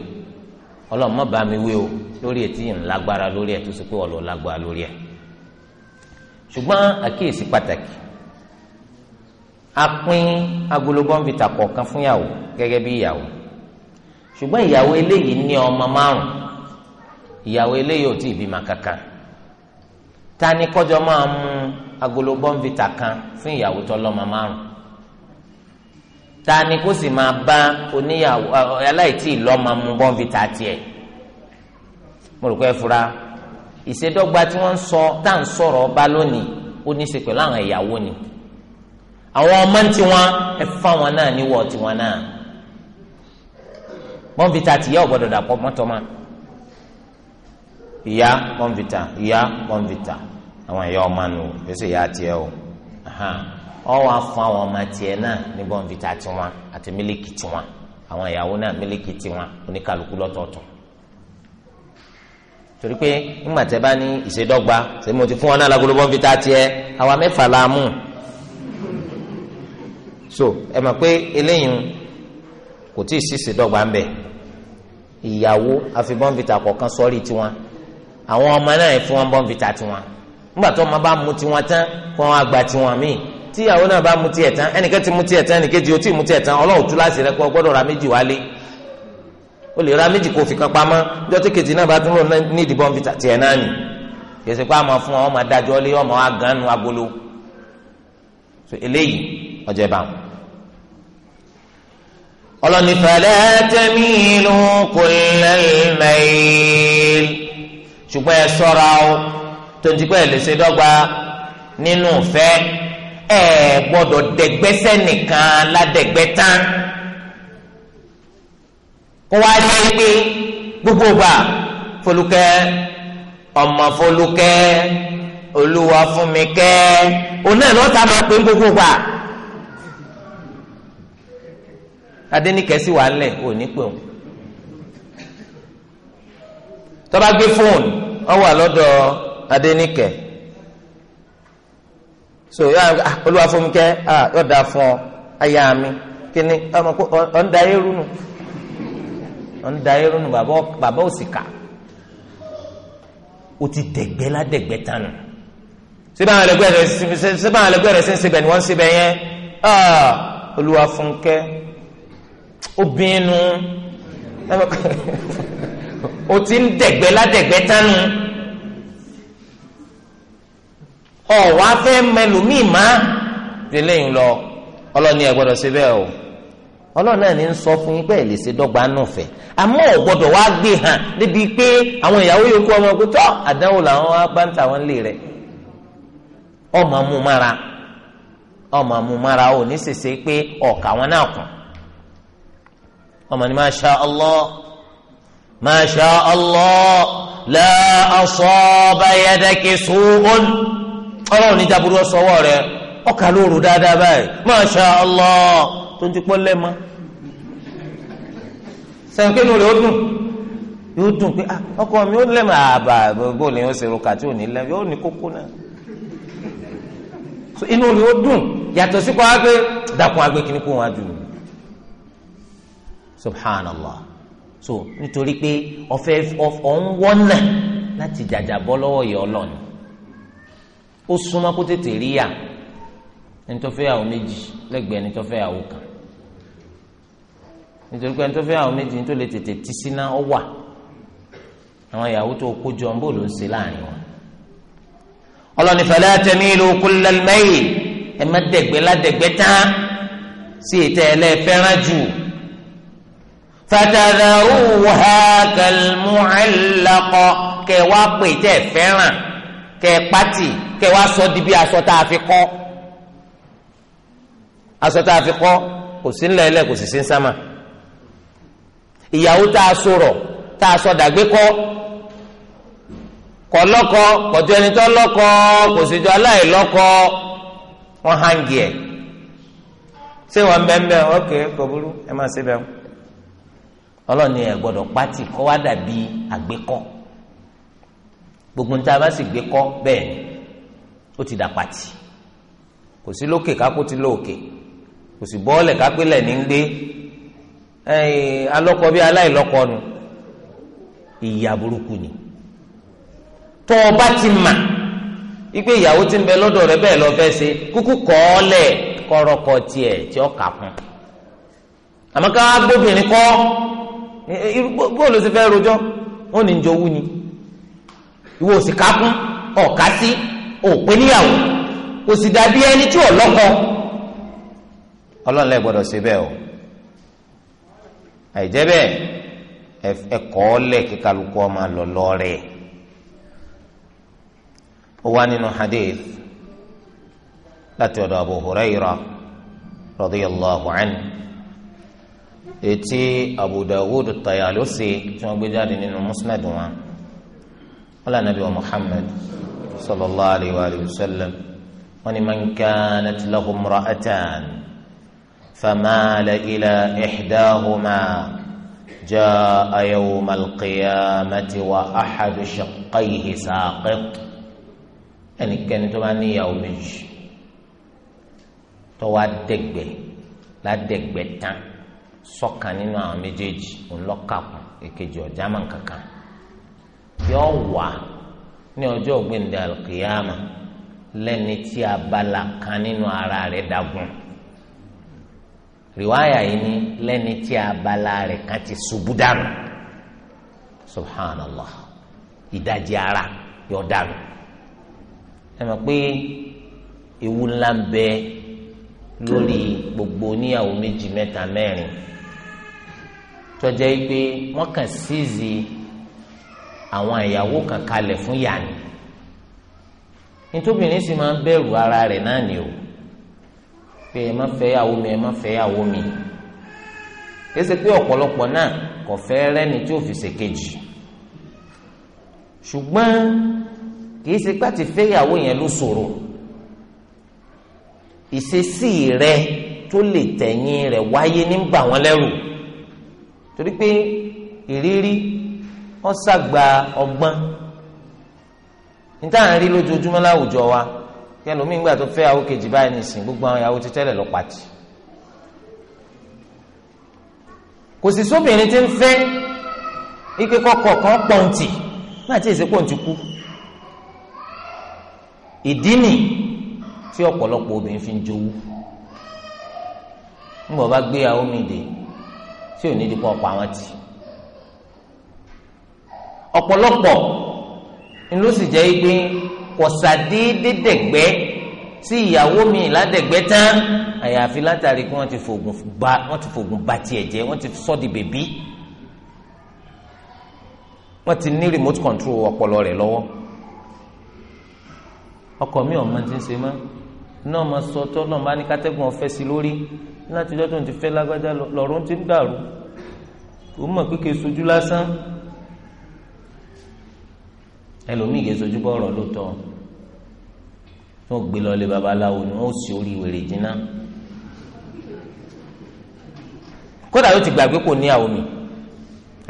ọlọ́run má bá mi wí o lórí ètí yìí ń lágbára lórí ẹ̀ tó ṣe pé wọ́n lágbára lórí ẹ̀ ṣùgbọ́n àkíyèsí pàtàkì apín agolo bọ́ǹfìtà kọ̀ọ̀kan fún yàwó gẹ́gẹ́ bí ìyàwó ṣùgbọ́n ìyàwó eléyìí ní ọmọ márùn ìyàwó eléyìí ò tí ì bímọ kankan ta ni kọjọ máa mú agolo bọ́ǹfìtà kan fún ìyàwó tó lọ́mọ márùn ta ni kó sì máa bá oníyàwó aláìtí ìlọ́mọ mú bọ́ǹfìtà tiẹ̀ mo rò pé fura ìṣèdọ́gba tí wọ́n ń sọ tá à ń sọ̀rọ̀ ọba lónìí ó ní í ṣe pẹ̀lú àwọn ìyàwó ni. So, àwọn ọmọ ń tiwọn ẹ fáwọn náà níwọ̀ tiwọn náà bọ́ǹfìtà tìyá ọ̀gbọ́dọ̀ dàpọ̀ mọ́tọ́mà ìyá bọ́ǹfìtà ìyá bọ́ǹfìtà àwọn ìyá ọmọ nù èsì ìyá tiẹ̀ o ọwọ́ afọ àwọn ọmọ tiẹ̀ náà ní bọ́ǹfìtà tiwọn àti mílíkì wọn àwọn ìyàwó náà mílíkì oníkàlùkù lọ́tọ̀ọ̀tọ̀ torí pé bá ní ìṣèdọ́gba ṣé mo ti fún ọ náà lágolo bọ́ǹfìtà àwa mẹ́fà so ẹ mọ̀ pé eléyìí kò tí ì sísè dọ́gba ń bẹ̀ ìyàwó àfi bọ́ǹfìtà kọ̀ọ̀kan sọ́ọ́rì tiwọn àwọn ọmọ náà ẹ̀ fún wọn bọ́ǹfìtà tiwọn nígbà tó ọmọ bá mu tiwọn tán kó wọn àgbà tiwọn míì tíyàwó náà bá mu tiẹ̀ tán ẹnìkan ti mu tiẹ̀ tán ẹnìkejì ó ti mu tiẹ̀ tán ọlọ́run tú láti rẹ pé o gbọ́dọ̀ ra méjì wálé o lè ra méjì kó fi kan pamọ́ ọjọ́ tí kejì náà bá tún lò ní ìdìbò tiẹ̀ náà nì kèsì pé àmọ́ fún wọn ọmọ adájọ́ lé ọmọ aganu agolo eléyìí ọjọ́ bá wọn. ọlọ́ni fẹ̀lẹ́ tẹ́mílù kò lẹ́lẹ́mẹ́yìn ṣùgbọ́n ẹ sọ́ra o tó ti pẹ́ lè ṣe dọ́gba nínú ìfẹ́ ẹ gbọ́dọ̀ dẹ̀gbẹ́sẹ̀ nìkan ládẹ̀gbẹ́ tán kó wá jẹ́ pé gbogbo bá Fọlúkẹ́ ọmọ Fọlúkẹ́ olúwa fún mi kẹ́ ọ náà lọ́ta máa pé gbogbo bá. adéníkẹ́ sì wà ńlẹ̀ ò ní pè wọn. tọ́ba gbé fóònù ọ wà lọ́dọ̀ adéníkẹ́ so olúwa fúnkẹ́ yóò ah, da fún ọ aya mi kíni ọmọ kó ọ ń da eru nù ọ ń da eru nù bàbá bàbá òsìkà ó ti dẹ̀gbẹ́ ládẹ̀gbẹ́ tánu síbẹ̀ àwọn ẹlẹgbẹ́ rẹ̀ síbẹ̀ àwọn ẹlẹgbẹ́ rẹ̀ sí ń síbẹ̀ ni wọ́n ń síbẹ̀ yẹn olúwa fúnkẹ́. ó bínú ó ti ń dẹ̀gbẹ́ ládẹ̀gbẹ́ tánu ọ̀wá fẹ́ mẹlòmíì má délé yìí lọ ọlọ́ni ẹ̀ gbọ́dọ̀ ṣe bẹ́ẹ̀ o ọlọ́run náà ní ń sọ fún yín pé ẹ̀ lè ṣe dọ́gba nùfẹ̀ àmọ́ ò wá gbé hàn níbi pé àwọn ìyàwó yòókù ọmọ ogun tó àdánwò làwọn wá bá ń ta wọn lé rẹ̀ ọmọ mú mára ọmọ mú mára ò ní ṣèṣe pé ọ̀kà wọn náà kùn ọmọ ni masha allah masha allah la asaba yadaki su'un ọlọ́run ní jaburú ọ̀sọ́wọ́ rẹ ọkà lóru dáadáa báyìí masha allah tó ń ti pọ́ lẹ́ẹ̀ma sẹ́yìn kí ni olè ó dùn yóò dùn pé ah, ọkọ mi ó lẹ́ẹ̀ma ah, àbà bó ni ó ṣe roka tí ò ní lẹ́ẹ̀ma yóò ní kókó náà inú olè ó dùn yàtọ̀ sí kó wá dàkún agbẹ́kìnní kó wọn dùn subhanallah so nítorí pé ọ̀fẹ́ ọ̀nwọ́nà láti jàjàbọ́ lọ́wọ́ yọ ọlọ́ni ó súnmọ́ kó tètè rí yà ẹni tó fẹ́ yàwó méjì lẹ́gbẹ̀ẹ́ ẹni tó fẹ́ yàwó kan nítorí pé ẹni tó fẹ́ yàwó méjì ní tó lè tètè tí síná ọ wà àwọn yàwó tó kó jọ ń bò ló ń ṣe láàrin wọn. ọlọ́ni fẹ̀lẹ́ àtẹ̀mílò kullal mayl ẹ tán sí ètò ẹlẹ́fẹ́ràn jù fatadaruha kalmu'allaqa kẹ wá pè tẹ fẹ́ràn kẹ pati kẹ sọ kewa so dibi tá a fi kọ́ aṣọ tá a fi kọ́ kò sí nílẹ̀ kò sì sí soro ìyàwó tá a sọ̀rọ̀ tá a sọ dàgbé kọ́ kọ kọjọ ẹni kò sì jọ aláìlọ́kọ wọn wọn bẹ ọlọ́ni ẹ̀ gbọ́dọ̀ pátì kọ́ wá dàbí àgbékọ́ gbogbo ní ta bá sì gbé bẹ́ẹ̀ ni ó ti dà pátì kò sí lókè kákó ti lóòkè kò sì bọ́ọ̀lẹ̀ ní ń gbé alọ́kọ bí aláìlọ́kọ nu burúkú ni bá ti mà ipe bẹ lọ́dọ̀ rẹ bẹ́ẹ̀ lọ ṣe kúkú tiẹ̀ tí bóòlù sì fẹ́ rojọ́ wọn ní njọ wú ni ìwọ òsì kákún ọ̀ká sí òpé níyàwó òsì dàbí ẹni tí ò lọ́kọ ọlọ́run lẹ́ gbọ́dọ̀ ṣe bẹ́ẹ̀ o àìjẹ́ bẹ́ẹ̀ ẹ̀kọ́ lẹ̀ kí kálukú ọmọ lọ lọ́ọ̀rẹ́ ó wá nínú hadith láti ọ̀dọ̀ Abu Hurairah radiyallahu anhu etí Abu Dawud Tayalisi tí wọn gbé jáde nínú musnad wọn wọn lànà bí wa Muhammad sallallahu alayhi wa alayhi wa sallam wọn ni man kanat lahu imra'atan famala ila ihdahuma jaa yawma alqiyamati wa ahadu shaqqayhi saqit ẹnikẹ́ni tó bá níyàwó méjì tó wá dẹ̀gbẹ́ ládẹ̀gbẹ́ tán sọ́kan nínú àwọn méjèèjì ńlọ́kàkùn èkejì ọ̀jàmọ̀ kankan yọ wà ní ọjọ́ ògbéǹde alkiyama lẹ́ni tí abala kan nínú ara rẹ̀ dagun rìwáyà yìí ni lẹ́ni tí abala rẹ̀ kan ti ṣubú dànù subhanallah ìdajì ara yọ dànù ẹ mọ̀ pé ewu ńlá ń bẹ lórí gbogbo oníyàwó méjì mẹ́ta mẹ́rin tọjá yìí pé wọ́n kàn síìzì àwọn ìyàwó kan kalẹ̀ fún yàní nítòbìnrin sì máa ń bẹ̀rù ara rẹ̀ náà ni o pé ẹ má fẹ́ yàwó mi ẹ má fẹ́ yàwó mi kése pé ọ̀pọ̀lọpọ̀ náà kò fẹ́ rẹ́ni tí ò fi ṣe kejì ṣùgbọ́n kìí ṣe pé àti fẹ́yàwó yẹn ló ṣòro ìṣesí rẹ tó lè tẹ̀yìn rẹ̀ wáyé nígbà wọn lẹ́rù torí pé ìrírí wọn ṣàgbà ọgbọ́n níta à ń rí lójoojúmọ́ láwùjọ wa kí ẹlòmíín gbà tó fẹ́ àwọn kejì báyìí nìsín gbogbo àwọn ìyàwó ti tẹ́lẹ̀ lọ pàtì kò sì sóbìnrin tí ń fẹ́ ike kọ́kọ́ kan pọ̀ǹtì náà tí èsì pọ̀ǹtì kú ìdí nì tí ọ̀pọ̀lọpọ̀ obìnrin fi ń jowú ń bọ̀ bá gbéyàwó mi dé tí ò ní di kọ́ pa wọn tì ọ̀pọ̀lọpọ̀ ló sì jẹ́ pé kọ̀sádéédé dẹ̀gbẹ́ sí ìyàwó mi ládẹ̀gbẹ́ tán àyàfi látàrí pé wọ́n ti fògùn ba wọ́n ti fògùn ba tiẹ̀ jẹ́ wọ́n ti sọ́ di bèbí wọ́n ti ní remote control ọpọlọ rẹ̀ lọ́wọ́ ọkọ mi ò mọ ti ń ṣe mọ́ náà máa sọ tọ́ náà máa ní kátẹ́gùn ọ̀fẹ́ sí lórí láti ọjọ́ tó ń ti fẹ́ lágbájá lọ́rọ́ ti ń dàrú kò mọ̀ pé kì í sojú lásán ẹlòmíì kì í sojú bọ́ ọ̀rọ̀ lóòótọ́ wọn gbé lọ lé babaláwo ni wọn ò sí orí wèrè jìnnà kódà yóò ti gbàgbé kò ní àwọn mi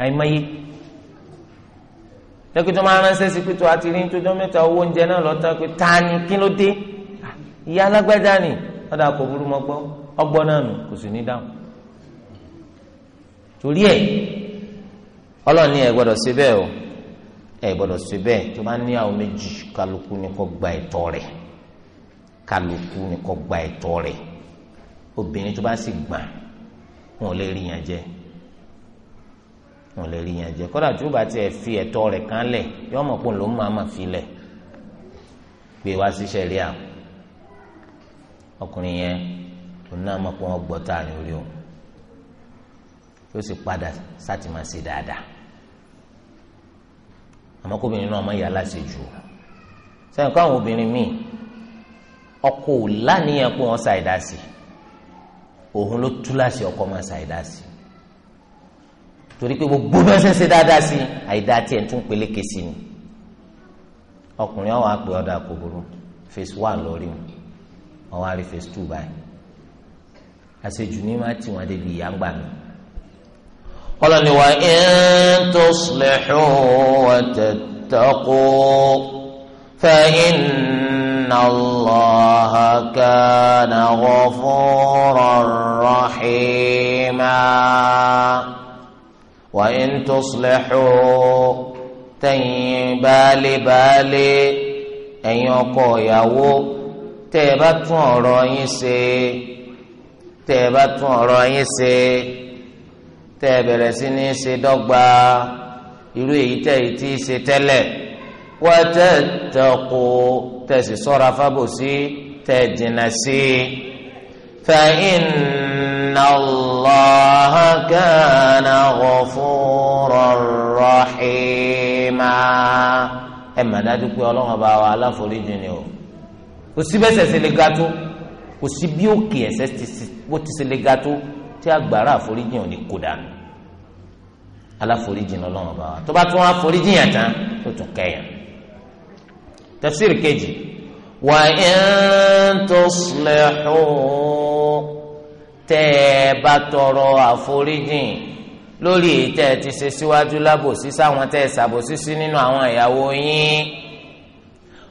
àìmọye tẹkítọ́ máa ránṣẹ́ sí pé tó a ti rí nítorí mẹ́ta owó oúnjẹ náà lọ́tọ́ pé ta ni kí ló dé ìyá alágbádá ni ọ̀dà kò burú mọ́ gbọ́ ọgbọ́n náà nù kò sì ní dáhùn torí ẹ̀ ọlọ́ọ̀ni ẹ̀ gbọ́dọ̀ ṣe bẹ́ẹ̀ o ẹ̀ gbọ́dọ̀ ṣe bẹ́ẹ̀ tó bá ní àwọn méjì kálukú ni kó gba ẹ̀tọ́ rẹ̀ kálukú ni kó gba ẹ̀tọ́ rẹ̀ obìnrin tó bá sì gbà wọn ò lè rí yàn jẹ wọn ò lè rí yàn jẹ kódà tó bá tiẹ̀ fi ẹ̀tọ́ rẹ̀ kan yọ ọmọ pọ̀ ló ń máa ma fi lẹ̀ gbé wá sí sẹ́ríà o ọkùnrin yẹn òun náà mọ̀ pé wọ́n gbọ́ tá à ní orí òun tí ó sì padà sátìmọ̀ sí dáadáa àmọ́ kóbìnrin náà mọ̀ yà láṣejù sẹ́yìn káwọn obìnrin míì ọkọ ò lánìyàn pé wọ́n ṣàìdá sí òun ló tú láṣẹ ọkọ máa ṣàìdá sí torí pé gbogbo bí ṣe ṣe dáadáa sí àìdá tiẹ̀ tún peléke sí ni ọkùnrin ọ̀hún àpè ọ̀dà kòkòrò phase one lórí wọn wọn wá rí phase two báyìí àṣejù ní máa tì wọn débi ìyá ń gbà mí. kọ́lọ́ni wa in tuslihu wa tattaqu fa inna Allaha kana ghafuran rahima wa in tuslihu tẹ̀yìn baálé baálé ẹ̀yin ọkọ ìyàwó tẹ́ ẹ bá tún ọ̀rọ̀ yín ṣe tẹ́ ẹ bá tún ọ̀rọ̀ yín ṣe tẹ́ ẹ bẹ̀rẹ̀ sí ní ṣe dọ́gba irú èyí tẹ́ èyí tí ṣe tẹ́lẹ̀ wá tẹ́ tẹ́ kó tẹ́ fábòsí tẹ́ sí i fa inna Allaha kana ghafuran rahima ẹ̀ mà dájú pé ọlọ́run bá wa aláforíjì ni o kò sí bẹ́sẹ̀ ṣe lè ga tó kò sí bí òkè ẹ̀sẹ̀ bó ti ṣe lè ga tó tí agbára àforíjìn ò ní kó dànù aláforíjìn lọ́lọ́run bá wa tó bá tún àforíjìn yàn tán tó tún kẹ́yàn. tafsir kejì wà in tuslihu tẹ́ ẹ bá tọrọ àforíjìn lórí èyí ẹ ti ṣe síwájú lábòsí sáwọn tẹ́ ẹ ṣàbòsí sí nínú àwọn ìyàwó yín.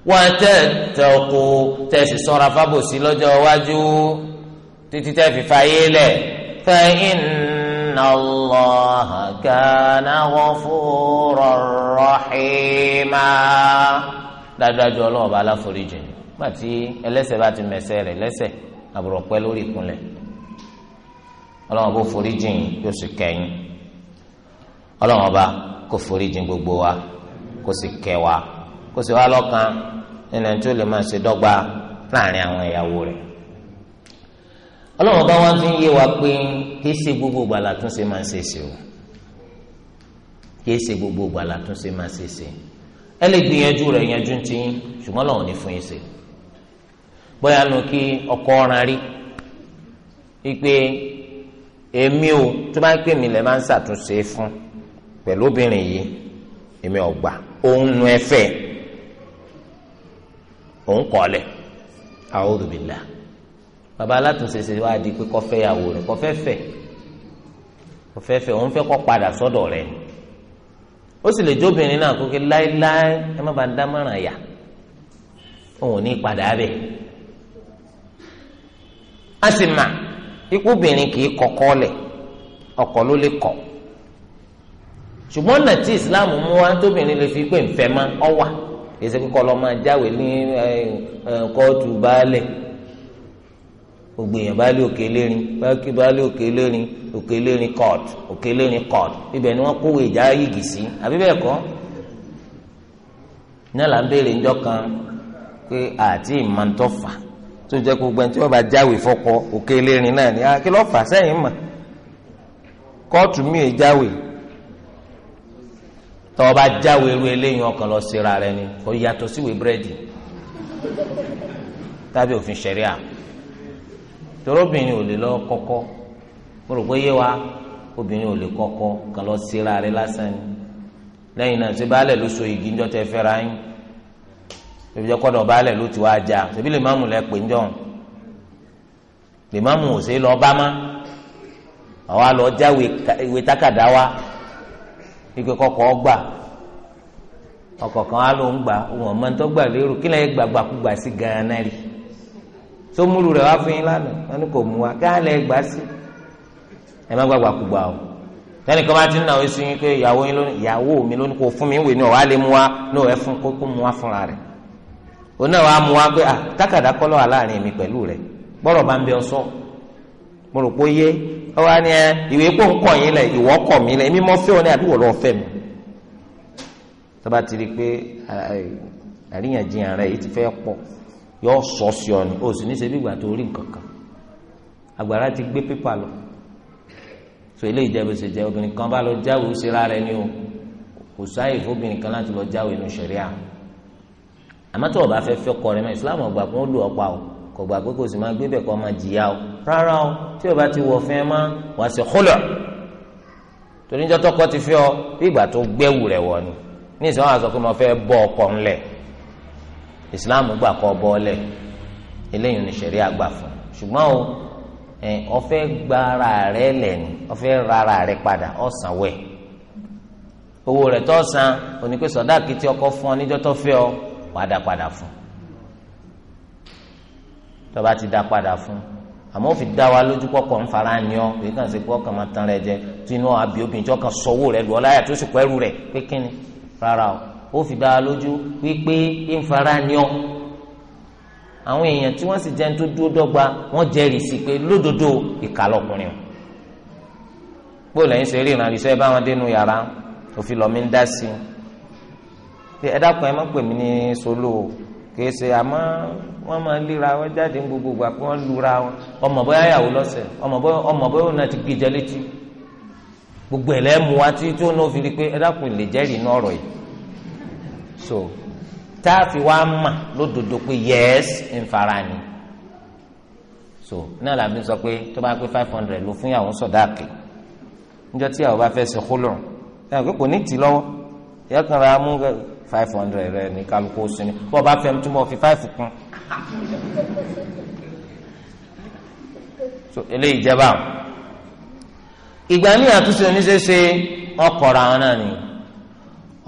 وتتقوا تاسي صورة فابوسي لجوا واجو تتتا في فايلة فإن الله كان غفورا رحيما dájúdájú ọlọ́run bá aláforíjì nígbà tí ẹlẹ́sẹ̀ bá ti mẹ̀sẹ̀ rẹ̀ lẹ́sẹ̀ àbúrò pẹ́ lórí ìkúnlẹ̀ ọlọ́run bó foríjì yóò sì kẹ́yìn ọlọ́run bá kó foríjì gbogbo wa kó sì kẹ́ wa kó sì wá lọ́kàn nínú ẹni tó lè máa ṣe dọ́gba láàrin àwọn ìyàwó rẹ̀ ọlọ́run bá wá fi ń yé wa pé kì í ṣe gbogbo gbàlà tún ṣe máa ṣe ṣe o kì í ṣe gbogbo gbàlà tún ṣe máa ṣe ṣe ẹ lè gbìyànjú rẹ̀ yanjú ti yín ṣùgbọ́n lọ́wọ́ ní fún yín ṣe bóyá nu kí ọkọ ọ̀ràn rí i pé èmi o tó bá ń pè mí lẹ́ máa ń ṣàtúnṣe fún pẹ̀lú obìnrin yìí èmi ọ̀gbà òun nu ẹ fẹ́ẹ́. òun kọ́lẹ̀ a'udhu billah bàbá alátùnṣe ṣe wá di pé kọ́fẹ́ yàwó rẹ̀ kọ́fẹ́ ọ kọ́fẹ́ fẹ̀ òun fẹ́ kọ́ padà sọ́dọ̀ rẹ̀ ó sì lè jóbìnrin náà kókè láéláé ẹ má bàa dámọ̀ràn yà òun ní padà a sì mà ikúbìnrin kì í kọ́kọ́ ọkọ ló lè kọ ṣùgbọ́n fi pé ọ wà. èsì kíkọ́ lọ́ máa jáwèé ní kóòtù baálẹ̀ gbogbo èèyàn baálé òkè lérin báàkì baálé òkè lérin òkè lérin court òkè lérin court ibẹ̀ ni wọ́n kówó ìjà yìgì sí àbí bẹ́ẹ̀ kọ́ náà là ń béèrè ńjọ́ kan pé àti ìmọ̀ntọ́fà tó jẹ́ gbogbo ẹni tí wọ́n bá jáwèé fọ́kọ òkè lérin náà ni kí lọ́ọ́ fà sẹ́yìn mọ̀ kóòtù mi ì jáwèé tọ́ bá jáwé ru eléyìí ọkàn lọ síra rẹ ni kò yàtọ̀ síwèé búrẹ́dì tàbí òfin ṣẹ̀ríà torobìnrin ò lè lọ kọ́kọ́ mo rò pé yé wa obìnrin ò lè kọ́kọ́ kàn lọ síra rẹ lásán ni lẹ́yìn náà ṣe baálẹ̀ ló so igi ńjọ́ tẹ fẹ́ra yín ṣèbí kọ́dọ̀ baálẹ̀ ló ti wá já ṣèbí lè má lẹ pé ńjọ́ lè má mú òṣè lọ bá má àwa lọ jáwé ìwé tákàdá wa ike kọkọ ọgbà ọkọ kan á ló ń gbà wọn mọ tó gbà lérò kí lẹ́yìn gbàgbà kú gbà sí ganan náà rí tó múlu rẹ wá fún yín lánàá wọn ni kò mú wa ká lẹ́yìn gbà sí ẹ má gbàgbà kú gbà o tẹ́lẹ̀ kan bá ti ń nà oṣù yín pé ìyàwó yín lónìí ìyàwó mi lónìí kò fún mi wè ní ọ̀wá lè mú wa ní ọ̀ẹ́ fún kó mú wa fúnra rẹ̀ òun náà wàá mú wa pé ah tákàdá kọ́lọ́ wà láàrin mi pẹ̀lú rẹ̀ gbọ́dọ̀ bá ń bẹ ọ sọ mo rò pé ó yé ọwọ́ ni ẹ ìwé kó ń kọ̀ yín lẹ̀ ìwọ́ kọ̀ mí lẹ̀ èmi mọ́ ọ ní àdúgbò lọ́ọ́ fẹ́ mi tọ́ba ti rí pé àríyànjiyàn rẹ̀ yìí ti fẹ́ pọ̀ yọ sọ sí ọ ni o sì ní ṣe bí ìgbà tó rí nǹkan kan àgbàrá ti gbé pépà lọ so eléyìí jẹ́ bó obìnrin kan bá lọ jáwèé síra rẹ̀ ni o kò sáàyè fóbìnrin kan láti lọ jáwèé nu ṣẹ̀ríà àmọ́ tó o bá fẹ́ fẹ́ kọ́ rẹ̀ mọ́ ìsìláàmù ọgbà kan ó lù ọ́ pa o kò gbà pé kò sì máa gbé bẹ̀ kọ́ máa jìyà o rárá o tí o bá ti wọ̀ fún ẹ wà á sì torí níjọ́ tọkọ ti fi ọ ìgbà tó gbẹ́wù rẹ̀ wọ̀ ni ní ìsìn wọn àsọ pé mo fẹ́ bọ́ ọkọ ńlẹ̀ ìsìláàmù gbà kọ́ bọ́ ọlẹ̀ eléyìí ni ṣẹ̀rí àgbà fún ṣùgbọ́n o ọfẹ́ gba ara rẹ̀ lẹ̀ ni ọfẹ́ ra ara rẹ̀ padà ọ̀sán wẹ̀ owó rẹ̀ tó san onípe sọ̀dáàkì ọkọ fún ọ níjọ́ tó fẹ́ ọ padà padà fún tọba ti dá padà fún àmọ́ òfin dá wa lójú pọ̀ kàn fara ni ọ́ pé kàn sí pé ọkàn máa tan rẹ jẹ tí inú àbí obìnrin tí ọkàn sọ̀wọ́ rẹ lù ọ́ láyà tó sì pẹ́rù rẹ pé kíni rárá o òfin dá wa lójú wípé ń fara ni ọ́ àwọn èèyàn tí wọ́n sì jẹun tó dúró dọ́gba wọ́n jẹ́rìí sí pé lódodo ìkàlọ́kùnrin o pé lẹ́yìn ṣe rí ìrànlọ́sọ ẹ bá wọn dénú yàrá òfin lọ́mí ń dá sí i ẹ dákun ẹ má pè mí ní solo o kìí ṣe wọn ma máa líra wọn jáde gbogbo ìgbà pé lura wọn ọmọ bóyá yàwó lọsẹ ọmọ bóyá òun náà ti létí gbogbo ẹ̀ lẹ́mu wa tí tí náà fi rí pé ẹ lè jẹ́rìí yìí so tá fi wá mà pé ń ni so náà làbí sọ pé tó bá pé five fún yàwó tí yàwó bá fẹ́ ẹ̀ kò ní tì lọ́wọ́ yẹ kàn five hundred rẹ ní kálukú sinmi bọ́ọ̀ bá fẹ́ túnbọ̀ fi five kún. so eléyìí jẹ́ báwọn. ìgbà míì àtúnṣe oníṣẹ́ṣe wọ́n kọ̀ra náà ni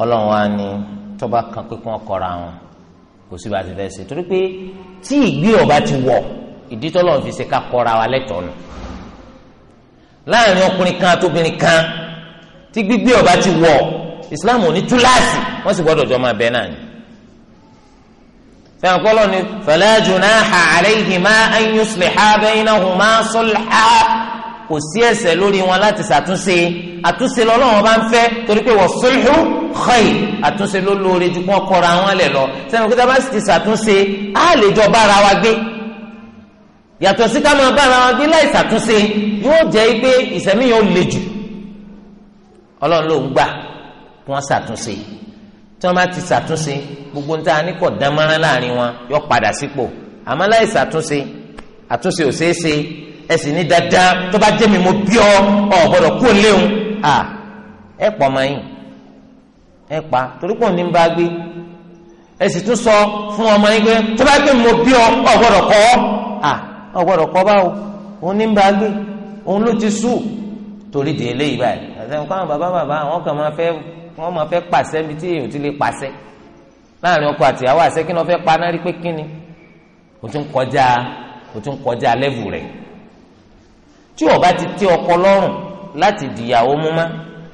ọlọ́run wa ni tọ́ba kan pé kí wọ́n kọ̀ra àwọn kò sí bá ti fẹ́ ṣe torí pé tí ìgbé ọba ti wọ̀ ìdí tọ́lọ́run fi ṣe ká kọ̀ra wa lẹ́tọ̀ọ́ nù láàrin ọkùnrin kan àtòbìnrin kan tí gbígbé ọba ti wọ̀ islam ò ní túláàsì wọ́n sì gbọ́dọ̀ jọ máa bẹ náà ni. fẹ́ràn kọ́lọ́ ni fala junaha alayhima an yusliha baynahuma sulha kò sí ẹ̀ṣẹ̀ lórí wọn láti ṣàtúnṣe àtúnṣe lọ́lọ́wọ́n bá ń fẹ́ torí pé wọ́n sulhu khayr àtúnṣe ló lóore ju kí wọ́n kọ́ra wọn lẹ̀ lọ sẹ́wọ̀n kí tábà ti ṣàtúnṣe á lè jọ bára wa gbé yàtọ̀ sí ká máa bára wa gbé láì ṣàtúnṣe yóò jẹ́ pé ìṣẹ̀mí yóò le jù ọlọ́run ló ń gbà kí wọ́n ṣàtúnṣe tí wọ́n bá ti ṣàtúnṣe gbogbo ń ta ní kò dánmọ́rán láàrin wọn yóò padà sípò àmọ́ láì ṣàtúnṣe àtúnṣe ò ṣeé ṣe ẹ sì ní dáadáa tó bá jẹ́ mi mo bí ọ ọ gbọ́dọ̀ kú léwu à ẹ pọ̀ mọ́ yín ẹ pa torí pọ̀ ní bá gbé ẹ sì tún sọ fún ọmọ yín pé tó bá gbé mi mo bí ọ ọ gbọ́dọ̀ kọ́ ọ à ọ gbọ́dọ̀ kọ́ báwo òun ní bá gbé òun ló ti sùn torí di eléyìí báyìí àti àwọn bàbá bàbá àwọn kan máa fẹ́ wọ́n máa fẹ́ pàṣẹ mi tí èèyàn ti lè pàṣẹ láàrin ọkọ àtìyàwó àṣẹ kí ni wọ́n fẹ́ pa náà rí pé kí ni o tún kọjá o tún kọjá lẹ́vù rẹ̀ tí o bá ti tẹ́ ọkọ lọ́rùn láti dìyàwó mú má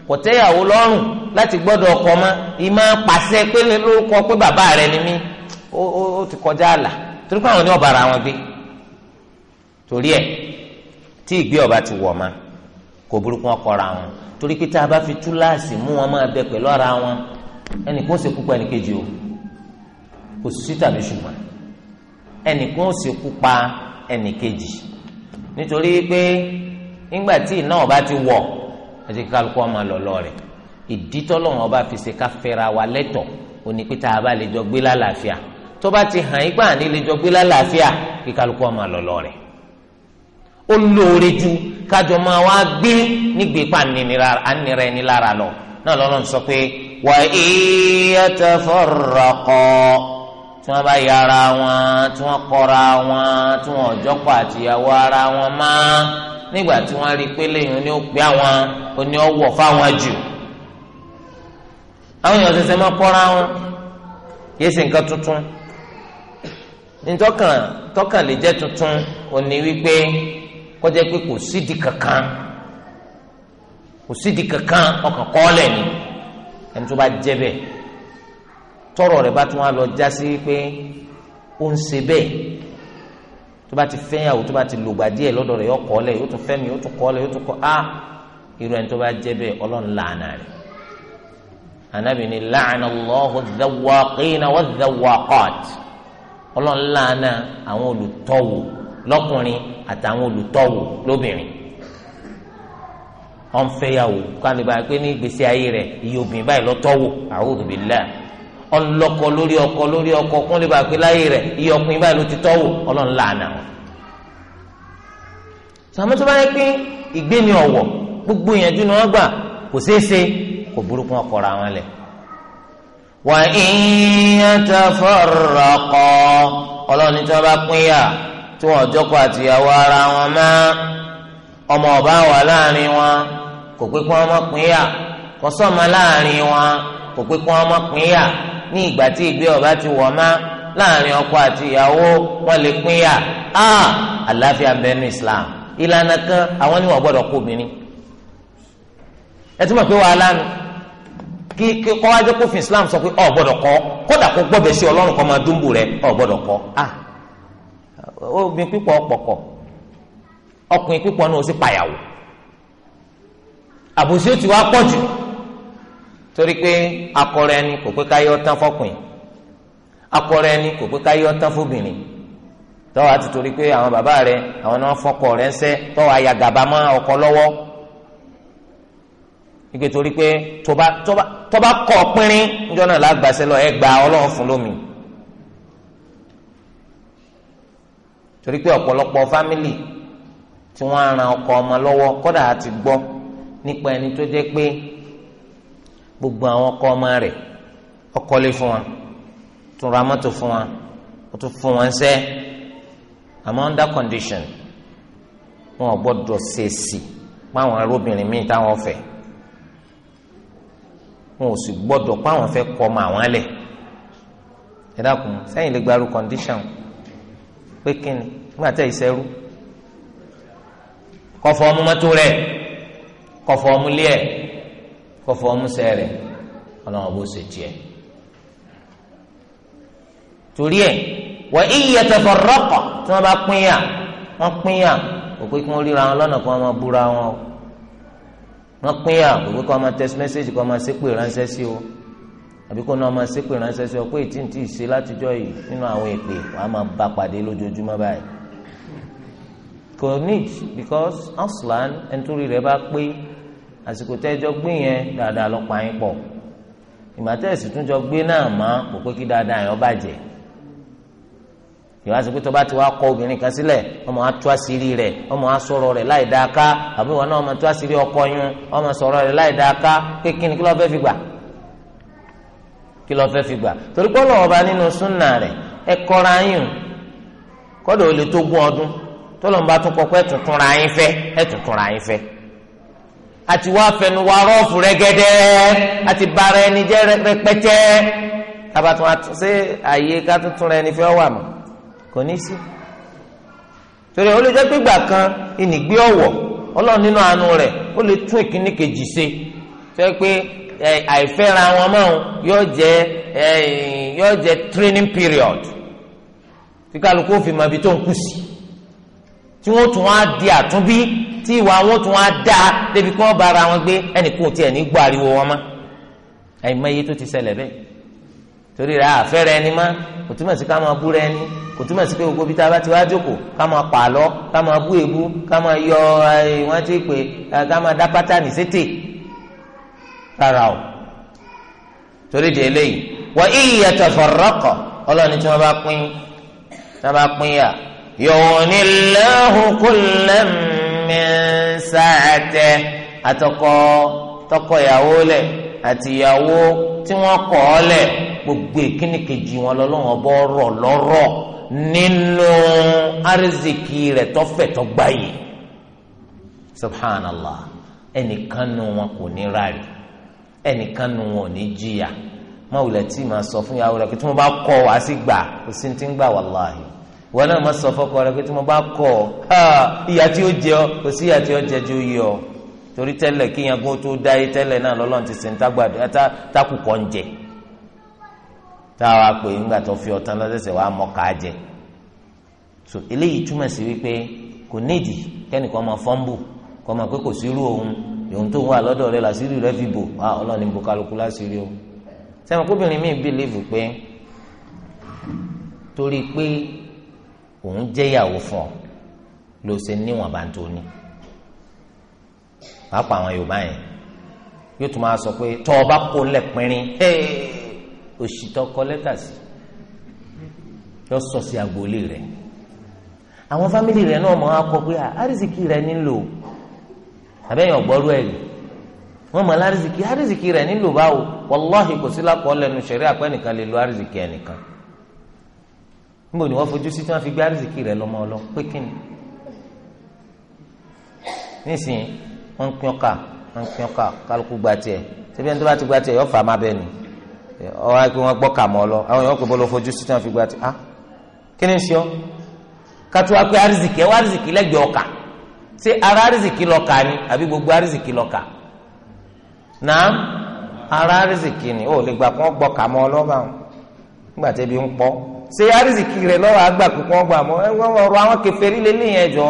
kò tẹ́yàwó lọ́rùn láti gbọ́dọ̀ ọkọ má ìmọ̀ pàṣẹ pé lórúkọ pé bàbá rẹ̀ ni mí ó ti kọjá àlà torí pé àwọn ní ọ̀bàrà wọn gbé torí ẹ̀ tí ìgbé ọba ti wọ̀ ma kò burúkú wọn kọra wọn torí pé tá a bá fi túláàsì mú wọn máa bẹ pẹ̀lú ara wọn ẹnìkan ó ṣekú pa ẹnìkejì o kò sí tàbí ṣùgbọ́n ẹnìkan ó ṣekú pa ẹnìkejì nítorí pé nígbà tí iná ọba ti wọ̀ ẹ̀jẹ̀ kálukú ọmọ lọ́lọ́ rẹ̀ ìdí tọ́lọ́run ọba fi ṣe ká fẹ́ra wa lẹ́tọ̀ òní pé tá a bá lè jọ gbé lálàáfíà tó bá ti hàn yín gbà ní lè jọ gbé lálàáfíà kí kálukú ọmọ lọ́lọ́ rẹ̀ ó lóore ju kájọ máa wá gbé nígbè pa ànira ẹni lára lọ náà lọ́nà sọ pé wà á tafarraqa tí wọ́n bá yára wọn tí wọ́n kọ́ra wọn tí wọ́n ọ̀jọ́pọ̀ àtìyàwó ara wọn máa nígbà tí wọ́n rí i pé lẹ́yìn oní òpè àwọn oní ọwọ́ fáwọn jù àwọn èèyàn ṣẹ̀ṣẹ̀ máa kọ́ra wọn yéé ṣe nǹkan tuntun ntọ́kàn tọ́kàn lè jẹ́ tuntun òní wípé kọjá pé kò sídìí kankan kò sídìí kankan ọkàn kọ́ọ̀lẹ̀ ni ẹni tó bá jẹ́ bẹ́ẹ̀ tọrọ rẹ̀ bá tún wá lọ já sí pé ó ń ṣe bẹ́ẹ̀ tó bá ti fẹ́yàwó tó bá ti lògbà díẹ̀ lọ́dọ̀ rẹ̀ yọ kọ́ọ̀lẹ̀ yóò tún fẹ́mi yóò tún kọ́ọ̀lẹ̀ yóò tún kọ́ a ah! irú ẹni tó bá jẹ́ bẹ́ẹ̀ ọlọ́run làánà rẹ̀ anabi ni laana allahu dhawaqina wa dhawaqat ọlọ́run làánà àwọn olùtọ́wò lọ́kùnrin àtàwọn olùtọ́wò lóbìnrin ọ̀n fẹ́yàwó kálíbà pé ní ìgbésí ayé rẹ̀ iye obìnrin báyìí lọ́tọ́wò a'udhu billah ọlọ́kọ lórí ọkọ lórí ọkọ kálíbà pé láyé rẹ̀ iye ọkùnrin báyìí ló ti tọ́wò ọlọ́run làánà wọn. sàmúsọ bá yẹ pé ìgbéni ọ̀wọ̀ gbogbo ìyànjú ni wọ́n gbà kò ṣeé ṣe kò burúkú ọkọ̀ ra wọn lẹ̀. wà á ìyẹn tẹ fọ́ọ̀rọ̀ kọ́ ọlọ́run tí wọ́n bá pín yà tí wọn jọkọ àtìyàwó ara wọn mọ́ ọmọ ọba wà láàrin wọn kò pé kí wọn mọ pínyà kò sọmọ láàrin wọn kò pé kí wọn mọ pínyà ní ìgbà tí ìgbé ọba ti wọ̀ mọ́ láàrin ọkọ àti wọn lè pínyà á ah! àlàáfíà ń Islam ìlànà kan àwọn ni wọn gbọ́dọ̀ kó obìnrin ẹ ti mọ̀ pé wàhálà nù kí kí kọ́ wájú kófin Islam sọ pé ọ̀ gbọ́dọ̀ kọ́ kódà kó gbọ́bẹ̀ sí ọlọ́run kọ́ máa dúnbù rẹ̀ ọ̀ gbọ́dọ̀ kọ́ ah obìnrin pípọ̀ ọ̀pọ̀kọ̀ ọkùnrin pípọ̀ náà ó sì payàwó àbòsí ó ti wá pọ̀ jù torí pé akọrọ ẹni kò pé ká yọ tán fọkùnrin akọrọ ẹni kò pé ká yọ tán fóbìnrin tọ́wọ́ àti torí pé àwọn bàbá rẹ̀ àwọn náà fọkọ rẹ̀ ń sẹ́ tọ́wọ́ ayagaba mọ́ ọkọ lọ́wọ́ nígbè torí pé tọba tọba tọba kọ pínrín níjọ́ náà lágbàṣẹ lọ ẹ gba ọlọ́run fún lómi torí pé ọ̀pọ̀lọpọ̀ fámìlì tí wọ́n á ran ọkọ ọmọ lọ́wọ́ kódà á ti gbọ́ nípa ẹni tó jẹ́ pé gbogbo àwọn ọkọ ọmọ rẹ̀ ọkọlé fún wa tún ra mọ́tò fún wa ó tún fún wọn sẹ́ àmọ́ under condition wọn ò gbọ́dọ̀ ṣèèṣì páwọn arúbìnrin míì táwọn fẹ́ wọn ò sì gbọ́dọ̀ páwọn fẹ́ kọ́ ọmọ àwọn lẹ̀ ẹ dákun sẹ́yìn lè gbarú condition pé kíni nígbà tẹ ìṣẹ́rú kọfọ ọmú mọ́tò rẹ̀ kọfọ ọmú lé ẹ̀ kọfọ ọmú sẹ́ rẹ̀ ọlọ́run bó ṣe tiẹ̀. torí ẹ̀ wọ́n iyì ẹ̀tẹ̀fọ̀ rọ́kọ̀ tí wọ́n bá pín yà wọ́n pín yà kò pé kí wọ́n ríra wọn lọ́nà kí wọ́n máa búra wọn o wọ́n pín yà kò pé kí wọ́n máa tẹ́sí mẹ́sẹ́jì kí wọ́n máa ṣépè ránṣẹ́ sí o àbí kó náà máa ṣépè ránṣẹ́ sí ọ pé ètí ntí ṣe látijọ́ yìí nínú àwọn èpè wàá máa bá pàdé lójoojúmọ́ báyìí kò need because aslan ẹnitórí rẹ bá pé àsìkò tẹ́jọ́ gbé yẹn dáadáa lọ pa yín pọ̀ ìmọ̀tẹ́sì tún jọ gbé náà mọ́ kò pé kí dáadáa yẹn ó bàjẹ́ ìwà sọ pé tó bá ti wá kọ obìnrin kan sílẹ̀ ọmọ wa tú àṣírí rẹ̀ ọmọ wa sọ̀rọ̀ rẹ̀ láì dáa ká àbí wọn náà ọmọ tú àṣírí ọkọ yín ọmọ sọ̀rọ̀ rẹ̀ láì dáa ká pé kíni kí lọ́ọ́ fẹ́ fi gbà kí lọ́ọ́ fẹ́ fi gbà torí pé ọlọ́wọ́ bá nínú súnà rẹ̀ ẹ kọ́ra yín kọ́dọ̀ olè tó gún ọdún tọ́lọ́mùbá tún kọ́ pé ẹ̀tùtùn ra yín fẹ́ ẹ̀tùtùn ra yín fẹ́ àti wá fẹnu wa rọ́ọ̀fù rẹ́gẹ́dẹ́ àti bara ẹni jẹ́ rẹpẹtẹ tabatun àtúnṣe àyè ká tuntun rẹ ni fẹ́ wà mọ́ kò ní sí torí ó lè jẹ́ pé gbà kan ìnìgbé ọ̀wọ̀ ọlọ́run nínú àánú rẹ̀ ó lè tún ìkíní kejì ṣe fẹ́ pé àìfẹ́ra wọn mọ́ yóò jẹ́ yóò jẹ́ training period tí kálukú fi mọ ibi tó ń kù sí tí wọ́n tún wá di àtúnbí tí ìwà wọn tún wá dá débi kí wọ́n bá ara wọn gbé ẹnìkan tiẹ̀ ní gbọ́ ariwo wọn mọ́ àìmọye tó ti ṣẹlẹ̀ bẹ́ẹ̀ torí rẹ̀ àfẹ́rẹ́ ẹni má kò túmọ̀ sí ká máa búra ẹni kò túmọ̀ sí pé gbogbo ibi tá a bá ti wá jókòó ká máa pààlọ́ ká máa bú èbú ká máa yọ ìwọ́n ti pè ká máa dá pátá ní sétè rárá o torí di eléyìí wà iyì tafarraqa ọlọ́ni tí wọ́n bá pín tí wọ́n bá pín yà yu'nillahu kullam min sa'ati àtọkọ tọkọyàwó lẹ̀ àtìyàwó tí wọn kọ̀ ọ́ lẹ̀ gbogbo ìkíni wọn lọ́lọ́wọ́n bọ́ rọ̀ lọ́rọ̀ nínú arzikì rẹ̀ subhanallah ẹnìkan nu wọn kò ní rárí. ẹnìkan nu wọn ò ní jìyà má wulẹ̀ tí ma sọ fún ya rẹ pé tí mo bá kọ́ wàá sí gbà kò sí ti ń gbà náà sọ fọkọ rẹ tí mo bá kọ́ tí ó jẹ ọ kò sí tí ó jẹ ọ torí tẹ́lẹ̀ kí tó dá tẹ́lẹ̀ náà lọ́lọ́run ti sìn ń jẹ pè é tó fi lọ́sẹ̀sẹ̀ ká jẹ so eléyìí túmọ̀ sí wípé kò nídìí kẹ́nìkan ìhun tó wà lọ́dọ̀ rẹ làṣírí rẹ fi bò wá ah, ọlọ́run ní bùkálùkù láṣírí o sẹ́wọ̀n kóbìnrin mi bìlíìfù pé torí pé òun jẹ́yàwó fún ọ ló ṣe níwọ̀n bá ń tó ní pàápàá àwọn yorùbá yẹn yóò tún máa sọ pé tọ́ ọ bá kó lẹ́pẹ́rín òṣìṣẹ́ ọkọ lẹ́tà sí yọ sọ sí agboolé rẹ àwọn fámìlì rẹ náà mọ akọ pé ah, àrísìkì rẹ nílò àbẹ́yìn ọ̀gbọ́rú ẹ̀rí wọ́n mọ̀ lárísìkì árísìkì rẹ̀ nílò báwo wàláhì kò sí lápò ọlẹ́nu ṣẹ̀rí àpẹ́nìkan lè lo árísìkì ẹnìkan níbo ni wọ́n fojú sí tí wọ́n fi gbé árísìkì rẹ̀ lọ́mọ ọlọ́ pé kí ni nísìnyí wọ́n ń pín ọkà wọ́n ń pín ọkà kálukú gba tiẹ̀ síbi ẹni tó bá ti gba tiẹ̀ yọ fà má bẹ́ẹ̀ ni ọwọ́ ayé pé wọ́n gbọ́ kà mọ́ àwọn èèyàn kò bọ́ fojú sí tí wọ́n fi gba tiẹ̀ ah kí ni ń ṣe ọ́ kátó wá pé árísìkì ẹ wá árísìkì lẹ́gbẹ̀ẹ́ ọkà se ara arizikì lọ́ka ni àbí gbogbo arizikì lọ́ka náà ara arizikì ni ó lè gbà kó gbọ́ kà mọ́ ọlọ́ba wọn nígbà tẹ́bi ń pọ́ ṣé arizikì rẹ̀ lọ́wọ́ àgbà kó kó gbà mọ́ ẹ̀wọ̀n ọ̀rọ̀ àwọn kèfèrí lélẹ́yìn ẹ̀jọ́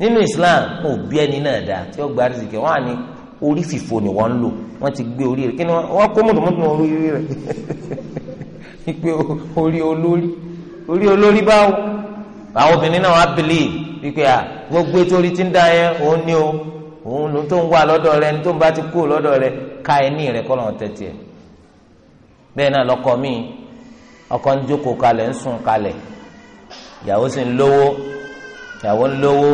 nínú Islam kò bí ẹni náà dáa tí ó gba arizikì wọn à orí fìfo ni wọ́n ń lò wọ́n ti gbé orí rẹ̀ kí ni wọ́n kó mọ̀tòmọ́tò orí rẹ̀ wípé orí olórí orí olórí báwo àwọn obìnrin náà wọ́n á believe wípé à gbogbo torí ti ń da yẹn òun ni o òun ni tó ń wà lọ́dọ̀ rẹ ní tó ń bá ti kú lọ́dọ̀ rẹ ká ẹni rẹ kọ́ lọ́n tẹ̀tì ẹ̀ bẹ́ẹ̀ náà lọ́kọ mi ọkọ ń jókòó kalẹ̀ ń sùn kalẹ̀ ìyàwó sì ń lówó ìyàwó ń lówó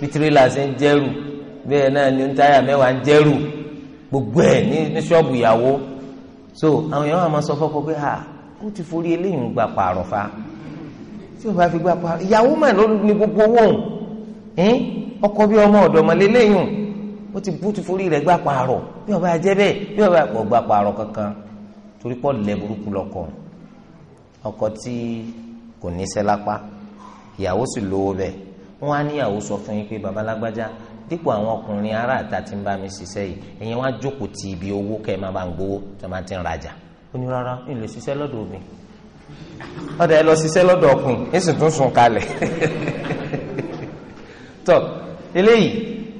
bítírílà sì ń jẹ́rù bẹ́ẹ̀ náà ni táyà mẹ́wàá ń jẹ́rù gbogbo ẹ̀ ní ní ṣọ́ọ̀bù ìyàwó so àwọn èèyàn wà máa sọ fọ́kọ pé ha ó ti forí eléyìí ń gbà pààrọ̀ fa tí o bá fi gbà pààrọ̀ ìyàwó mà ló ní gbogbo owó òun Ee! Hm? ọkọ bí ọmọ ọ̀dọ̀ ọmọ lélẹyìn ó ti bú ti forí rẹ gbà pààrọ̀ bí ọba jẹ bẹ́ẹ̀ bí ọba kò gbà pààrọ̀ kankan torí pọ lẹ burúkú lọ́kọ ọkọ tí kò níṣẹ́ lápá ìyàwó sì lówó bẹ́ẹ̀ wọn á níyàwó sọ fún yín pé babalágbájá dípò àwọn ọkùnrin tí ń bá mi ti ibi owó ẹ ń gbowó tí ti ń rajà ó ní rárá ń lè tọ eléyìí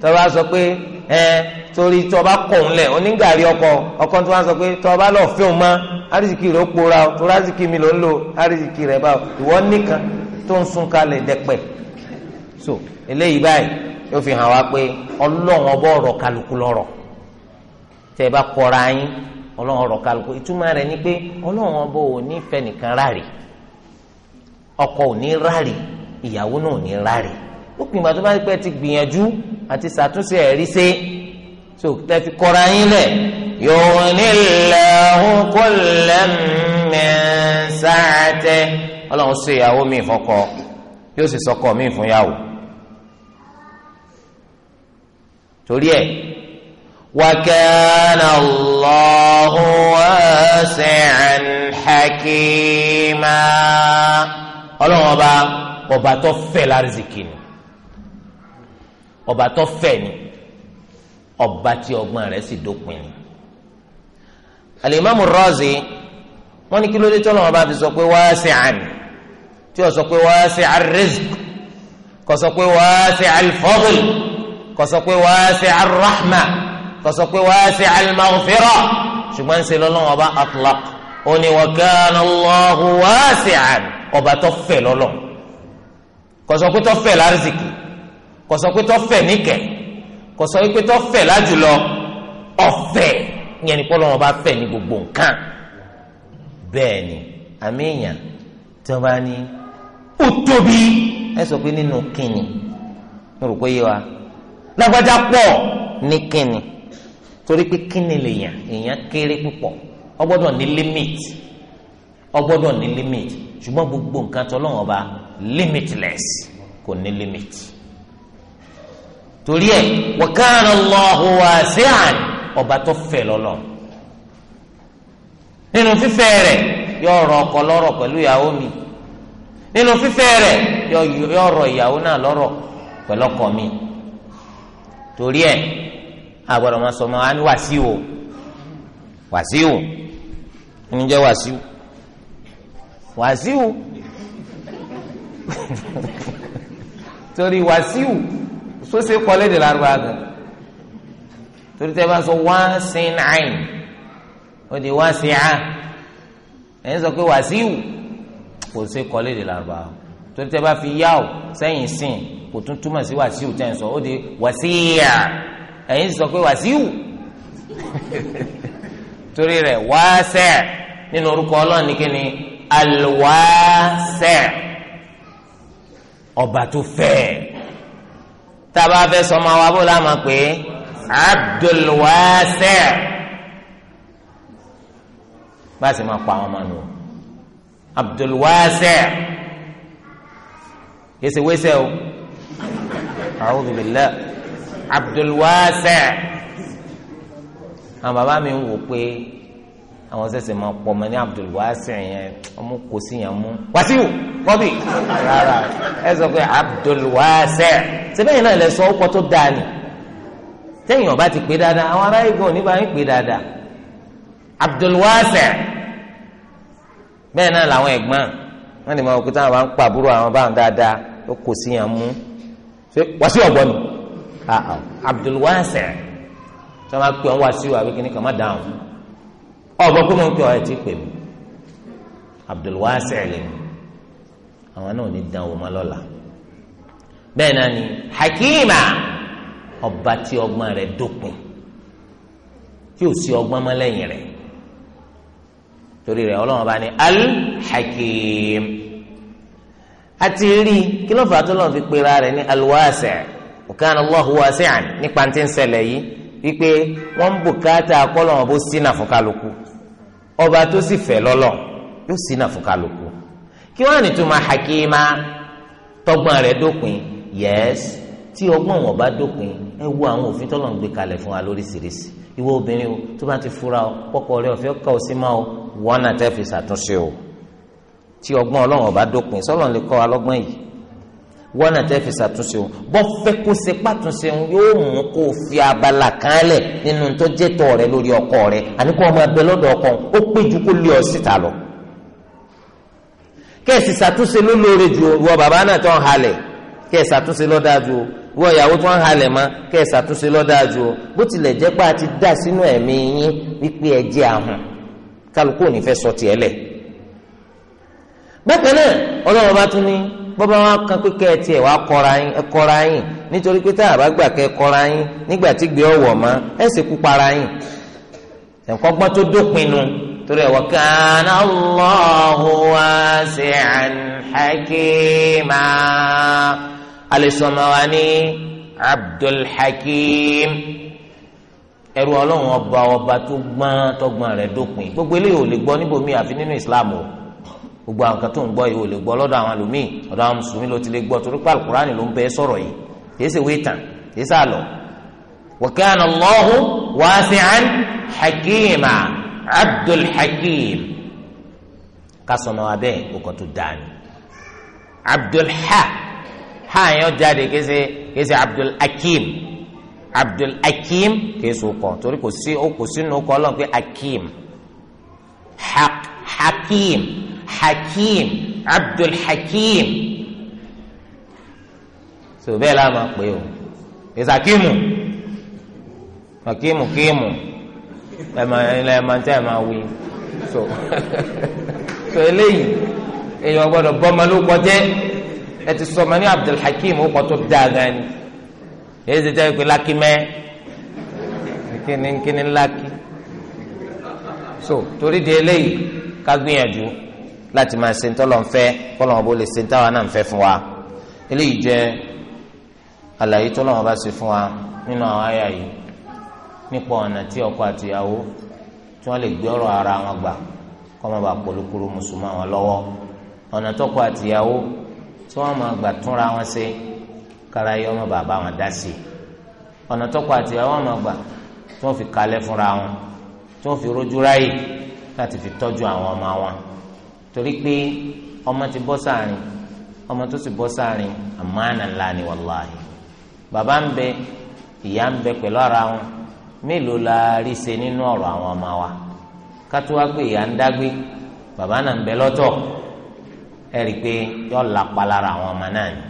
tọba sọ pé ẹ torí tọba kọ̀ọ̀n lẹ̀ onígàrí ọkọ ọkọ tí wọn sọ pé tọba lọ fíhùn mọ́ arísìkì rẹ̀ ó pora o torí arísìkì mi ló ń lò arísìkì rẹ̀ báwo ìwọ nìkan tó ń sún kalẹ̀ dẹ́pẹ̀ so eléyìí báyìí yóò fi hàn wá pé ọlọ́run ọbọ̀ ọ̀rọ̀ kálukú lọ́rọ̀ tẹ́ ẹ bá kọra yín ọlọ́run ọ̀rọ̀ kálukú ìtumọ̀ rẹ̀ ni pé ọlọ́run ọbọ̀ ò ní fẹ́ nìkan ráre ọkọ ò ní ráre ìyàwó náà ò ní ráre ó pin ìgbà tó bá pẹ́ ti gbìyànjú àti ṣàtúnṣe ẹ̀rí ṣe so tẹ́ fi kọ́ra yín lẹ̀ yughnillahu kullam min sa'atihi ọlọ́run ṣe ìyàwó mi fọ́kọ yóò sì sọkọ mi fún yàwó torí ẹ wa kana Allahu wasi'an ọlọ́run ọba ọba tó fẹ̀ lárísìkì ni ọba tó fẹ̀ ni ọba tí ọgbọ́n rẹ̀ sì dópin ni. alimami Razi wọ́n ní kí ló dé tọ́lọ́ wọn bá fi sọ pé wasi'an tí ó sọ pé wasi'ar rizq kò sọ pé wasi'al fadl kò sọ pé wasi'ar rahma kò sọ pé wasi'al maghfira ṣùgbọ́n ṣe lọ́lọ́wọ́n ọba ó ní wa kana Allahu wasi'an ọba tó fẹ̀ lọ́lọ́ kò sọ pé tó fẹ̀ lárísìkì kò sọ pé tó fẹ̀ níkẹ̀ kò sọ pé tó fẹ̀ lájùlọ ọ̀fẹ́ yẹn ni pọ́lọ́ wọn bá fẹ̀ ní gbogbo nǹkan bẹ́ẹ̀ ni àmì èèyàn tí wọ́n bá ní ó tóbi ẹ sọ pé nínú kínni mo rò pé yé wa lágbájá pọ̀ ní kínni torí pé kínni lèèyàn èèyàn kéré púpọ̀ ó ní limit ó ní limit ṣùgbọ́n gbogbo nǹkan tọ́lọ́wọ́n ọba limitless kò ní limit torí ẹ wa kana Allahu wasi'an ọba tó fẹ̀ lọ́lọ́ nínú fífẹ̀ rẹ̀ yóò rọ ọkọ lọ́rọ̀ pẹ̀lú ìyàwó mi nínú fífẹ̀ rẹ̀ yóò rọ ìyàwó náà lọ́rọ̀ pẹ̀lú ọkọ mi torí ẹ àgbọ̀dọ̀ máa sọ ma wá ní wàsíwò wàsíwò ẹni jẹ́ wàsíwò wàsíwò torí wàsíwò sósè kọ́lédè lárúbá gan torí tẹ́ bá sọ wá sí náìn ó di wá sí á ẹ̀yin sọ pé wá sí wù kò sí kọ́lédè lárúbá torí tẹ́ bá fi yá o sẹ́yìn sìn kò tún túmọ̀ sí wá sí wù sọ ó di wá sí sọ pé wá torí rẹ̀ wá nínú orúkọ ọlọ́ọ̀ni kí ni ọba tó fẹ́ẹ́ tá a bá fẹ́ sọmọ wa bó la máa pè é abdulwasẹ bá a sì máa pa àwọn ọmọ nù abdulwasẹ kìsì wẹsẹ o a'udhu billah àwọn bàbá mi ń wò pé àwọn sẹsẹ máa pọ ọmọ ní Abdul Wasi yẹn ọmọ kò sí yẹn mú Wasiu Bobby rárá ẹ sọ pé Abdul Wasi sẹbẹyìn náà lẹ sọ ọkọ tó dáa ni tẹyìn ọba ti pè dáadáa àwọn ará igun oníbà ń pè dáadáa Abdul Wasi bẹ́ẹ̀ náà làwọn ẹ̀gbọ́n wọn ni máa kúta àwọn pàbúrò àwọn báwọn dáadáa ó kò sí yẹn mú Wasiu ọgbọnù Abdul Wasi tí wọn bá pè wọn Wasiu àbí kíní má dáhùn ọ̀bọ̀ pé mo ń pè ọ́ ẹ̀ tí pè mí Abdulwasi lèmi àwọn náà ní dánwò má lọ́la bẹ́ẹ̀ náà ni Hakima ọba tí ọgbọ́n rẹ̀ dópin tí ò sí ọgbọ́n mọ́ lẹ́yìn rẹ̀ torí rẹ̀ ọlọ́run bá ní Al-Hakim àti rí kí ló fà á tó lọ́n fi pera rẹ̀ ní Al-Wasi Allahu wasi'an nípa tí ń ṣẹlẹ̀ yìí wípé wọ́n ń bùkátà kọ́lọ́run bó sínà fún kálukú ọba tó sì fẹ́ lọ́lọ́ yóò sì nà fún kálukú kí wọ́n á nìtumọ̀ hakima tọgbọ́n rẹ̀ dópin yẹ́s tí ọgbọ́n wọn bá dópin ẹ wo àwọn òfin tọ́lọ̀ ń gbé kalẹ̀ fún wa lóríṣiríṣi ìwọ obìnrin o tó bá ti fura o kọkọ rẹ ọ̀fẹ́ kọ́ ọ sí máa o wọ́n náà fi ṣàtúnṣe o tí ọgbọ́n ọlọ́run ọba dópin sọ́lọ́run lè kọ́ wa yìí wọ́nà tẹ́ fi ṣàtúnṣe òun bọ́ fẹ́ kó ṣe pàtúnṣe òun yóò mú kó fi abala kan lẹ̀ nínú tó jẹ́ tọ̀ rẹ lórí ọkọ rẹ àní kó ọmọ ẹbẹ lọ́dọ̀ ọkọ ó pé ju kó lé ọ síta lọ. kẹ́ẹ̀sì ṣàtúnṣe ló lóore ju wọ bàbá náà tó ń halẹ̀ kẹ́ẹ̀sì ṣàtúnṣe lọ́dáa ju wọ ìyàwó tó ń halẹ̀ mọ́ kẹ́ẹ̀sì ṣàtúnṣe lọ́dáa ju bó tilẹ̀ jẹ́ pé a ti dá sínú ẹ̀mí bọ́bá wọn kan pé kẹ́ ẹ tiẹ̀ wá kọ́ra yín ẹ kọ́ra yín nítorí pé tá a bá gbà kẹ́ ẹ kọ́ra yín nígbà tí gbé ọ̀wọ̀ mọ́ ẹ sì kú para yín ẹ̀kọ́ gbọ́n tó dópinu torí ẹ̀wọ̀ kana Allahu wasi'an hakima alẹ́sọ̀mọ́wání Abdul Hakim ẹ̀rù ọlọ́run ọba ọba tó gbọ́n tọ́gbọ́n rẹ̀ dópin gbogbo eléyìí ò lè gbọ́ níbòmí àfi nínú Islam o gbogbo àwọn kan tó ń gbọ́ yìí ò lè gbọ́ lọ́dọ̀ àwọn àlùmíì ọ̀dọ̀ àwọn mùsùlùmí ló ti lè gbọ́ torí pàlù kúránì ló ń bẹ sọ̀rọ̀ yìí kìí ṣe wéètàn kìí ṣe àlọ́. wa kana Allahu wasi'an hakima abdul hakim kásánà abẹ́ òkò tó dání abdul ha ha yẹn jáde kìí ṣe abdul hakim abdul hakim kìí ṣe òkò torí kò sí òkò sínú òkò ọlọ́run pé hakim hakim hakim abdul hakim so bẹ́ẹ̀ la máa pè o èsì hakimu hakimu kimu ẹ máa ẹ máa tẹ́ ẹ máa wí so so eléyìí èèyàn gbọ́dọ̀ bọ́mọ ló kọjẹ́ ẹ ti sọ ma ní abdul hakim ó kọ tó dáa gan ni èyí ti jẹ́ pé lákì mẹ́ẹ́ kíni kíni lákì so torí di eléyìí ká gbìyànjú láti máa ṣe ntọ́lọ́ nfẹ́ kọ́lọ́n bó lè ṣe ntáwa náà nfẹ́ fún wa eléyìí jẹ́ àlàyé tọ́lọ́n bá ṣe fún wa nínú àwọn àyà yìí nípa ọ̀nà tí ọkọ àti ìyàwó tí wọ́n lè gbé ọ̀rọ̀ ara wọn gbà kọ́ máa bá polúkúrú mùsùlùmá wọn lọ́wọ́ ọ̀nà tọ́kọ àti ìyàwó tí wọ́n máa gbà túnra wọn ṣe kára yọ ọmọ bàbá wọn dá sí i ọ̀nà tọ́kọ àti ìyàwó wọn máa gbà tí wọ́n fi kalẹ̀ fúnra wọn tí wọ́n fi rójú ráyè láti fi tọ́jú àwọn ọmọ wọn. torí pé ọmọ ti bọ́ sáàrin ọmọ tó bọ́ sáàrin ńlá ni wàláhì bàbá ń bẹ ìyá ń bẹ pẹ̀lú ara wọn mélòó la rí ṣe nínú ọ̀rọ̀ àwọn ọmọ wa kátó pé ìyá ń dágbé bàbá náà ń bẹ lọ́tọ̀ ẹ rí i pé yọ lápá lára àwọn ọmọ náà ni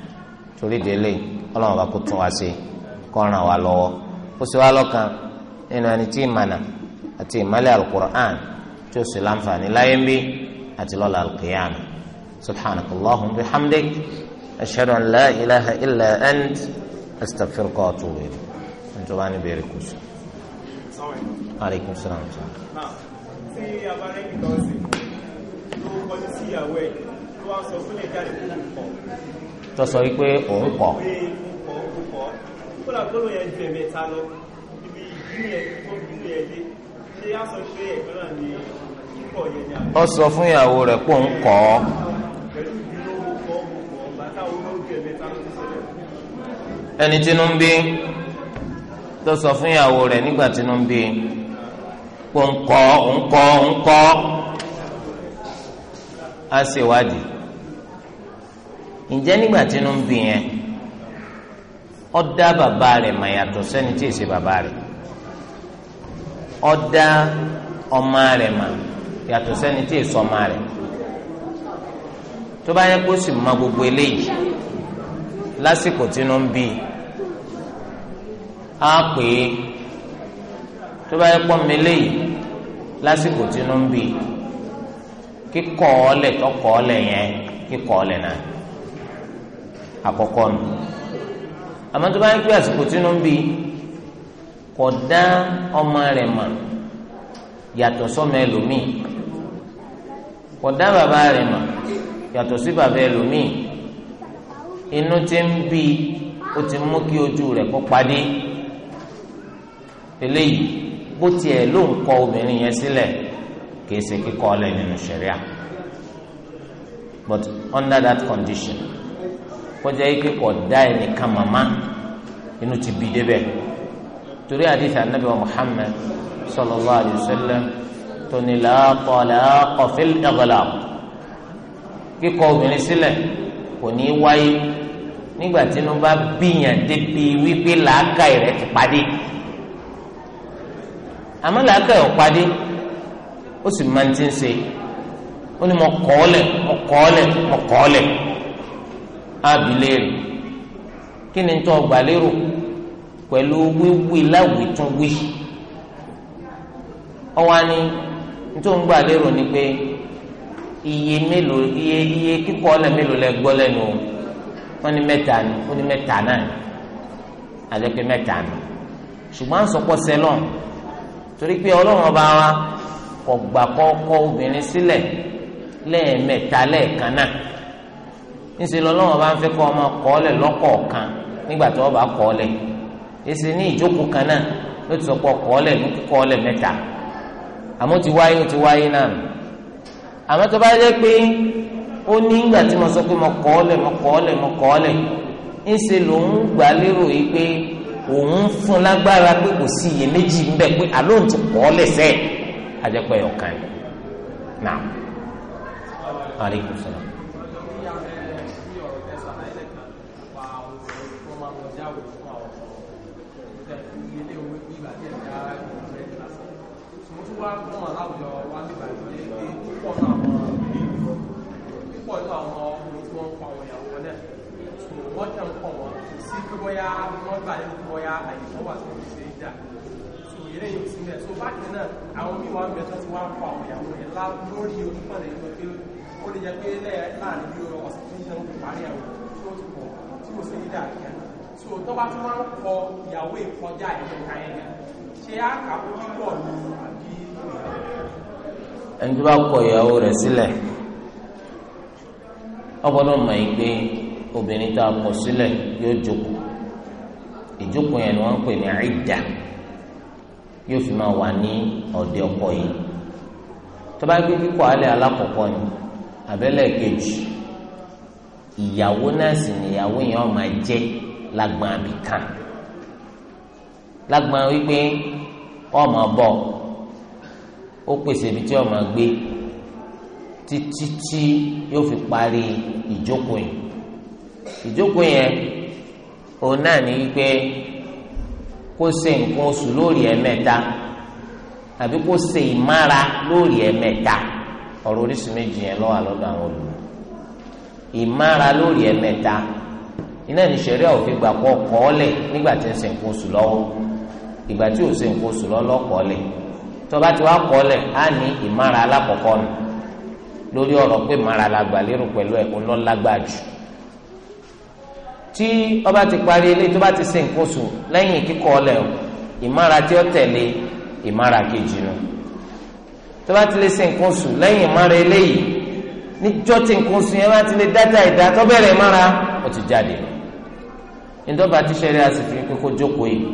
torí délé ọlọ́run bá kó tún wá ṣe lọ́wọ́ ó wá lọ́kàn nínú ẹni tí àti àti lọ́la alqiyama subhanaka allahumma wa bihamdik ashhadu an la ilaha illa ant astaghfiruka wa atubu ilayk nítorí wọn ni bèrè kù sí. aleykum salaam wa rahmatulah. ṣé abárẹ́ nìkan sí ló kọjú sí ìyàwó ẹ̀ tó wá sọ fún ẹ̀dá rẹ̀ kó kọ̀. tó sọ wípé òun kọ̀. pé òun kọ̀ kódà gbọ́dọ̀ yẹn ju ẹ̀mẹ́ta lọ ibi ìbínú yẹn tó bínú yẹn dé ṣé á sọ pé ẹ̀gbọ́n náà ni ó sọ fún ìyàwó rẹ̀ pé òun kọ́ ọ. ẹni tí inú ń bí tó sọ fún ìyàwó rẹ̀ nígbà tí inú ń bí pé òun kọ́ òun kọ́ òun kọ́ á ṣèwádìí ǹjẹ́ nígbà tí yẹn ó dá bàbá rẹ̀ mà yàtọ̀ sẹ́ni tí ì ṣe bàbá rẹ̀ ó dá ọmọ rẹ̀ mà yàtọ̀ sẹ́ni tí èso ọmọ rẹ̀ tó bá yẹ kó sì mọ gbogbo eléyìí lásìkò tínú ń bí á pè é tó bá yẹ pọ́ mi eléyìí lásìkò tínú ń bí kíkọ́ ọ̀lẹ̀ tọkọ̀ ọ̀lẹ̀ yẹn kíkọ́ ọ̀lẹ̀ náà àkọ́kọ́ mi àmọ́ tó bá yẹ pé àsìkò tínú ń bí kò dá ọmọ rẹ̀ mọ̀ yàtọ̀ sọ́mọ ẹlòmíì kò bàbá rẹ̀ mọ̀ yàtọ̀ sí bàbá ẹlòmíì inú ti ń bí ó ti mú kí ojú rẹ̀ kó padé eléyìí bó tiẹ̀ ló ń kọ obìnrin yẹn sílẹ̀ kìí ṣe kíkọ́ ọlẹ́ nínú ṣẹ̀ríà but under that condition kọjá yìí kíkọ́ dá ẹnìkan màmá inú ti bí débẹ̀ torí àdìsí anábìwọ̀n Muhammad sallallahu alayhi wa sallam tóní làákọ làákọ fíl ẹgbẹlá kíkọ obìnrin sílẹ̀ kò ní í wáyé nígbà tí inú bá bíyàn débi wípé làákàyè rẹ̀ ti padé àmọ́ làákàyè ò padé ó sì máa ti ń ṣe ó ní mo kọ́ ọ́lẹ̀ mo kọ́ ọ́lẹ̀ mo kọ́ ọ́lẹ̀ ábìlérè kí ni tó ọgbà lérò pẹ̀lú wíwí láwìtúnwí ọwọ́ á ní. nítorí gbà lérò ni pé iye mélòó iye iye kíkọ́ ọ̀lẹ̀ mélòó lẹ gbọ́ lẹ́nu o wọ́n ní mẹ́ta ni wọ́n ní mẹ́ta náà àti pé mẹ́ta ni ṣùgbọ́n à ń torí pé ọlọ́run ọba wa kò gbà kọ́kọ́ obìnrin sílẹ̀ lẹ́ẹ̀mẹ́ta lẹ́ẹ̀kan náà ńṣe lọ́lọ́run ọba ń fẹ́ kọ́ ọmọ kọ́ lọ́kọ̀ọ̀kan nígbà tí wọ́n bá kọ́ èsì ní ìjókòó kan náà ló ti sọ àmọ́ ti wáyé ti wáyé náà àmọ́ tó bá yẹ pé ó ní ìgbà tí mo sọ pé mo kọ́ ọ́lẹ̀ mo kọ́ ọ́lẹ̀ mo kọ́ ọ́lẹ̀ ńṣe lòun gbà lérò yìí pé òun fún lágbára pé kò sí pé àlóhùn ti kọ́ ọ́lẹ̀ sẹ́ẹ̀ ajẹ́pẹ́ ọ̀kan náà. bá tún wọ́n kọ ìyàwó ìkọjá ìjọba ẹ̀yà ṣe á kàwé wíwọ̀ ní àbí. ẹni tó bá kọ ìyàwó rẹ̀ sílẹ̀ ó gbọ́dọ̀ mọ̀ ẹ́ pé obìnrin tá a kọ sílẹ̀ yóò jókòó ìjókòó yẹn ni wọ́n ń pè ní àìdá yóò fi máa wà ní ọ̀dẹ ọkọ yìí tó bá gbé kíkọ alẹ́ alákọ̀ọ́kọ́ ni abẹ́lẹ̀ kejì ìyàwó náà sì ni ìyàwó yẹn ọ̀ máa lágbọn àbí kan lágbọn wípé ọmọ bọ ó pèsè ibi tí ọmọ gbé títí tí yóò fi parí ìjókòó yìí ìjókòó yẹn òun náà ní wípé kó ṣe nǹkan oṣù lórí ẹ̀mẹ́ta àbí kó ṣe ìmára lórí ẹ̀mẹ́ta ọ̀rọ̀ oríṣi méjì yẹn ló wà lọ́dọ̀ àwọn olùmọ̀ ìmára lórí ẹ̀mẹ́ta iná ní sẹ̀ríà òfin gbà kọ́ kọ́ọ́lẹ̀ nígbà tí ń ṣe nǹkan oṣù lọ́wọ́ ìgbà tí ò ṣe nǹkan oṣù lọ́lọ́ kọ́ọ́lẹ̀ tó bá ti wá kọ́ọ́lẹ̀ á ní ìmára alákọ̀ọ́kọ́ nù lórí ọ̀rọ̀ pé ìmára la gbà lérò pẹ̀lú ẹ̀kún lọ́lágbàjù tí ó bá ti parí ilé tó bá ti ṣe nǹkan oṣù lẹ́yìn kíkọ́ọ́lẹ̀ ìmára tí ó tẹ̀lé ìmára kejì nù tó bá ti lè ṣe nǹkan oṣù lẹ́yìn ìmára eléyìí níjọ́ tí nǹkan oṣù yẹn bá ti lè dátà ìdá tó bẹ̀rẹ̀ ó ti jáde nù ìdọ́ba tí sẹ́rí a sì fi pé kó jókòó yìí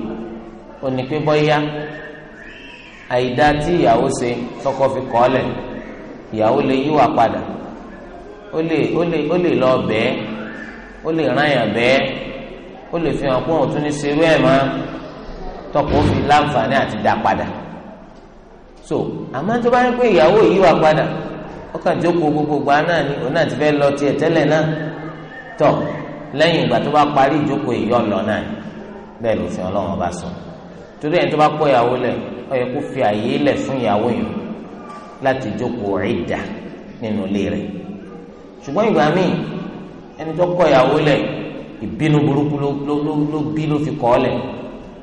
ó ní pé bọ́yá àìdá tí ìyàwó ṣe tọkọ fi kọ́ lẹ̀ ìyàwó lè yíwà padà ó lè ó lè ó lè lọ bẹ́ẹ̀ ó lè ráyàn bẹ́ẹ̀ ó lè fi hàn pé òun tún ní serú ẹ̀ mọ́ tọkọ fi láǹfààní àti dá padà so àmọ́ tó bá yẹ pé ìyàwó yíwà padà ó kàn jókòó gbogbo gbà náà ni òun náà ti fẹ́ lọ tiẹ̀ tẹ́lẹ̀ náà tọ̀ lẹ́yìn ìgbà tó bá parí ìjókòó èyí ọ̀lọ́ náà bẹ́ẹ̀ lòfin ọlọ́run bá sọ torí ẹni tó bá kọ ìyàwó lẹ̀ ó yẹ kó fi àyè lẹ̀ fún ìyàwó yìí láti jókòó ìdà nínú ilé rẹ̀ ṣùgbọ́n ìgbà míì ẹni tó kọ ìyàwó lẹ̀ ìbínú burúkú ló ló ló bí ló fi kọ́ ọ lẹ̀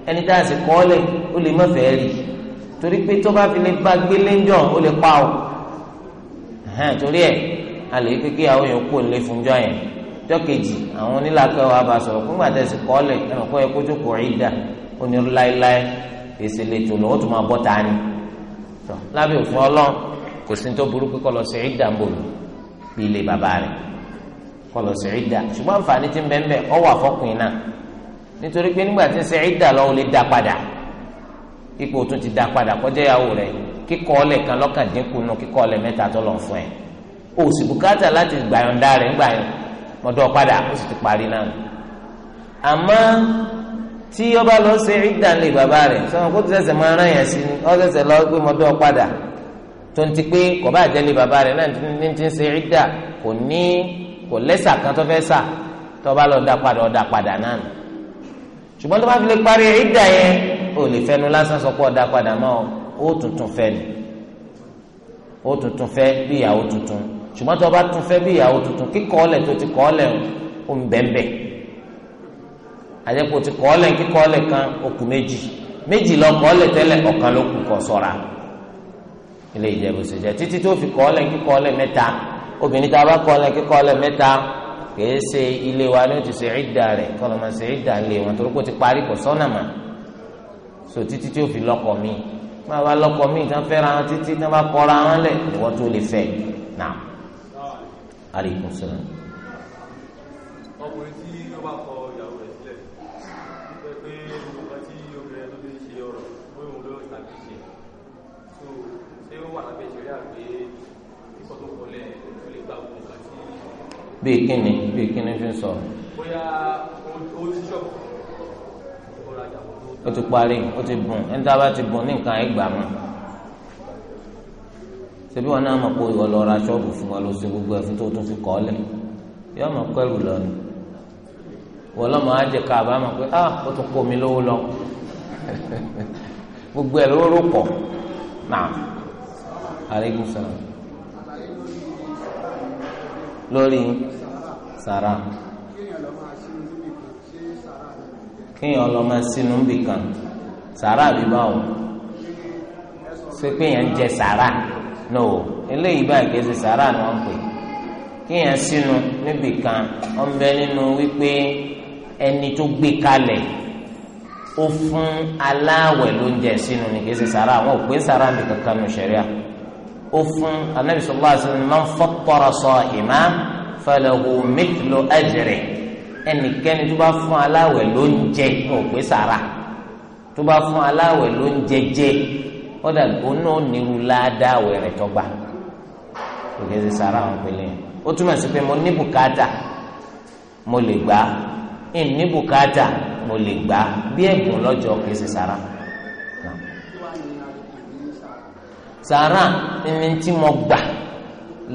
ẹni tá a sì kọ́ ọ lẹ̀ ó lè má fẹ́ rí torí pé tó bá fi lè bá gbélé ń ó lè pa ọ torí ẹ a lè pé ìyàwó yẹn kó lè fún jọ yẹn jọ́kejì àwọn onílàkẹ́ wa bá sọ̀rọ̀ fún gbàtẹ́ sì kọ́lẹ̀ ẹ̀rọ kọ́ ẹ kójú kò rí dà ó ní láéláé èsì lè tò lọ́wọ́ tó máa bọ́ ta ni lábẹ́ òfin ọlọ́run kò sí tó burú pé kọlọ sí ìdá ń bò lù bí ilé bàbá rẹ̀ kọlọ sí ìdá ṣùgbọ́n àǹfààní ti ń bẹ́ẹ̀ ọ wà fọkùnrin náà nítorí pé nígbà tí ń sẹ ìdá lọ́wọ́ lè dá padà ipò tún ti dá padà kọjá ìyàwó mọ̀dọ́ padà ó sì ti parí náà àmọ́ tí ọba lọ ṣe ìdánlé bàbá rẹ̀ sọ̀rọ̀ kó tó ṣẹ̀ṣẹ̀ máa rán yẹn sí ni ó ṣẹ̀ṣẹ̀ lọ pé mọ̀dọ́ padà tó ń ti pé kò bá jẹ́lé bàbá rẹ̀ náà ní ti ń ṣe ìdá kò ní kò lẹ́sà kan tó fẹ́ sà tọ́ba lọ dá padà ọ̀dà padà náà nù ṣùgbọ́n tó bá fi lè parí ìdá yẹn ò lè fẹnu lásán sọ pé ọ̀dà padà náà ó tuntun fẹ́ ni ó tuntun fẹ́ bí ìyàwó tuntun ṣùgbọ́n tó o bá tún fẹ́ bí ìyàwó tuntun kíkọ́ ọ̀lẹ̀ tó ti kọ́ ọ̀lẹ̀ ó ń bẹ̀ẹ̀bẹ̀ àjẹpọ̀ ti kọ́ ọ̀lẹ̀ kíkọ́ ọ̀lẹ̀ kan okùn méjì méjì lọ kọ́ ọ̀lẹ̀ tẹ́lẹ̀ ọ̀kan ló kù kọ́ sọ́ra ilé ìjẹ́bù sì títí tó fi kọ́ ọ̀lẹ̀ kíkọ́ ọ̀lẹ̀ mẹ́ta obìnrin tá a bá kọ́ ọ̀lẹ̀ kíkọ́ ọ̀lẹ̀ mẹ́ta kìí ṣe ilé wa ni ó ti ṣe ìdá rẹ̀ kọ́ lọ́mọ ṣe ìdá lé wọn torí kó ti parí kò sọ́nà mà so títí tó fi lọ́kọ̀ mi máa wá lọ́kọ̀ mi ìtàn fẹ́ra wọn títí tí wọ́n bá kọ́ra wọn lẹ̀ ìwọ́n tó lè fẹ́ náà aleykum salaam. ọkùnrin tí ó bá kọ ìyàwó rẹ̀ sílẹ̀ ṣe pé ọba tí obìnrin tó fi ṣe ọ̀rọ̀ pé òun ló tàbí ṣe so ṣé ó wà lábẹ́ ìṣẹ̀lẹ̀ àgbẹ̀ kíkọ́ tó kọlẹ̀ ó lè gba òun kà sí. bí kíni bí kíni fi ń sọ. bóyá ó ti ṣọ́ọ̀bù ó ti parí ó ti bùn ẹni tá a bá ti bùn ní nǹkan ẹgbàá mọ́ ṣebí wọn náà mọ̀ pé ìwọ lọ ra ṣọ́ọ̀bù fún wa ló ṣe gbogbo ẹ̀ fún tó tún fi kọ́ ọ́ lẹ̀ yọ ọmọ pẹ́rù lọ ni wọ́n lọ́mọ ajẹ́ ká àbá mọ̀ pé á ah, ó tún kó mi lówó lọ gbogbo ẹ̀ ló rò pọ̀ náà àríkú sọ̀rọ̀ lórí Sara kéèyàn lọ sínú bìkan sàrà àbí báwo ṣé pé èèyàn ń jẹ sàrà no eléyìí báyìí kìí ṣe sàárà ni wọ́n pè kíyàn sínú níbì kan ọmọbẹ nínú wípé ẹni tó gbé kalẹ̀ ó fún aláwẹ̀ lóúnjẹ sínú ni kìí ṣe sàárà wọn ò pé sàárà mi kankan nù sẹríà ó fún anabi sallallahu alaihi wasallam man fattara sa'iman falahu mithlu ajrihi ẹnikẹ́ni tó bá fún aláwẹ̀ lóúnjẹ wọn ò pé sàárà tó bá fún aláwẹ̀ lóúnjẹ jẹ ọ̀dà gbóná nírú ládàá àwẹ̀ rẹ̀ tọ́gbà òkè ṣe sàrà àwọn pèlè yẹn ó túmọ̀ sí pé mo ní bùkátà mo lè gbà ẹ̀ ní bùkátà mo lè gbà bí ẹ̀gbọ́n lọ́jọ́ òkè ṣe sàrà sàrà ẹni tí mo gbà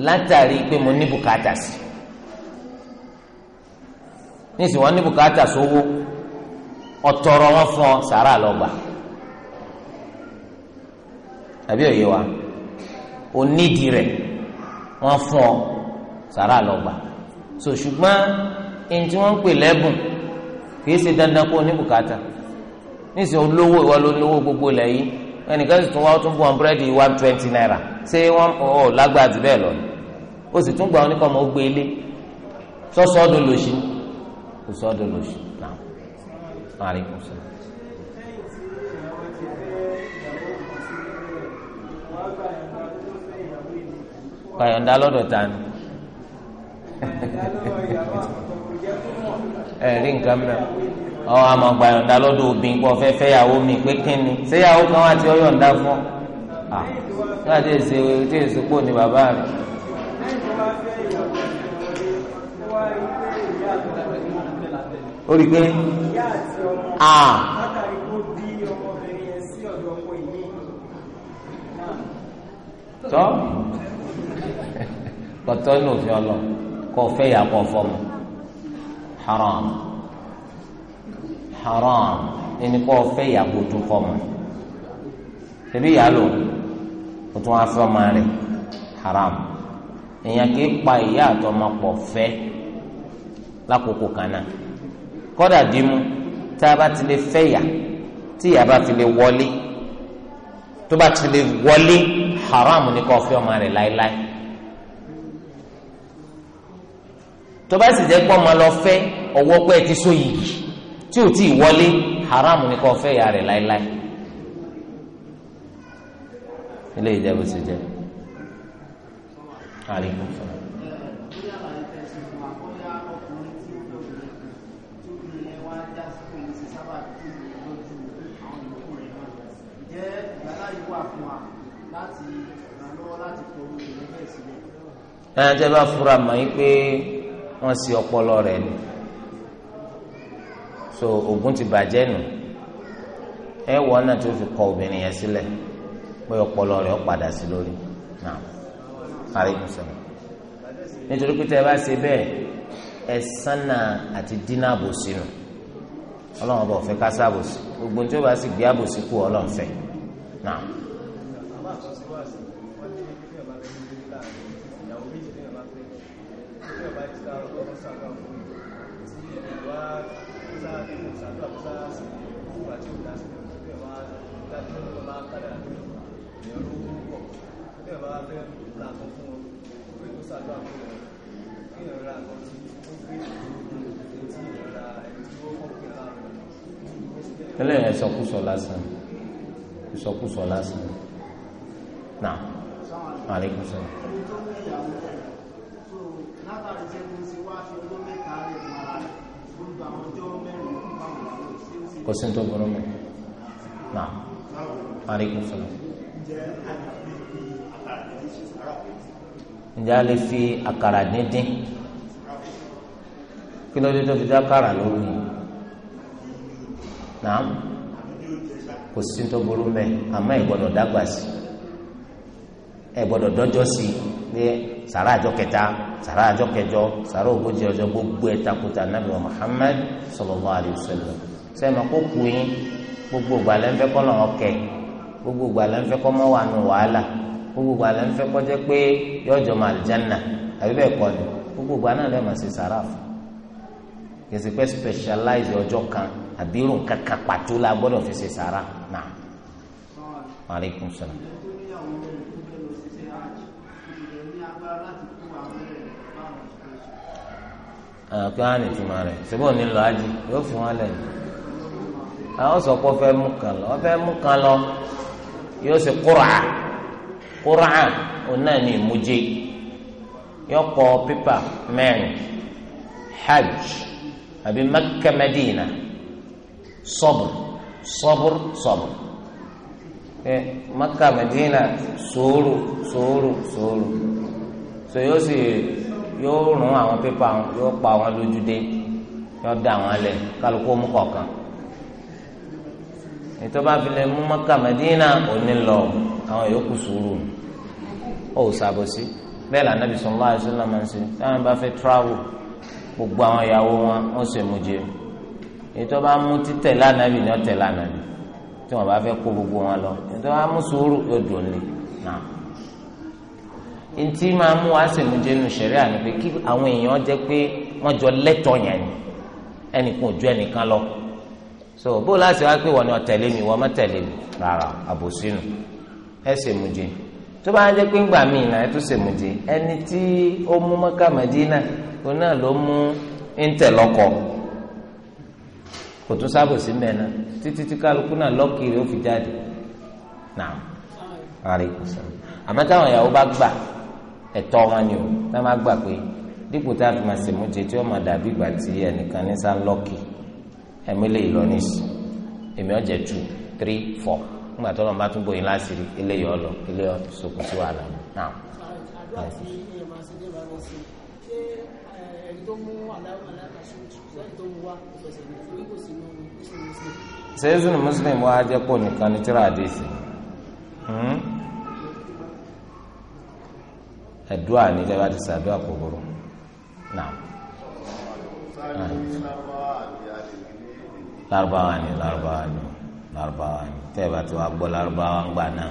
látàrí pé mo ní bùkátà sí nísìnyí wọn ní bùkátà sówó ọ̀tọ̀rọ̀ wọn fún ọ sàrà lọ́gbà. So àbí òye wa onídìí rẹ̀ wọ́n fún ọ sàrà lọ́gbà so ṣùgbọ́n ẹni tí wọ́n ń pè lẹ́bùn kìí ṣe dandan kó ní bùkátà níṣẹ́ olówó ìwọ ló lówó gbogbo ilẹ̀ yìí ẹnìkan sì tún wá tún bọ̀ búrẹ́dì one twenty naira ṣé wọ́n ọ̀ lágbára jù bẹ́ẹ̀ lọ ni ó sì tún gbà wọn nípa ọmọ ó gbé ilé e sọ́sọ́ ọdún lòṣì kò sọ́ ọdún lòṣì náà. gbàyọ̀ǹda lọ́dọ̀ ta ni ẹ̀rí nǹkan mẹ́rin ọ àmọ́ gbàyọ̀ǹda lọ́dọ̀ obìnrin pọ̀ fẹ́ fẹ́yàwó mi pé kí ni ṣéyàwó kan wá ti ọyọ̀ǹda fún ọ náà tí tí èsì pò ní bàbá rẹ̀. ó rí i pé a. tọ́ kọtọ́ ní òfin ọlọ kọ fẹ́ yà kọ fọmọ haram haram ẹni kọ fẹ́ yà kó tún fọmọ tẹbi yà lò kó tún wá fọmọ rẹ haram èèyàn kì í pa ìyá àtọmọ pọ̀ fẹ́ lákòókò kan náà kódà tá a bá ti lè fẹ́ yà tí yà bá fi lè wọlé tó bá ti lè wọlé haram ní kó fẹ́ ọmọ rẹ̀ láéláé tó bá sì jẹ́ pé ọmọ lọ fẹ́ ọwọ́ pẹ́ ti sóyè tí ò tí ì wọlé haram ní kó ìyá rẹ̀ láéláé ilé ìjẹ́ bó ṣe jẹ́ àríkú fún un. Yeah. ẹni tẹ́ bá fura mọ̀ yín pé wọ́n sì ọpọlọ rẹ̀ ni so oògùn ti bàjẹ́ nù ẹ wọ náà tó fi kọ obìnrin yẹn sílẹ̀ pé ọpọlọ rẹ̀ ó padà sí lórí náà àríkùn sọ̀rọ̀ nítorí pé tẹ́ bá ṣe bẹ́ẹ̀ ẹ sánà àti dínà àbòsí nù ọlọ́run bọ̀ fẹ́ ká sábòsí gbogbo tí ó bá sì gbé àbòsí kú ọlọ́run fẹ́ náà. ìsọkúsọ lásán ìsọkúsọ lásán náà alaikum salaam. kò sí tó burú mi náà alaikum salaam. ǹjẹ́ a lè fi àkàrà díndín kí ló dé tó fi dá àkàrà lórí náà kò sí tó burú mẹ àmọ́ ìgbọ́dọ̀ dàgbà sí ẹ gbọ́dọ̀ dọ́jọ́ sí ní sàrà àjọ kẹta sàrà àjọ kẹjọ sàrà ogójì ọjọ́ gbogbo ẹ takuta nabi wa Muhammad sallallahu alaihi wasallam sẹmọ kó kú yín gbogbo gbalẹ ń fẹ́ kọ lọ ọkẹ gbogbo gbalẹ ń fẹ́ kọ mọ wà nù wàhálà gbogbo gbalẹ ń fẹ́ kọ jẹ pé yọjọ mà àlìjánà àbí bẹ́ẹ̀ kọ́ ni gbogbo gbalẹ náà lẹẹma sí sàrà fún kìsìpẹ specialize ọjọ́ kan àbí irun kankan pàtó la gbọ́dọ̀ fi ṣe sàrà aleykum salaam. kí wọ́n á ní ìtumọ̀ rẹ̀ ṣùgbọ́n ní lọ ájì yóò fi wọ́n lẹ̀ ní. àwọn sọ pé ó fẹ́ mú kan lọ ó fẹ́ mú kan lọ yóò ṣe kúrà kúrà òun náà ní ìmújẹ yóò kọ pépà mẹ́rin hajj àbí Mẹ́kà Mẹ́dínà sọ́bùr sọ́bùr ẹ eh, maka medina sòórò sòórò sòórò so yóò sì yóò rún àwọn pépà yóò pa àwọn lójú dé yóò dá àwọn alẹ kálukú mú kọ̀ọ̀kan ìtọ́ba filẹ̀ mú maka medina òní lọ àwọn yòókù sòórò ó sàbòsí bẹ́ẹ̀ lànàbì sallallahu alaihi wasallam máa ń ṣe táwọn bá fẹ́ travel gbogbo àwọn ìyàwó wọn wọ́n sì mú jẹ ètò bá mú títẹ̀ lánàbì ni ó tẹ̀ tí wọn bá fẹ́ kó gbogbo wọn lọ ẹ̀tọ́ wa mú sùúrù yóò náà ntí máa mú àná pé kí àwọn èèyàn jẹ́ pé wọ́n jọ lẹ́tọ̀ọ́ yẹn ni ẹnìkan lọ so bó láti wá pé wọ́n ni ọtẹlẹ mi mọtẹlẹ mi rárá tó bá pé ńgbà míì náà ẹni tí ó mú òun náà ló mú kò tún sábò sí mbẹ títí tí kálukú náà lọ́ọ̀kì ó fi jáde náà àárẹ̀ kò sọ o tá má gbà pé dípò tá a fi máa sèmúje tí ó máa dàbí ìgbà tí ẹnìkan ní sá lọ́ọ̀kì ẹ̀mí lè lọ ní sùn èmi two three four nígbà tó lọ́n bá tún bóyin eléyìí sẹ́yìn muslim wa jẹ́ pò nìkan ní tíra àdéhìí ẹ̀dùá ní ìjọba ti sàdúà kò burú náà. lárúbáwá ni lárúbáwá ni lárúbáwá ni tẹ́ ẹ bá ti wá gbọ́ lárúbáwá ń gbà náà